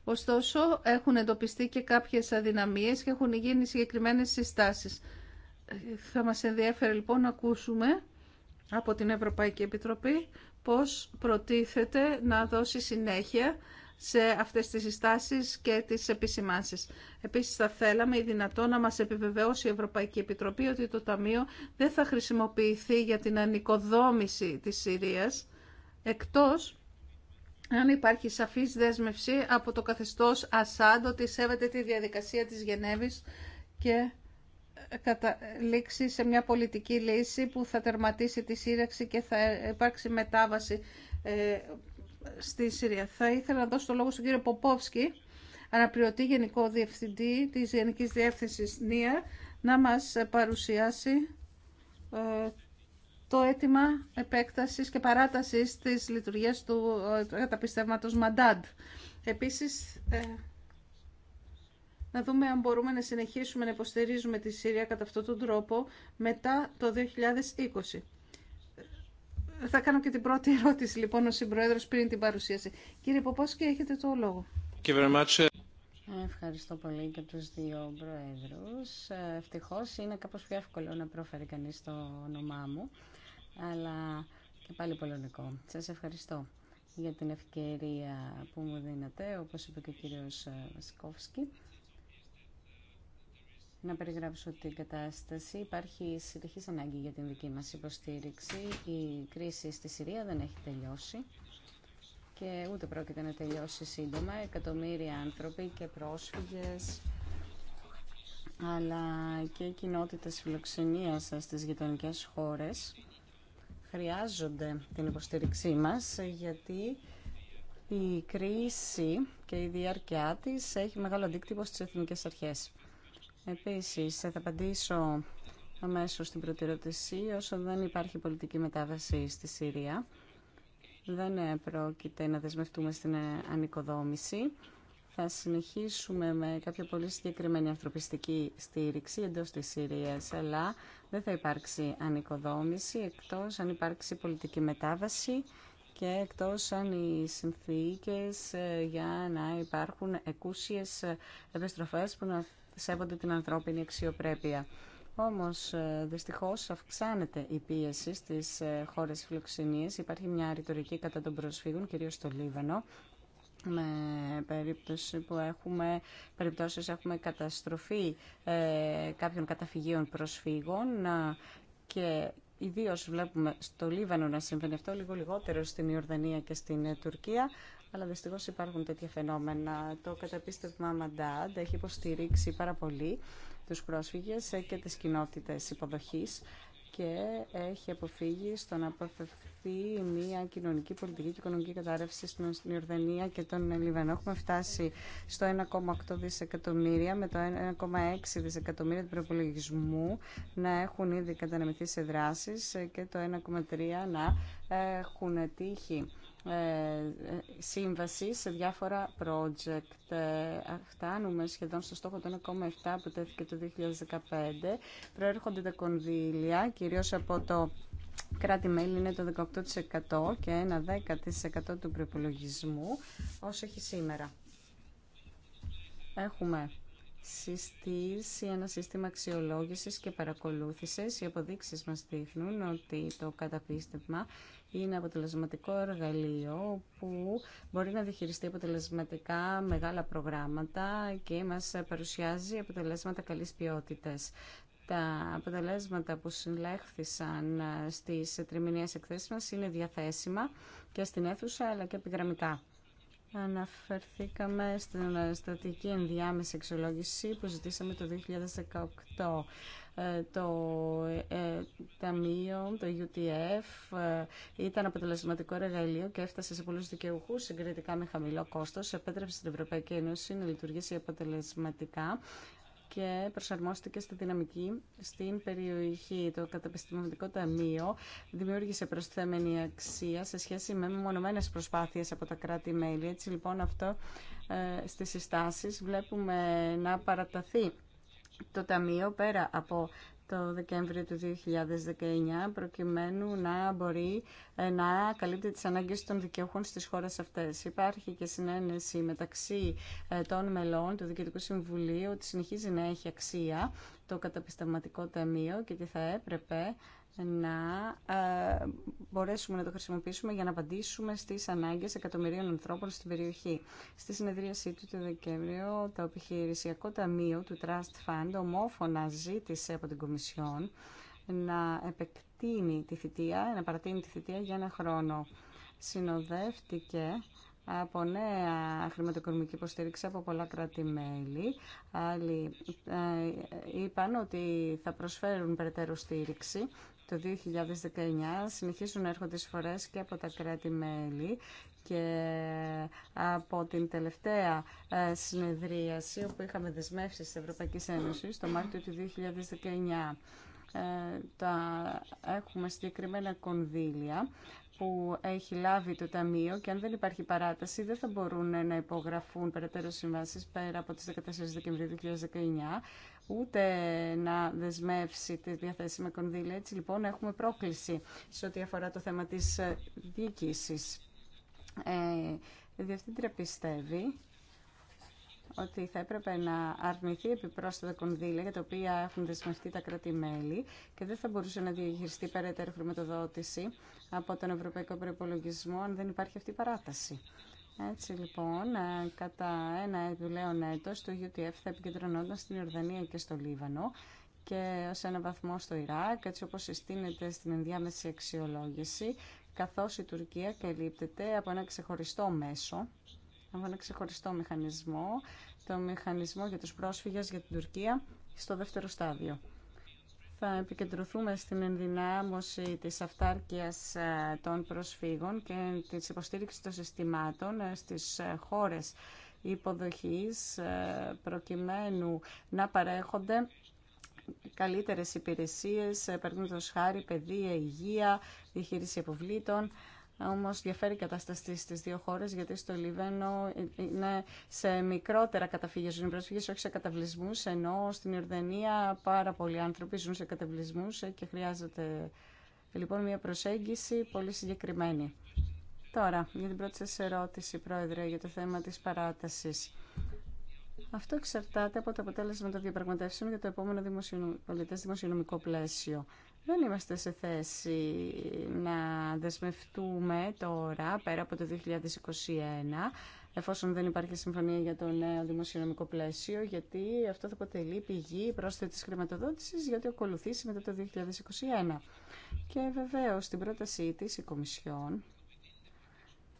Ωστόσο, έχουν εντοπιστεί και κάποιες αδυναμίες και έχουν γίνει συγκεκριμένες συστάσεις. Θα μας ενδιαφέρει λοιπόν να ακούσουμε από την Ευρωπαϊκή Επιτροπή πώς προτίθεται να δώσει συνέχεια σε αυτές τις συστάσεις και τις επισημάνσεις. Επίσης θα θέλαμε ή δυνατό να μας επιβεβαιώσει η Ευρωπαϊκή Επιτροπή ότι το Ταμείο δεν θα χρησιμοποιηθεί για την ανοικοδόμηση της Συρίας, εκτός αν υπάρχει σαφής δέσμευση από το καθεστώς Ασάντ ότι σέβεται τη διαδικασία της Γενέβης και καταλήξει σε μια πολιτική λύση που θα τερματίσει τη σύρεξη και θα υπάρξει μετάβαση ε, στη Συρία. Θα ήθελα να δώσω το λόγο στον κύριο Ποπόφσκι, αναπληρωτή Γενικό Διευθυντή της Γενικής Διεύθυνσης ΝΙΑ, να μας παρουσιάσει ε, το αίτημα επέκτασης και παράτασης της λειτουργίας του ε, καταπιστεύματος Μαντάντ. Επίσης, να δούμε αν μπορούμε να συνεχίσουμε να υποστηρίζουμε τη Συρία κατά αυτόν τον τρόπο μετά το 2020. Θα κάνω και την πρώτη ερώτηση λοιπόν ο Συμπροέδρος πριν την παρουσίαση. Κύριε Ποπόσκη, έχετε το λόγο. Ευχαριστώ πολύ και τους δύο προέδρους. Ευτυχώς είναι κάπως πιο εύκολο να προφέρει κανείς το όνομά μου, αλλά και πάλι πολωνικό. Σας ευχαριστώ για την ευκαιρία που μου δίνετε, όπως είπε και ο κύριος Βασικόφσκι να περιγράψω την κατάσταση. Υπάρχει συνεχής ανάγκη για την δική μας υποστήριξη. Η κρίση στη Συρία δεν έχει τελειώσει και ούτε πρόκειται να τελειώσει σύντομα. Εκατομμύρια άνθρωποι και πρόσφυγες αλλά και κοινότητες φιλοξενίας στις γειτονικές χώρες χρειάζονται την υποστήριξή μας γιατί η κρίση και η διάρκειά της έχει μεγάλο αντίκτυπο στις εθνικές αρχές. Επίσης, θα απαντήσω αμέσως στην πρώτη ερώτηση, όσο δεν υπάρχει πολιτική μετάβαση στη Συρία, δεν πρόκειται να δεσμευτούμε στην ανοικοδόμηση. Θα συνεχίσουμε με κάποια πολύ συγκεκριμένη ανθρωπιστική στήριξη εντός της Συρίας, αλλά δεν θα υπάρξει ανοικοδόμηση εκτός αν υπάρξει πολιτική μετάβαση και εκτός αν οι συνθήκες ε, για να υπάρχουν εκούσιες επιστροφές που να σέβονται την ανθρώπινη αξιοπρέπεια. Όμως ε, δυστυχώς αυξάνεται η πίεση στις ε, χώρες φιλοξενίες. Υπάρχει μια ρητορική κατά των προσφύγων, κυρίως στο Λίβανο, με περίπτωση που έχουμε, περιπτώσεις έχουμε καταστροφή ε, κάποιων καταφυγίων προσφύγων ε, και ιδίω βλέπουμε στο Λίβανο να συμβαίνει αυτό, λίγο λιγότερο στην Ιορδανία και στην Τουρκία, αλλά δυστυχώ υπάρχουν τέτοια φαινόμενα. Το καταπίστευμα Μαντάντ έχει υποστηρίξει πάρα πολύ του πρόσφυγε και τι κοινότητε υποδοχή και έχει αποφύγει στο να αποφευθεί μια κοινωνική, πολιτική και οικονομική κατάρρευση στην Ιορδανία και τον Λιβανό. Έχουμε φτάσει στο 1,8 δισεκατομμύρια με το 1,6 δισεκατομμύρια του προπολογισμού να έχουν ήδη καταναμηθεί σε δράσεις και το 1,3 να έχουν τύχει ε, σύμβαση σε διάφορα project. Ε, φτάνουμε σχεδόν στο στόχο των 1,7 που τέθηκε το 2015. Προέρχονται τα κονδύλια, κυρίως από το κράτη-μέλη είναι το 18% και ένα 10% του προπολογισμού όσο έχει σήμερα. Έχουμε συστήσει ένα σύστημα αξιολόγησης και παρακολούθησης. Οι αποδείξεις μας δείχνουν ότι το καταπίστευμα είναι αποτελεσματικό εργαλείο που μπορεί να διαχειριστεί αποτελεσματικά μεγάλα προγράμματα και μας παρουσιάζει αποτελέσματα καλής ποιότητας. Τα αποτελέσματα που συλλέχθησαν στις τριμηνίες εκθέσεις μας είναι διαθέσιμα και στην αίθουσα αλλά και επιγραμμικά. Αναφερθήκαμε στην στατική ενδιάμεση εξολόγηση που ζητήσαμε το 2018. Ε, το ε, Ταμείο, το UTF, ε, ήταν αποτελεσματικό εργαλείο και έφτασε σε πολλούς δικαιούχους συγκριτικά με χαμηλό κόστος. Επέτρεψε στην Ευρωπαϊκή Ένωση να λειτουργήσει αποτελεσματικά και προσαρμόστηκε στη δυναμική στην περιοχή. Το Καταπιστημονικό Ταμείο δημιούργησε προσθέμενη αξία σε σχέση με μονομένες προσπάθειες από τα κράτη-μέλη. Έτσι λοιπόν αυτό ε, στις συστάσεις βλέπουμε να παραταθεί το Ταμείο πέρα από το Δεκέμβριο του 2019 προκειμένου να μπορεί ε, να καλύπτει τις ανάγκες των δικαιούχων στις χώρες αυτές. Υπάρχει και συνένεση μεταξύ ε, των μελών του Δικαιωτικού Συμβουλίου ότι συνεχίζει να έχει αξία το καταπιστευματικό ταμείο και ότι θα έπρεπε να ε, μπορέσουμε να το χρησιμοποιήσουμε για να απαντήσουμε στις ανάγκες εκατομμυρίων ανθρώπων στην περιοχή. Στη συνεδρίασή του το Δεκέμβριο, το επιχειρησιακό ταμείο του Trust Fund ομόφωνα ζήτησε από την Κομισιόν να επεκτείνει τη θητεία, να παρατείνει τη θητεία για ένα χρόνο. Συνοδεύτηκε από νέα χρηματοοικονομική υποστήριξη από πολλά κράτη-μέλη. Άλλοι ε, είπαν ότι θα προσφέρουν περαιτέρω στήριξη το 2019 συνεχίζουν να έρχονται εισφορές και από τα κράτη-μέλη και από την τελευταία ε, συνεδρίαση όπου είχαμε δεσμεύσει της ευρωπαϊκή Ένωση το Μάρτιο του 2019. Ε, τα έχουμε συγκεκριμένα κονδύλια που έχει λάβει το Ταμείο και αν δεν υπάρχει παράταση δεν θα μπορούν να υπογραφούν περαιτέρω συμβάσεις πέρα από τις 14 Δεκεμβρίου 2019 ούτε να δεσμεύσει τη διαθέσιμα κονδύλια. Έτσι λοιπόν έχουμε πρόκληση σε ό,τι αφορά το θέμα της ε, διοίκησης. Ε, η Διευθύντρια πιστεύει ότι θα έπρεπε να αρνηθεί επιπρόσθετα κονδύλια για τα οποία έχουν δεσμευτεί τα κράτη-μέλη και δεν θα μπορούσε να διαχειριστεί περαιτέρω χρηματοδότηση από τον Ευρωπαϊκό Προπολογισμό αν δεν υπάρχει αυτή η παράταση. Έτσι λοιπόν, ε, κατά ένα επιπλέον έτος το UTF θα επικεντρωνόταν στην Ιορδανία και στο Λίβανο και ω ένα βαθμό στο Ιράκ, έτσι όπως συστήνεται στην ενδιάμεση αξιολόγηση, καθώς η Τουρκία καλύπτεται από ένα ξεχωριστό μέσο, από ένα ξεχωριστό μηχανισμό, το μηχανισμό για τους πρόσφυγες για την Τουρκία στο δεύτερο στάδιο θα επικεντρωθούμε στην ενδυνάμωση της αυτάρκειας ε, των προσφύγων και της υποστήριξης των συστημάτων ε, στις ε, χώρες υποδοχής προκειμένου να παρέχονται καλύτερες υπηρεσίες, παραδείγματος χάρη, παιδεία, υγεία, διαχείριση αποβλήτων όμως διαφέρει η κατάσταση στις δύο χώρες, γιατί στο Λιβένο είναι σε μικρότερα καταφύγια ζουν πρόσφυγες, όχι σε καταβλισμούς, ενώ στην Ιορδανία πάρα πολλοί άνθρωποι ζουν σε καταβλισμούς και χρειάζεται λοιπόν μια προσέγγιση πολύ συγκεκριμένη. Τώρα, για την πρώτη σας ερώτηση, Πρόεδρε, για το θέμα της παράτασης. Αυτό εξαρτάται από το αποτέλεσμα των διαπραγματεύσεων για το επόμενο δημοσιονομικό πλαίσιο δεν είμαστε σε θέση να δεσμευτούμε τώρα, πέρα από το 2021, εφόσον δεν υπάρχει συμφωνία για το νέο δημοσιονομικό πλαίσιο, γιατί αυτό θα αποτελεί πηγή πρόσθετης χρηματοδότησης, γιατί ακολουθήσει μετά το 2021. Και βεβαίως, στην πρότασή της, η Κομισιόν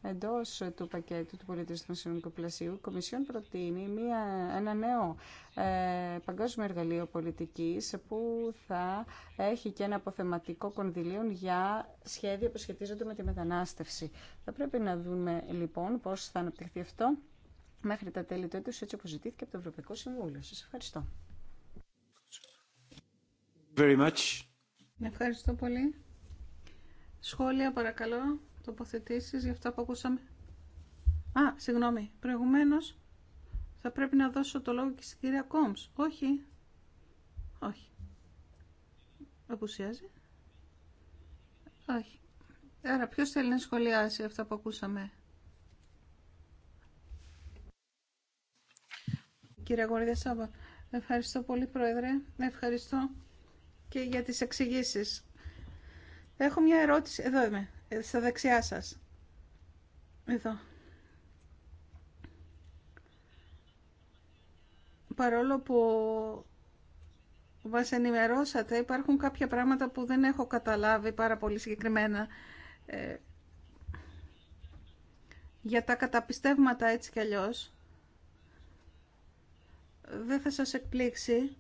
Εντό του πακέτου του πολιτισμού συνομικού πλασίου, η Κομισιόν προτείνει μια, ένα νέο ε, παγκόσμιο εργαλείο πολιτικής που θα έχει και ένα αποθεματικό κονδυλίων για σχέδια που σχετίζονται με τη μετανάστευση. Θα πρέπει να δούμε λοιπόν πώς θα αναπτυχθεί αυτό μέχρι τα τέλη του έτου έτσι όπω ζητήθηκε από το Ευρωπαϊκό Συμβούλιο. Σα ευχαριστώ. Ευχαριστώ πολύ. Σχόλια παρακαλώ τοποθετήσεις για αυτά που ακούσαμε. Α, συγγνώμη, προηγουμένως θα πρέπει να δώσω το λόγο και στην κυρία Κόμς. Όχι. Όχι. Απουσιάζει. Όχι. Άρα ποιος θέλει να σχολιάσει αυτά που ακούσαμε. Κύριε Γόρδια ευχαριστώ πολύ Πρόεδρε. Ευχαριστώ και για τις εξηγήσει. Έχω μια ερώτηση. Εδώ είμαι. Ε, στα δεξιά σας. Εδώ. Παρόλο που μας ενημερώσατε, υπάρχουν κάποια πράγματα που δεν έχω καταλάβει πάρα πολύ συγκεκριμένα. Ε, για τα καταπιστεύματα έτσι κι αλλιώς, δεν θα σας εκπλήξει.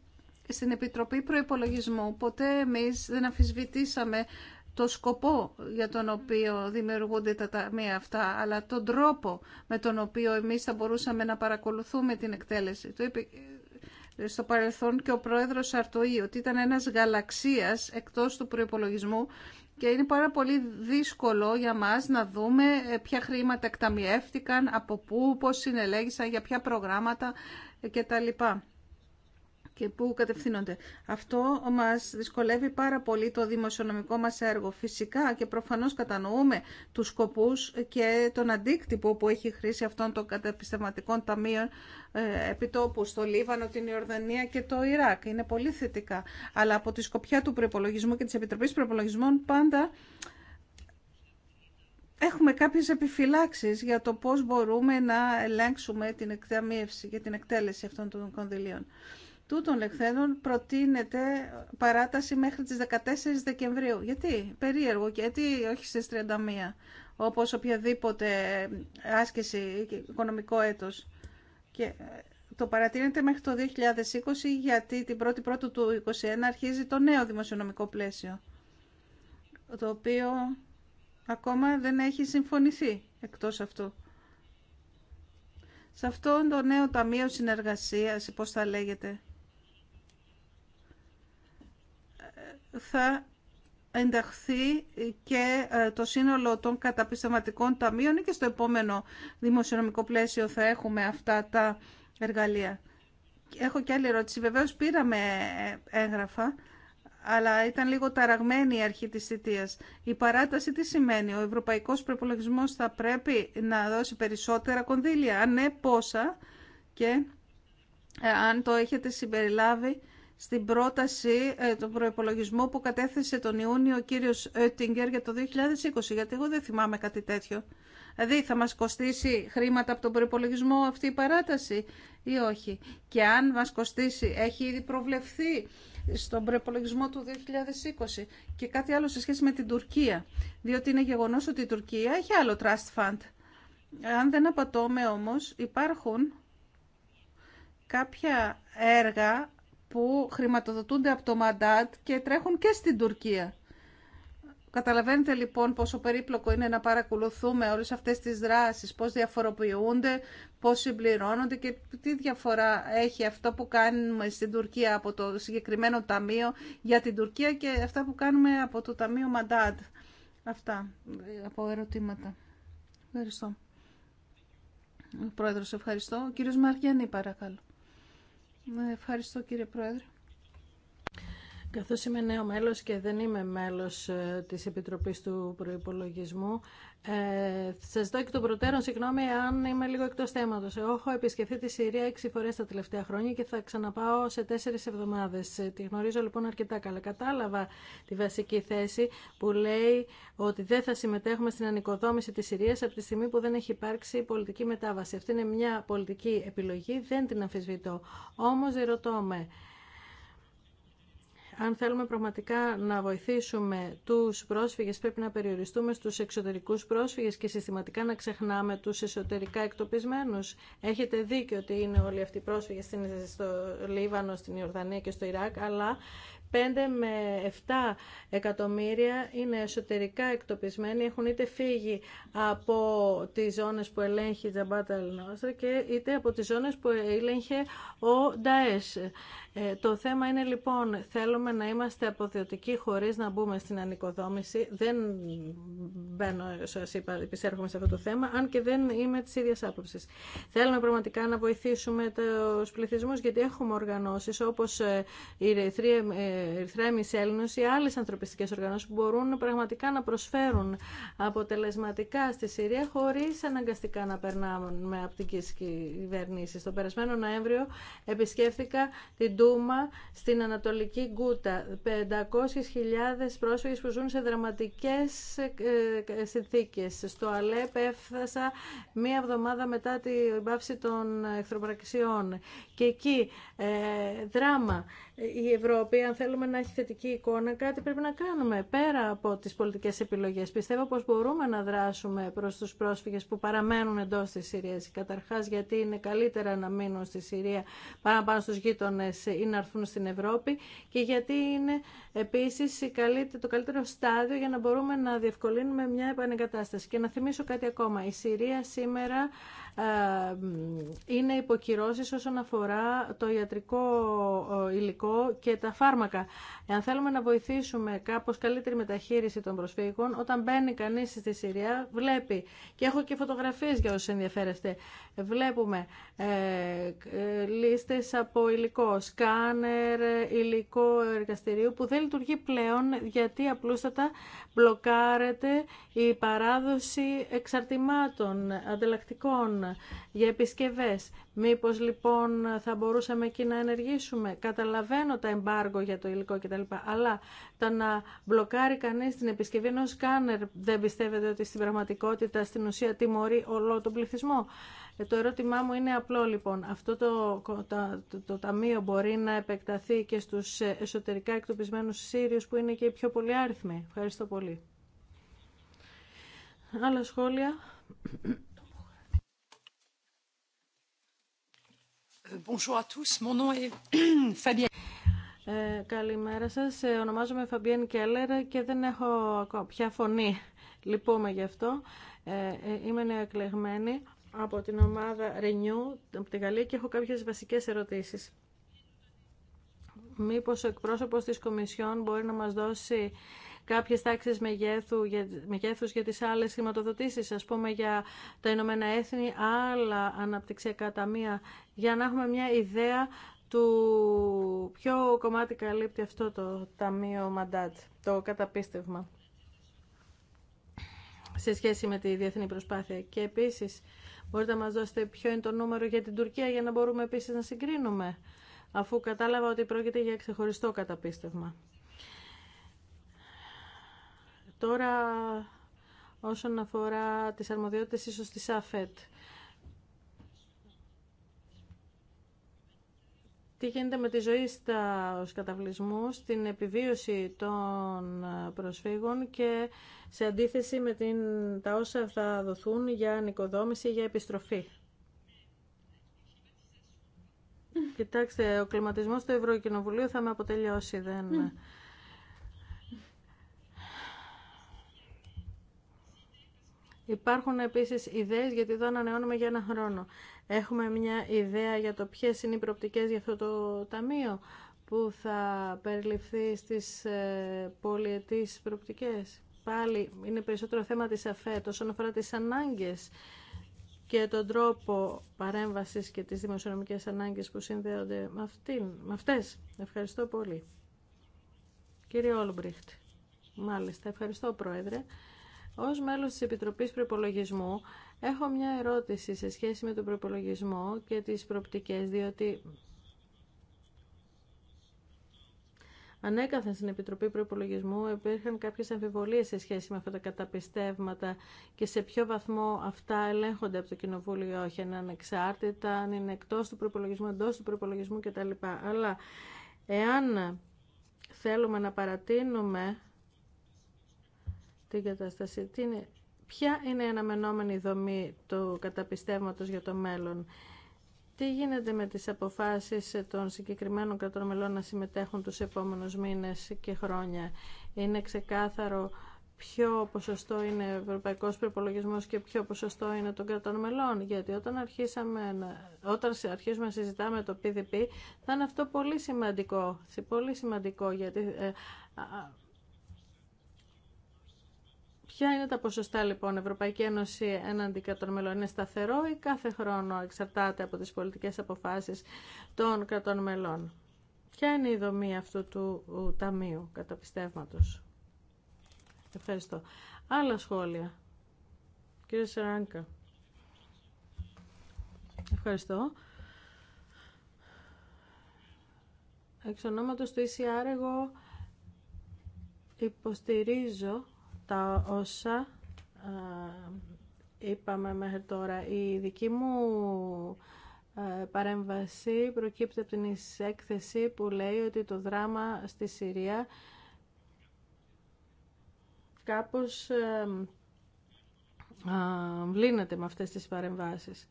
Στην Επιτροπή Προϋπολογισμού ποτέ εμείς δεν αφισβητήσαμε το σκοπό για τον οποίο δημιουργούνται τα ταμεία αυτά, αλλά τον τρόπο με τον οποίο εμείς θα μπορούσαμε να παρακολουθούμε την εκτέλεση. Το είπε ε, στο παρελθόν και ο πρόεδρος Σαρτοή, ότι ήταν ένας γαλαξίας εκτός του προϋπολογισμού και είναι πάρα πολύ δύσκολο για μας να δούμε ε, ποια χρήματα εκταμιεύτηκαν, από πού, πώς συνελέγησαν, για ποια προγράμματα ε, κτλ και πού κατευθύνονται. Αυτό μας δυσκολεύει πάρα πολύ το δημοσιονομικό μας έργο. Φυσικά και προφανώς κατανοούμε τους σκοπούς και τον αντίκτυπο που έχει χρήση αυτών των κατεπιστευματικών ταμείων ε, επιτόπου στο Λίβανο, την Ιορδανία και το Ιράκ. Είναι πολύ θετικά. Αλλά από τη σκοπιά του προπολογισμού και της Επιτροπής Προπολογισμών πάντα έχουμε κάποιες επιφυλάξεις για το πώς μπορούμε να ελέγξουμε την εκταμείευση και την εκτέλεση αυτών των κονδυλίων. Τούτων λεχθένων προτείνεται παράταση μέχρι τις 14 Δεκεμβρίου. Γιατί, περίεργο, και γιατί όχι στις 31, όπως οποιαδήποτε άσκηση οικονομικό έτος. Και ε, το παρατείνεται μέχρι το 2020 γιατί την 1η Πρώτου του 2021 αρχίζει το νέο δημοσιονομικό πλαίσιο, το οποίο ακόμα δεν έχει συμφωνηθεί εκτός αυτού. Σε αυτό το νέο Ταμείο Συνεργασίας, πώς θα λέγεται, θα ενταχθεί και ε, το σύνολο των καταπιστευματικών ταμείων και στο επόμενο δημοσιονομικό πλαίσιο θα έχουμε αυτά τα εργαλεία. Έχω και άλλη ερώτηση. Βεβαίως πήραμε ε, έγγραφα, αλλά ήταν λίγο ταραγμένη η αρχή της θητείας. Η παράταση τι σημαίνει. Ο ευρωπαϊκός προπολογισμό θα πρέπει να δώσει περισσότερα κονδύλια. Αν ναι, πόσα και ε, αν το έχετε συμπεριλάβει στην πρόταση ε, του προπολογισμού που κατέθεσε τον Ιούνιο ο κύριος Oettinger για το 2020, γιατί εγώ δεν θυμάμαι κάτι τέτοιο. Δηλαδή θα μας κοστίσει χρήματα από τον προπολογισμό αυτή η παράταση ή όχι. Και αν μας κοστίσει, έχει ήδη προβλεφθεί στον προπολογισμό του 2020 και κάτι άλλο σε σχέση με την Τουρκία. Διότι είναι γεγονός ότι η Τουρκία έχει άλλο trust fund. Αν δεν απατώμε όμως, υπάρχουν κάποια έργα που χρηματοδοτούνται από το Μαντάτ και τρέχουν και στην Τουρκία. Καταλαβαίνετε λοιπόν πόσο περίπλοκο είναι να παρακολουθούμε όλες αυτές τις δράσεις, πώς διαφοροποιούνται, πώς συμπληρώνονται και τι διαφορά έχει αυτό που κάνουμε στην Τουρκία από το συγκεκριμένο ταμείο για την Τουρκία και αυτά που κάνουμε από το ταμείο Μαντάτ. Αυτά ε, από ερωτήματα. Ευχαριστώ. Πρόεδρος, ευχαριστώ. Ο κύριος Μαριανή, παρακαλώ. Ναι, ευχαριστώ κύριε Πρόεδρε. Καθώς είμαι νέο μέλος και δεν είμαι μέλος ε, της Επιτροπής του Προϋπολογισμού, ε, σας δω και των προτέρων, συγγνώμη αν είμαι λίγο εκτός θέματος. έχω επισκεφθεί τη Συρία έξι φορές τα τελευταία χρόνια και θα ξαναπάω σε τέσσερις εβδομάδες. Ε, τη γνωρίζω λοιπόν αρκετά καλά. Κατάλαβα τη βασική θέση που λέει ότι δεν θα συμμετέχουμε στην ανοικοδόμηση της Συρίας από τη στιγμή που δεν έχει υπάρξει πολιτική μετάβαση. Αυτή είναι μια πολιτική επιλογή, δεν την αμφισβητώ. Όμως ρωτώ με, αν θέλουμε πραγματικά να βοηθήσουμε τους πρόσφυγες πρέπει να περιοριστούμε στους εξωτερικούς πρόσφυγες και συστηματικά να ξεχνάμε τους εσωτερικά εκτοπισμένους. Έχετε δίκιο ότι είναι όλοι αυτοί οι πρόσφυγες στο Λίβανο, στην Ιορδανία και στο Ιράκ, αλλά 5 με 7 εκατομμύρια είναι εσωτερικά εκτοπισμένοι, έχουν είτε φύγει από τις ζώνες που ελέγχει η Τζαμπάτα και είτε από τις ζώνες που ελέγχε ο Νταές. Ε, το θέμα είναι λοιπόν, θέλουμε να είμαστε αποδιωτικοί χωρίς να μπούμε στην ανοικοδόμηση. Δεν μπαίνω, σας είπα, επισέρχομαι σε αυτό το θέμα, αν και δεν είμαι της ίδιας άποψης. Θέλουμε πραγματικά να βοηθήσουμε τους πληθυσμούς, γιατί έχουμε οργανώσεις όπως ε, η Ερυθρέα ε, Έλληνος ή άλλες ανθρωπιστικές οργανώσεις που μπορούν πραγματικά να προσφέρουν αποτελεσματικά στη Συρία χωρίς αναγκαστικά να περνάμε από την κυβέρνηση. Στο περασμένο Νοέμβριο επισκέφθηκα την Ντούμα στην Ανατολική Γκούτα. 500.000 πρόσφυγες που ζουν σε δραματικές ε, ε, συνθήκες. Στο Αλέπ έφτασα μία εβδομάδα μετά την πάυση των εχθροπραξιών. Και εκεί ε, δράμα η Ευρώπη, αν θέλουμε να έχει θετική εικόνα, κάτι πρέπει να κάνουμε πέρα από τις πολιτικές επιλογές. Πιστεύω πως μπορούμε να δράσουμε προς τους πρόσφυγες που παραμένουν εντός της Συρίας. Καταρχάς γιατί είναι καλύτερα να μείνουν στη Συρία παρά να πάνε στους γείτονες ή να έρθουν στην Ευρώπη και γιατί είναι επίσης το καλύτερο στάδιο για να μπορούμε να διευκολύνουμε μια επανεγκατάσταση. Και να θυμίσω κάτι ακόμα. Η Συρία σήμερα ε, είναι υποκυρώσεις όσον αφορά το ιατρικό υλικό και τα φάρμακα. Εάν θέλουμε να βοηθήσουμε κάπως καλύτερη μεταχείριση των προσφύγων, όταν μπαίνει κανείς στη Συρία βλέπει, και έχω και φωτογραφίες για όσους ενδιαφέρεστε, βλέπουμε ε, ε λίστες από υλικό, σκάνερ, υλικό εργαστηρίου που δεν λειτουργεί πλέον γιατί απλούστατα μπλοκάρεται η παράδοση εξαρτημάτων, ανταλλακτικών για επισκευές. Μήπως λοιπόν θα μπορούσαμε εκεί να ενεργήσουμε. Καταλαβαίνω τα εμπάργο για το υλικό κτλ. Αλλά το να μπλοκάρει κανείς την επισκευή ενό σκάνερ δεν πιστεύετε ότι στην πραγματικότητα στην ουσία τιμωρεί όλο τον πληθυσμό. Ε, το ερώτημά μου είναι απλό λοιπόν. Αυτό το, το, ταμείο μπορεί να επεκταθεί και στους εσωτερικά εκτοπισμένους Σύριους που είναι και οι πιο πολλοί άριθμοι. Ευχαριστώ πολύ. Άλλα σχόλια. Ε, καλημέρα σας. Ε, ονομάζομαι Φαμπιέν Κέλλερ και δεν έχω πια φωνή. Λυπούμαι γι' αυτό. Ε, ε, είμαι νεοεκλεγμένη από την ομάδα Renew από τη Γαλλία και έχω κάποιες βασικές ερωτήσεις. Μήπως ο εκπρόσωπος της Κομισιόν μπορεί να μας δώσει κάποιες τάξει μεγέθου, για, μεγέθους για τις άλλες χρηματοδοτήσει, ας πούμε για τα Ηνωμένα Έθνη, άλλα αναπτυξιακά ταμεία, για να έχουμε μια ιδέα του ποιο κομμάτι καλύπτει αυτό το ταμείο Μαντάτ, το καταπίστευμα σε σχέση με τη διεθνή προσπάθεια. Και επίσης, μπορείτε να μας δώσετε ποιο είναι το νούμερο για την Τουρκία για να μπορούμε επίσης να συγκρίνουμε, αφού κατάλαβα ότι πρόκειται για ξεχωριστό καταπίστευμα. Τώρα όσον αφορά τις αρμοδιότητες ίσως της ΑΦΕΤ. Τι γίνεται με τη ζωή στα καταβλισμούς, την επιβίωση των προσφύγων και σε αντίθεση με την, τα όσα θα δοθούν για νοικοδόμηση ή για επιστροφή. Κοιτάξτε, ο κλιματισμός του Ευρωκοινοβουλίο θα με αποτελειώσει, δεν... Ναι. Υπάρχουν επίσης ιδέες γιατί εδώ ανανεώνουμε για ένα χρόνο. Έχουμε μια ιδέα για το ποιες είναι οι προοπτικές για αυτό το ταμείο που θα περιληφθεί στις ε, πολυετής προπτικές. Πάλι είναι περισσότερο θέμα της ΑΦΕΤ όσον αφορά τις ανάγκες και τον τρόπο παρέμβασης και τις δημοσιονομικές ανάγκες που συνδέονται με, με αυτές. Ευχαριστώ πολύ. Κύριε Όλμπριχτ, μάλιστα, ευχαριστώ Πρόεδρε. Ως μέλος της Επιτροπής Προπολογισμού έχω μια ερώτηση σε σχέση με τον προπολογισμό και τις προπτικές, διότι Ανέκαθεν στην Επιτροπή Προπολογισμού υπήρχαν κάποιες αμφιβολίες σε σχέση με αυτά τα καταπιστεύματα και σε ποιο βαθμό αυτά ελέγχονται από το Κοινοβούλιο ή όχι, αν είναι ανεξάρτητα, αν είναι εκτός του προπολογισμού, εντό του προπολογισμού κτλ. Αλλά εάν θέλουμε να παρατείνουμε την κατάσταση. Τι είναι, ποια είναι η αναμενόμενη δομή του καταπιστεύματος για το μέλλον. Τι γίνεται με τις αποφάσεις των συγκεκριμένων κρατών μελών να συμμετέχουν τους επόμενους μήνες και χρόνια. Είναι ξεκάθαρο ποιο ποσοστό είναι ο ευρωπαϊκός προπολογισμό και ποιο ποσοστό είναι των κρατών μελών. Γιατί όταν, αρχίσαμε, όταν αρχίσουμε να συζητάμε το PDP θα είναι αυτό πολύ σημαντικό. Πολύ σημαντικό γιατί ε, Ποια είναι τα ποσοστά λοιπόν, Ευρωπαϊκή Ένωση έναντι κρατών μελών είναι σταθερό ή κάθε χρόνο εξαρτάται από τις πολιτικές αποφάσεις των κρατών μελών. Ποια είναι η δομή αυτού του ταμείου καταπιστεύματος. Ευχαριστώ. Άλλα σχόλια. Κύριε Σεράνκα. Ευχαριστώ. Εξ ονόματος του ECR εγώ υποστηρίζω τα όσα είπαμε μέχρι τώρα. Η δική μου παρέμβαση προκύπτει από την έκθεση που λέει ότι το δράμα στη Συρία κάπως βλύνεται με αυτές τις παρεμβάσεις.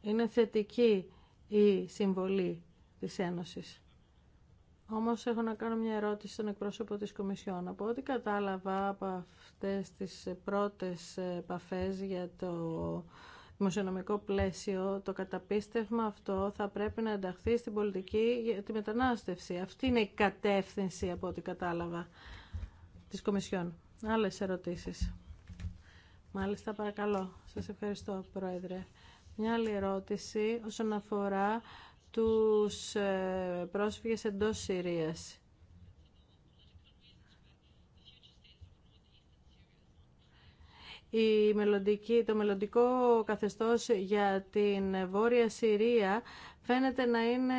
Είναι θετική η συμβολή της Ένωσης. Όμω έχω να κάνω μια ερώτηση στον εκπρόσωπο της Κομισιόν. Από ό,τι κατάλαβα από αυτέ τις πρώτες επαφέ για το δημοσιονομικό πλαίσιο, το καταπίστευμα αυτό θα πρέπει να ενταχθεί στην πολιτική για τη μετανάστευση. Αυτή είναι η κατεύθυνση από ό,τι κατάλαβα της Κομισιόν. Άλλες ερωτήσεις. Μάλιστα, παρακαλώ. Σα ευχαριστώ, Πρόεδρε. Μια άλλη ερώτηση όσον αφορά τους ε, πρόσφυγες εντός Συρίας. η μελλοντική, το μελλοντικό καθεστώς για την Βόρεια Συρία φαίνεται να είναι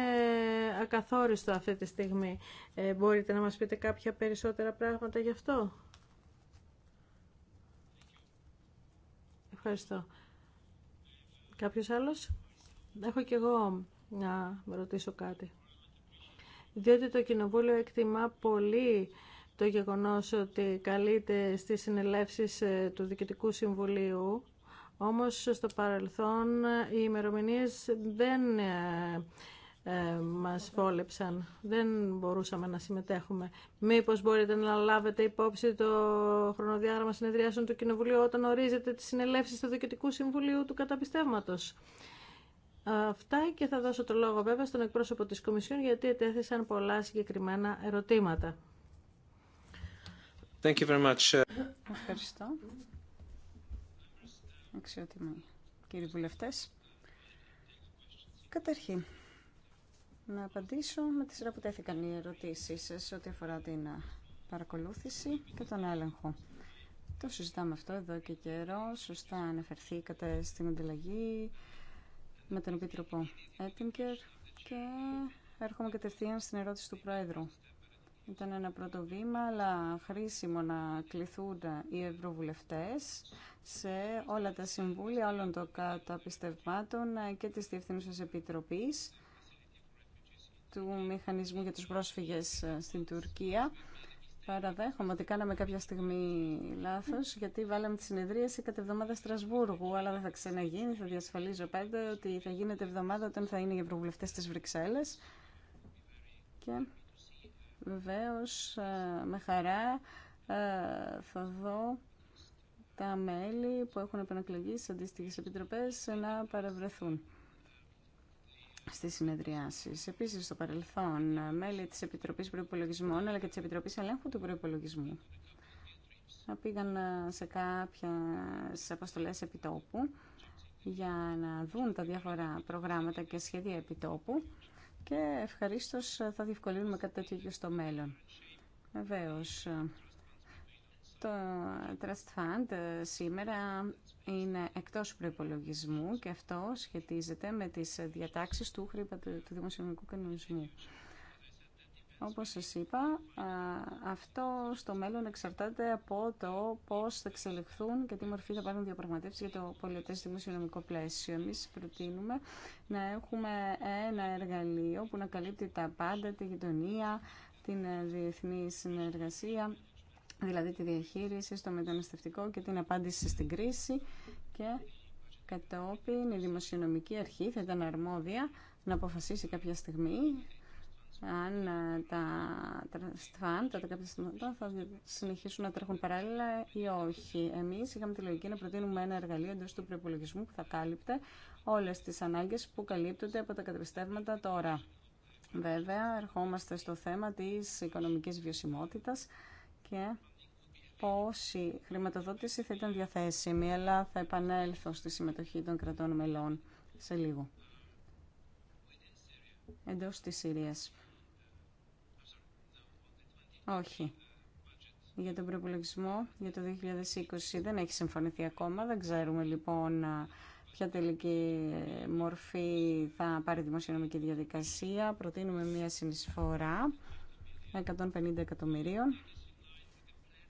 ακαθόριστο αυτή τη στιγμή. Ε, μπορείτε να μας πείτε κάποια περισσότερα πράγματα γι' αυτό. Ευχαριστώ. Κάποιος άλλος. Έχω και εγώ να ρωτήσω κάτι. Διότι το Κοινοβούλιο εκτιμά πολύ το γεγονός ότι καλείται στις συνελεύσεις ε, του Διοικητικού Συμβουλίου, όμως στο παρελθόν οι ημερομηνίε δεν ε, ε, μας φόλεψαν. Δεν μπορούσαμε να συμμετέχουμε. Μήπως μπορείτε να λάβετε υπόψη το χρονοδιάγραμμα συνεδριάσεων του Κοινοβουλίου όταν ορίζετε τις συνελεύσεις του Διοικητικού Συμβουλίου του Καταπιστεύματος. Αυτά και θα δώσω το λόγο βέβαια στον εκπρόσωπο της Κομισιόν γιατί ετέθησαν πολλά συγκεκριμένα ερωτήματα. Thank you very much. Ευχαριστώ. Αξιότιμοι κύριοι βουλευτές. Καταρχήν, να απαντήσω με τη σειρά οι ερωτήσεις σε ό,τι αφορά την παρακολούθηση και τον έλεγχο. Το συζητάμε αυτό εδώ και καιρό. Σωστά αναφερθήκατε στην ανταλλαγή με τον Επίτροπο Έτιγκερ και έρχομαι κατευθείαν στην ερώτηση του Πρόεδρου. Ήταν ένα πρώτο βήμα, αλλά χρήσιμο να κληθούν οι ευρωβουλευτές σε όλα τα συμβούλια όλων των καταπιστευμάτων και της Διευθύνουσας Επιτροπής του Μηχανισμού για τους Πρόσφυγες στην Τουρκία Παραδέχομαι ότι κάναμε κάποια στιγμή λάθο, γιατί βάλαμε τη συνεδρίαση κατά εβδομάδα Στρασβούργου. Αλλά δεν θα ξαναγίνει. Θα διασφαλίζω πάντα ότι θα γίνεται εβδομάδα όταν θα είναι οι ευρωβουλευτέ τη Βρυξέλλε. Και βεβαίω ε, με χαρά ε, θα δω τα μέλη που έχουν επανακλογεί στι αντίστοιχε επιτροπέ να παραβρεθούν στις συνεδριάσεις. Επίσης, στο παρελθόν, μέλη της Επιτροπής Προϋπολογισμών, αλλά και της Επιτροπής Ελέγχου του Προϋπολογισμού, πήγαν ε, σε σε αποστολές επιτόπου για να δουν τα διάφορα προγράμματα και σχέδια επιτόπου και ευχαρίστως θα διευκολύνουμε κάτι τέτοιο στο μέλλον. Βεβαίως, το Trust Fund ε, σήμερα είναι εκτός προϋπολογισμού και αυτό σχετίζεται με τις διατάξεις του, του Δημοσιονομικού Κανονισμού. Όπως σας είπα, ε, αυτό στο μέλλον εξαρτάται από το πώς θα εξελιχθούν και τι μορφή θα πάρουν διαπραγματεύσεις για το πολιτές δημοσιονομικό πλαίσιο. Εμείς προτείνουμε να έχουμε ένα εργαλείο που να καλύπτει τα πάντα, τη γειτονία, την ε, διεθνή συνεργασία δηλαδή τη διαχείριση στο μεταναστευτικό και την απάντηση στην κρίση και κατόπιν η Δημοσιονομική Αρχή θα ήταν αρμόδια να αποφασίσει κάποια στιγμή αν ε, τα τραστφάν, τα θα συνεχίσουν να τρέχουν παράλληλα ή όχι. Εμείς είχαμε τη λογική να προτείνουμε ένα εργαλείο εντός του προπολογισμού που θα κάλυπτε όλες τις ανάγκες που καλύπτονται από τα καταπιστεύματα τώρα. Βέβαια, ερχόμαστε στο θέμα της οικονομική βιωσιμότητα και πόση χρηματοδότηση θα ήταν διαθέσιμη, αλλά θα επανέλθω στη συμμετοχή των κρατών μελών σε λίγο. Εντός της Συρίας. Όχι. Για τον προπολογισμό για το 2020 δεν έχει συμφωνηθεί ακόμα. Δεν ξέρουμε λοιπόν ποια τελική μορφή θα πάρει η δημοσιονομική διαδικασία. Προτείνουμε μία συνεισφορά 150 εκατομμυρίων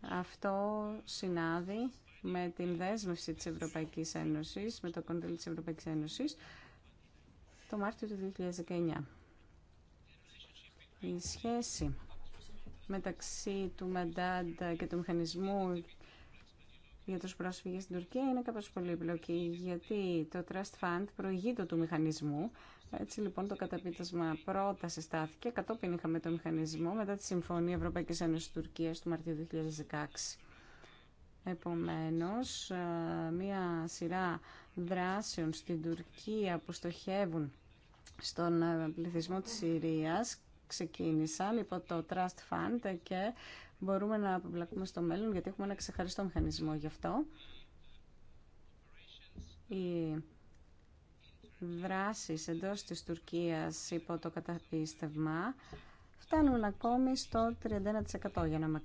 αυτό συνάδει με την δέσμευση της Ευρωπαϊκής Ένωσης, με το κονδύλι της Ευρωπαϊκής Ένωσης, το Μάρτιο του 2019. Η σχέση μεταξύ του Μαντάντα και του μηχανισμού για τους πρόσφυγες στην Τουρκία είναι κάπως πολύπλοκη, γιατί το Trust Fund προηγείται του μηχανισμού, έτσι λοιπόν το καταπίτασμα πρώτα συστάθηκε, κατόπιν είχαμε το μηχανισμό μετά τη Συμφωνία Ευρωπαϊκής Ένωσης Τουρκίας του Μαρτίου 2016. Επομένως, ε, μία σειρά δράσεων στην Τουρκία που στοχεύουν στον ε, πληθυσμό της Συρίας ξεκίνησαν υπό το Trust Fund και μπορούμε να αποβλακούμε στο μέλλον γιατί έχουμε ένα ξεχαριστό μηχανισμό γι' αυτό δράσεις εντός της Τουρκίας υπό το καταπίστευμα φτάνουν ακόμη στο 31% για να είμαι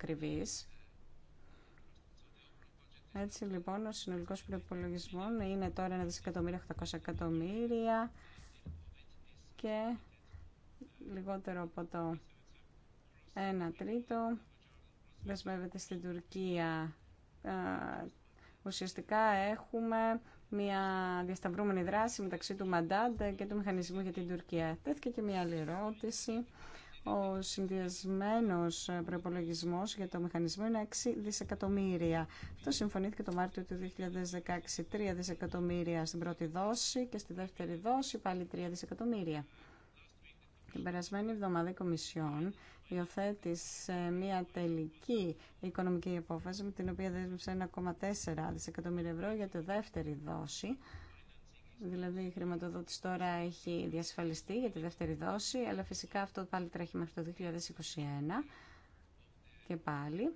Έτσι λοιπόν ο συνολικός προϋπολογισμός είναι τώρα 1 δισεκατομμύρια 800 εκατομμύρια και λιγότερο από το 1 τρίτο δεσμεύεται στην Τουρκία. Ουσιαστικά έχουμε μια διασταυρούμενη δράση μεταξύ του Μαντάντ και του Μηχανισμού για την Τουρκία. Τέθηκε και μια άλλη ερώτηση. Ο συνδυασμένο προπολογισμό για το μηχανισμό είναι 6 δισεκατομμύρια. Το συμφωνήθηκε το Μάρτιο του 2016. 3 δισεκατομμύρια στην πρώτη δόση και στη δεύτερη δόση πάλι 3 δισεκατομμύρια. Την περασμένη εβδομάδα η Κομισιόν υιοθέτησε μια τελική οικονομική απόφαση με την οποία δέσμευσε 1,4 δισεκατομμύρια ευρώ για τη δεύτερη δόση. Δηλαδή η χρηματοδότηση τώρα έχει διασφαλιστεί για τη δεύτερη δόση, αλλά φυσικά αυτό πάλι τρέχει μέχρι το 2021 και πάλι.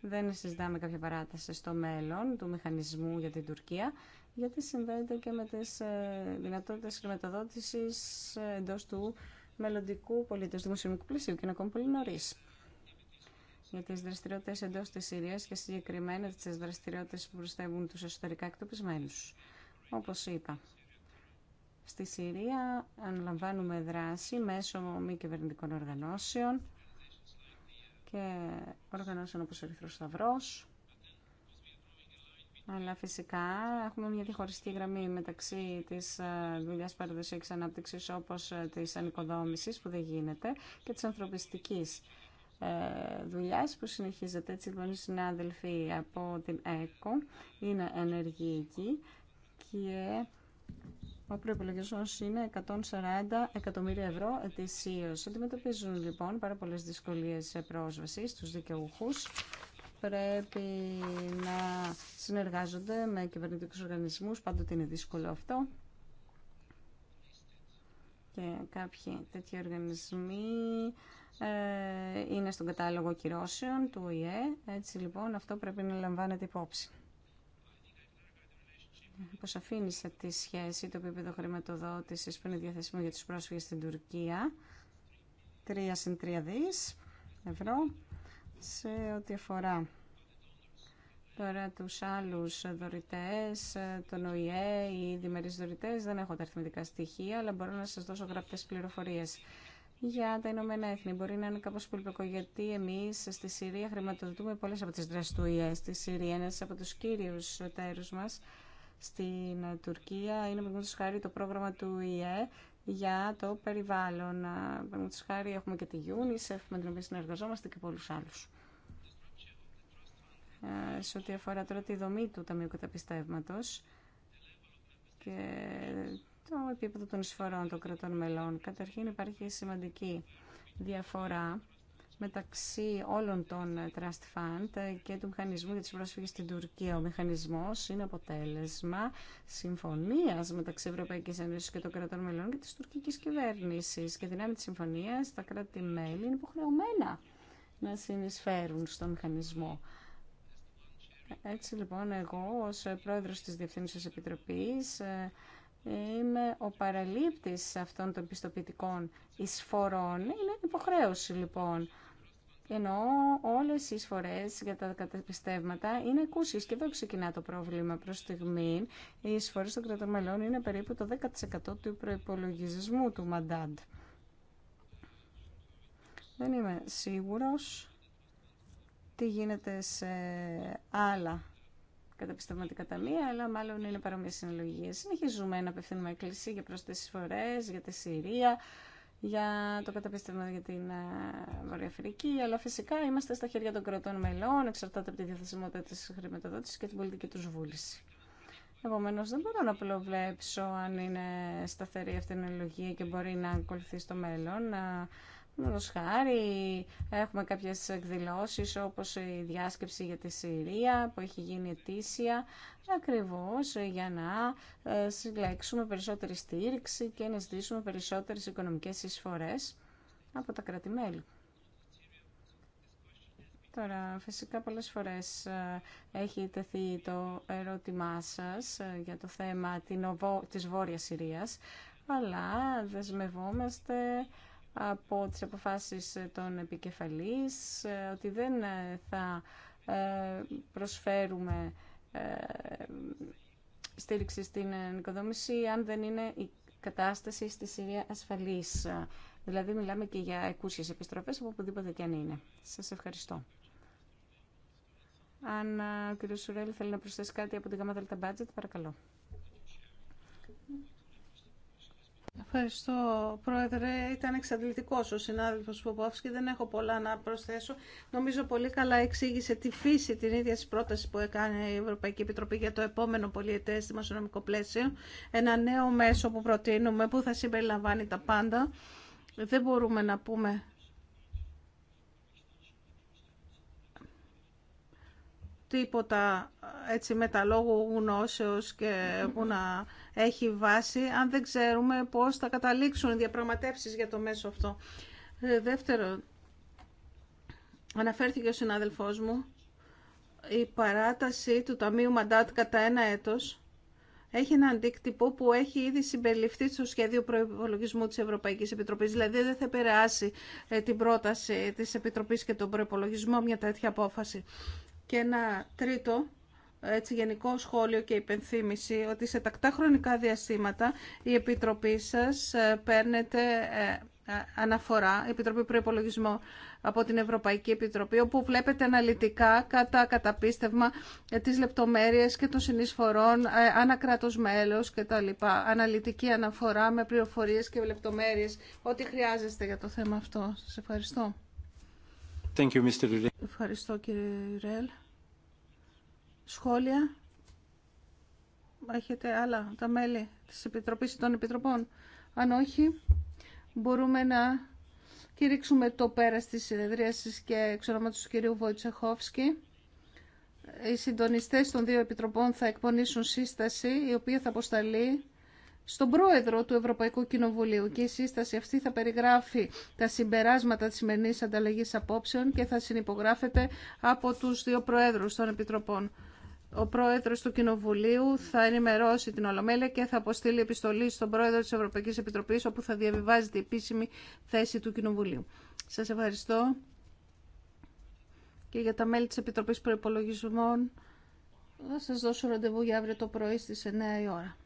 Δεν συζητάμε κάποια παράταση στο μέλλον του μηχανισμού για την Τουρκία γιατί συνδέεται και με τις ε, δυνατότητες χρηματοδότησης ε, εντός του μελλοντικού πολίτες δημοσιονομικού πλαισίου και είναι ακόμη πολύ νωρί. Για τις δραστηριότητες εντός της Συρίας και συγκεκριμένα τις δραστηριότητες που προσθέτουν τους εσωτερικά εκτοπισμένους. Όπως είπα, στη Συρία αναλαμβάνουμε δράση μέσω μη κυβερνητικών οργανώσεων και οργανώσεων όπως ο αλλά φυσικά έχουμε μια διαχωριστική γραμμή μεταξύ τη ε, δουλειά παραδοσιακή ανάπτυξη όπω ε, τη ανοικοδόμηση που δεν γίνεται και τη ανθρωπιστική ε, δουλειά που συνεχίζεται. Έτσι λοιπόν οι συνάδελφοι από την ΕΚΟ είναι ενεργοί εκεί και ο προπολογισμό είναι 140 εκατομμύρια ευρώ ετησίω. Αντιμετωπίζουν λοιπόν πάρα πολλέ δυσκολίε πρόσβαση στου δικαιούχου πρέπει να συνεργάζονται με κυβερνητικούς οργανισμούς, πάντοτε είναι δύσκολο αυτό. Και κάποιοι τέτοιοι οργανισμοί ε, είναι στον κατάλογο κυρώσεων του ΟΗΕ, έτσι λοιπόν αυτό πρέπει να λαμβάνεται υπόψη. σε τη σχέση, το επίπεδο χρηματοδότηση που είναι διαθέσιμο για τους πρόσφυγες στην Τουρκία, 3 συν 3 δις ευρώ σε ό,τι αφορά τώρα τους άλλους δωρητές, τον ΟΗΕ, οι διμερείς δωρητές, δεν έχω τα αριθμητικά στοιχεία, αλλά μπορώ να σας δώσω γραπτές πληροφορίες. Για τα Ηνωμένα Έθνη μπορεί να είναι κάπω πολύπλοκο γιατί εμεί στη Συρία χρηματοδοτούμε πολλέ από τι δράσει του ΟΗΕ. Στη Συρία, ένα από του κύριου εταίρου μα στην Τουρκία είναι με χάρη το πρόγραμμα του ΟΗΕ για το περιβάλλον. Με χάρη έχουμε και τη UNICEF με την οποία συνεργαζόμαστε και πολλού άλλου. Ε, σε ό,τι αφορά τώρα τη δομή του Ταμείου Καταπιστεύματος και το επίπεδο των εισφορών των κρατών μελών. Καταρχήν υπάρχει σημαντική διαφορά μεταξύ όλων των Trust Fund και του μηχανισμού για τις πρόσφυγες στην Τουρκία. Ο μηχανισμός είναι αποτέλεσμα συμφωνίας μεταξύ Ευρωπαϊκής Ένωσης και των κρατών μελών και της τουρκικής κυβέρνησης. Και δυνάμει της συμφωνίας, τα κράτη-μέλη είναι υποχρεωμένα να συνεισφέρουν στο μηχανισμό έτσι λοιπόν εγώ ως πρόεδρος της Διευθύνουσας Επιτροπής ε, είμαι ο παραλήπτης αυτών των πιστοποιητικών εισφορών. Είναι υποχρέωση λοιπόν. Ενώ όλες οι εισφορές για τα καταπιστεύματα είναι ακούσεις. και εδώ ξεκινά το πρόβλημα προς στιγμή. Οι εισφορές των κρατών είναι περίπου το 10% του προϋπολογισμού του Μαντάντ. Δεν είμαι σίγουρος τι γίνεται σε άλλα καταπιστευματικά ταμεία, αλλά μάλλον είναι παρόμοιε συνολογίε. Συνεχίζουμε να απευθύνουμε έκκληση για πρόσθεσει φορέ, για τη Συρία, για το καταπίστευμα για την ε, Βορεια αλλά φυσικά είμαστε στα χέρια των κρατών μελών, εξαρτάται από τη διαθεσιμότητα τη χρηματοδότηση και την πολιτική του βούληση. Επομένω, δεν μπορώ να προβλέψω αν είναι σταθερή αυτή η και μπορεί να ακολουθεί στο μέλλον. Μόνος χάρη έχουμε κάποιες εκδηλώσεις όπως η διάσκεψη για τη Συρία που έχει γίνει ετήσια ακριβώς για να ε, συλλέξουμε περισσότερη στήριξη και να ζητήσουμε περισσότερες οικονομικές εισφορές από τα κράτη-μέλη. Τώρα, φυσικά πολλές φορές ε, έχει τεθεί το ερώτημά σας ε, για το θέμα της Βόρειας Συρίας, αλλά δεσμευόμαστε από τις αποφάσεις των επικεφαλής, ε, ότι δεν ε, θα ε, προσφέρουμε στήριξη στην νοικοδόμηση αν δεν είναι η κατάσταση στη Συρία ασφαλής. Δηλαδή μιλάμε και για εκούσιες επιστροφές από οπουδήποτε και αν είναι. Σας ευχαριστώ. Αν ο κ. Σουρέλη θέλει να προσθέσει κάτι από την ΓΑΜΑ ΔΕΛΤΑ Budget, παρακαλώ. Ευχαριστώ, Πρόεδρε. Ήταν εξαντλητικό ο συνάδελφο Φοβόφσκι. Δεν έχω πολλά να προσθέσω. Νομίζω πολύ καλά εξήγησε τη φύση την ίδια τη πρόταση που έκανε η Ευρωπαϊκή Επιτροπή για το επόμενο πολιετέ δημοσιονομικό πλαίσιο. Ένα νέο μέσο που προτείνουμε που θα συμπεριλαμβάνει τα πάντα. Δεν μπορούμε να πούμε τίποτα έτσι με τα λόγου γνώσεως και που να έχει βάση αν δεν ξέρουμε πώς θα καταλήξουν οι διαπραγματεύσεις για το μέσο αυτό. Ε, δεύτερο, αναφέρθηκε ο συνάδελφός μου, η παράταση του Ταμείου Μαντάτ κατά ένα έτος έχει ένα αντίκτυπο που έχει ήδη συμπεριληφθεί στο σχέδιο προϋπολογισμού της Ευρωπαϊκής Επιτροπής. Δηλαδή δεν θα επηρεάσει ε, την πρόταση της Επιτροπής και τον προϋπολογισμό μια τέτοια απόφαση. Και ένα τρίτο έτσι, γενικό σχόλιο και υπενθύμηση ότι σε τακτά χρονικά διαστήματα η Επιτροπή σας ε, παίρνετε ε, ε, αναφορά, η Επιτροπή Προπολογισμού από την Ευρωπαϊκή Επιτροπή, όπου βλέπετε αναλυτικά κατά καταπίστευμα τις λεπτομέρειες και των συνεισφορών ανακράτος μέλος και τα λοιπά. Αναλυτική αναφορά με πληροφορίες και λεπτομέρειες, ό,τι χρειάζεστε για το θέμα αυτό. Σας ευχαριστώ. Ευχαριστώ κύριε Ρέλ. Σχόλια. Έχετε άλλα τα μέλη της Επιτροπής των Επιτροπών. Αν όχι, μπορούμε να κηρύξουμε το πέρας της συνεδρίασης και εξ ονόματο του κυρίου Βοητσεχόφσκη. Οι συντονιστές των δύο επιτροπών θα εκπονήσουν σύσταση, η οποία θα αποσταλεί στον πρόεδρο του Ευρωπαϊκού Κοινοβουλίου και η σύσταση αυτή θα περιγράφει τα συμπεράσματα της σημερινής ανταλλαγής απόψεων και θα συνυπογράφεται από τους δύο προέδρους των Επιτροπών. Ο πρόεδρος του Κοινοβουλίου θα ενημερώσει την Ολομέλεια και θα αποστείλει επιστολή στον πρόεδρο της Ευρωπαϊκής Επιτροπής όπου θα διαβιβάζεται η επίσημη θέση του Κοινοβουλίου. Σας ευχαριστώ και για τα μέλη της Επιτροπής Προϋπολογισμών. Θα σας δώσω ραντεβού για αύριο το πρωί στις 9 η ώρα.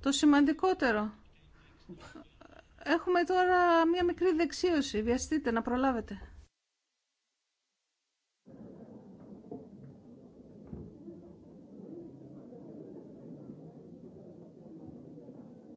Το σημαντικότερο. Έχουμε τώρα μία μικρή δεξίωση. Βιαστείτε να προλάβετε.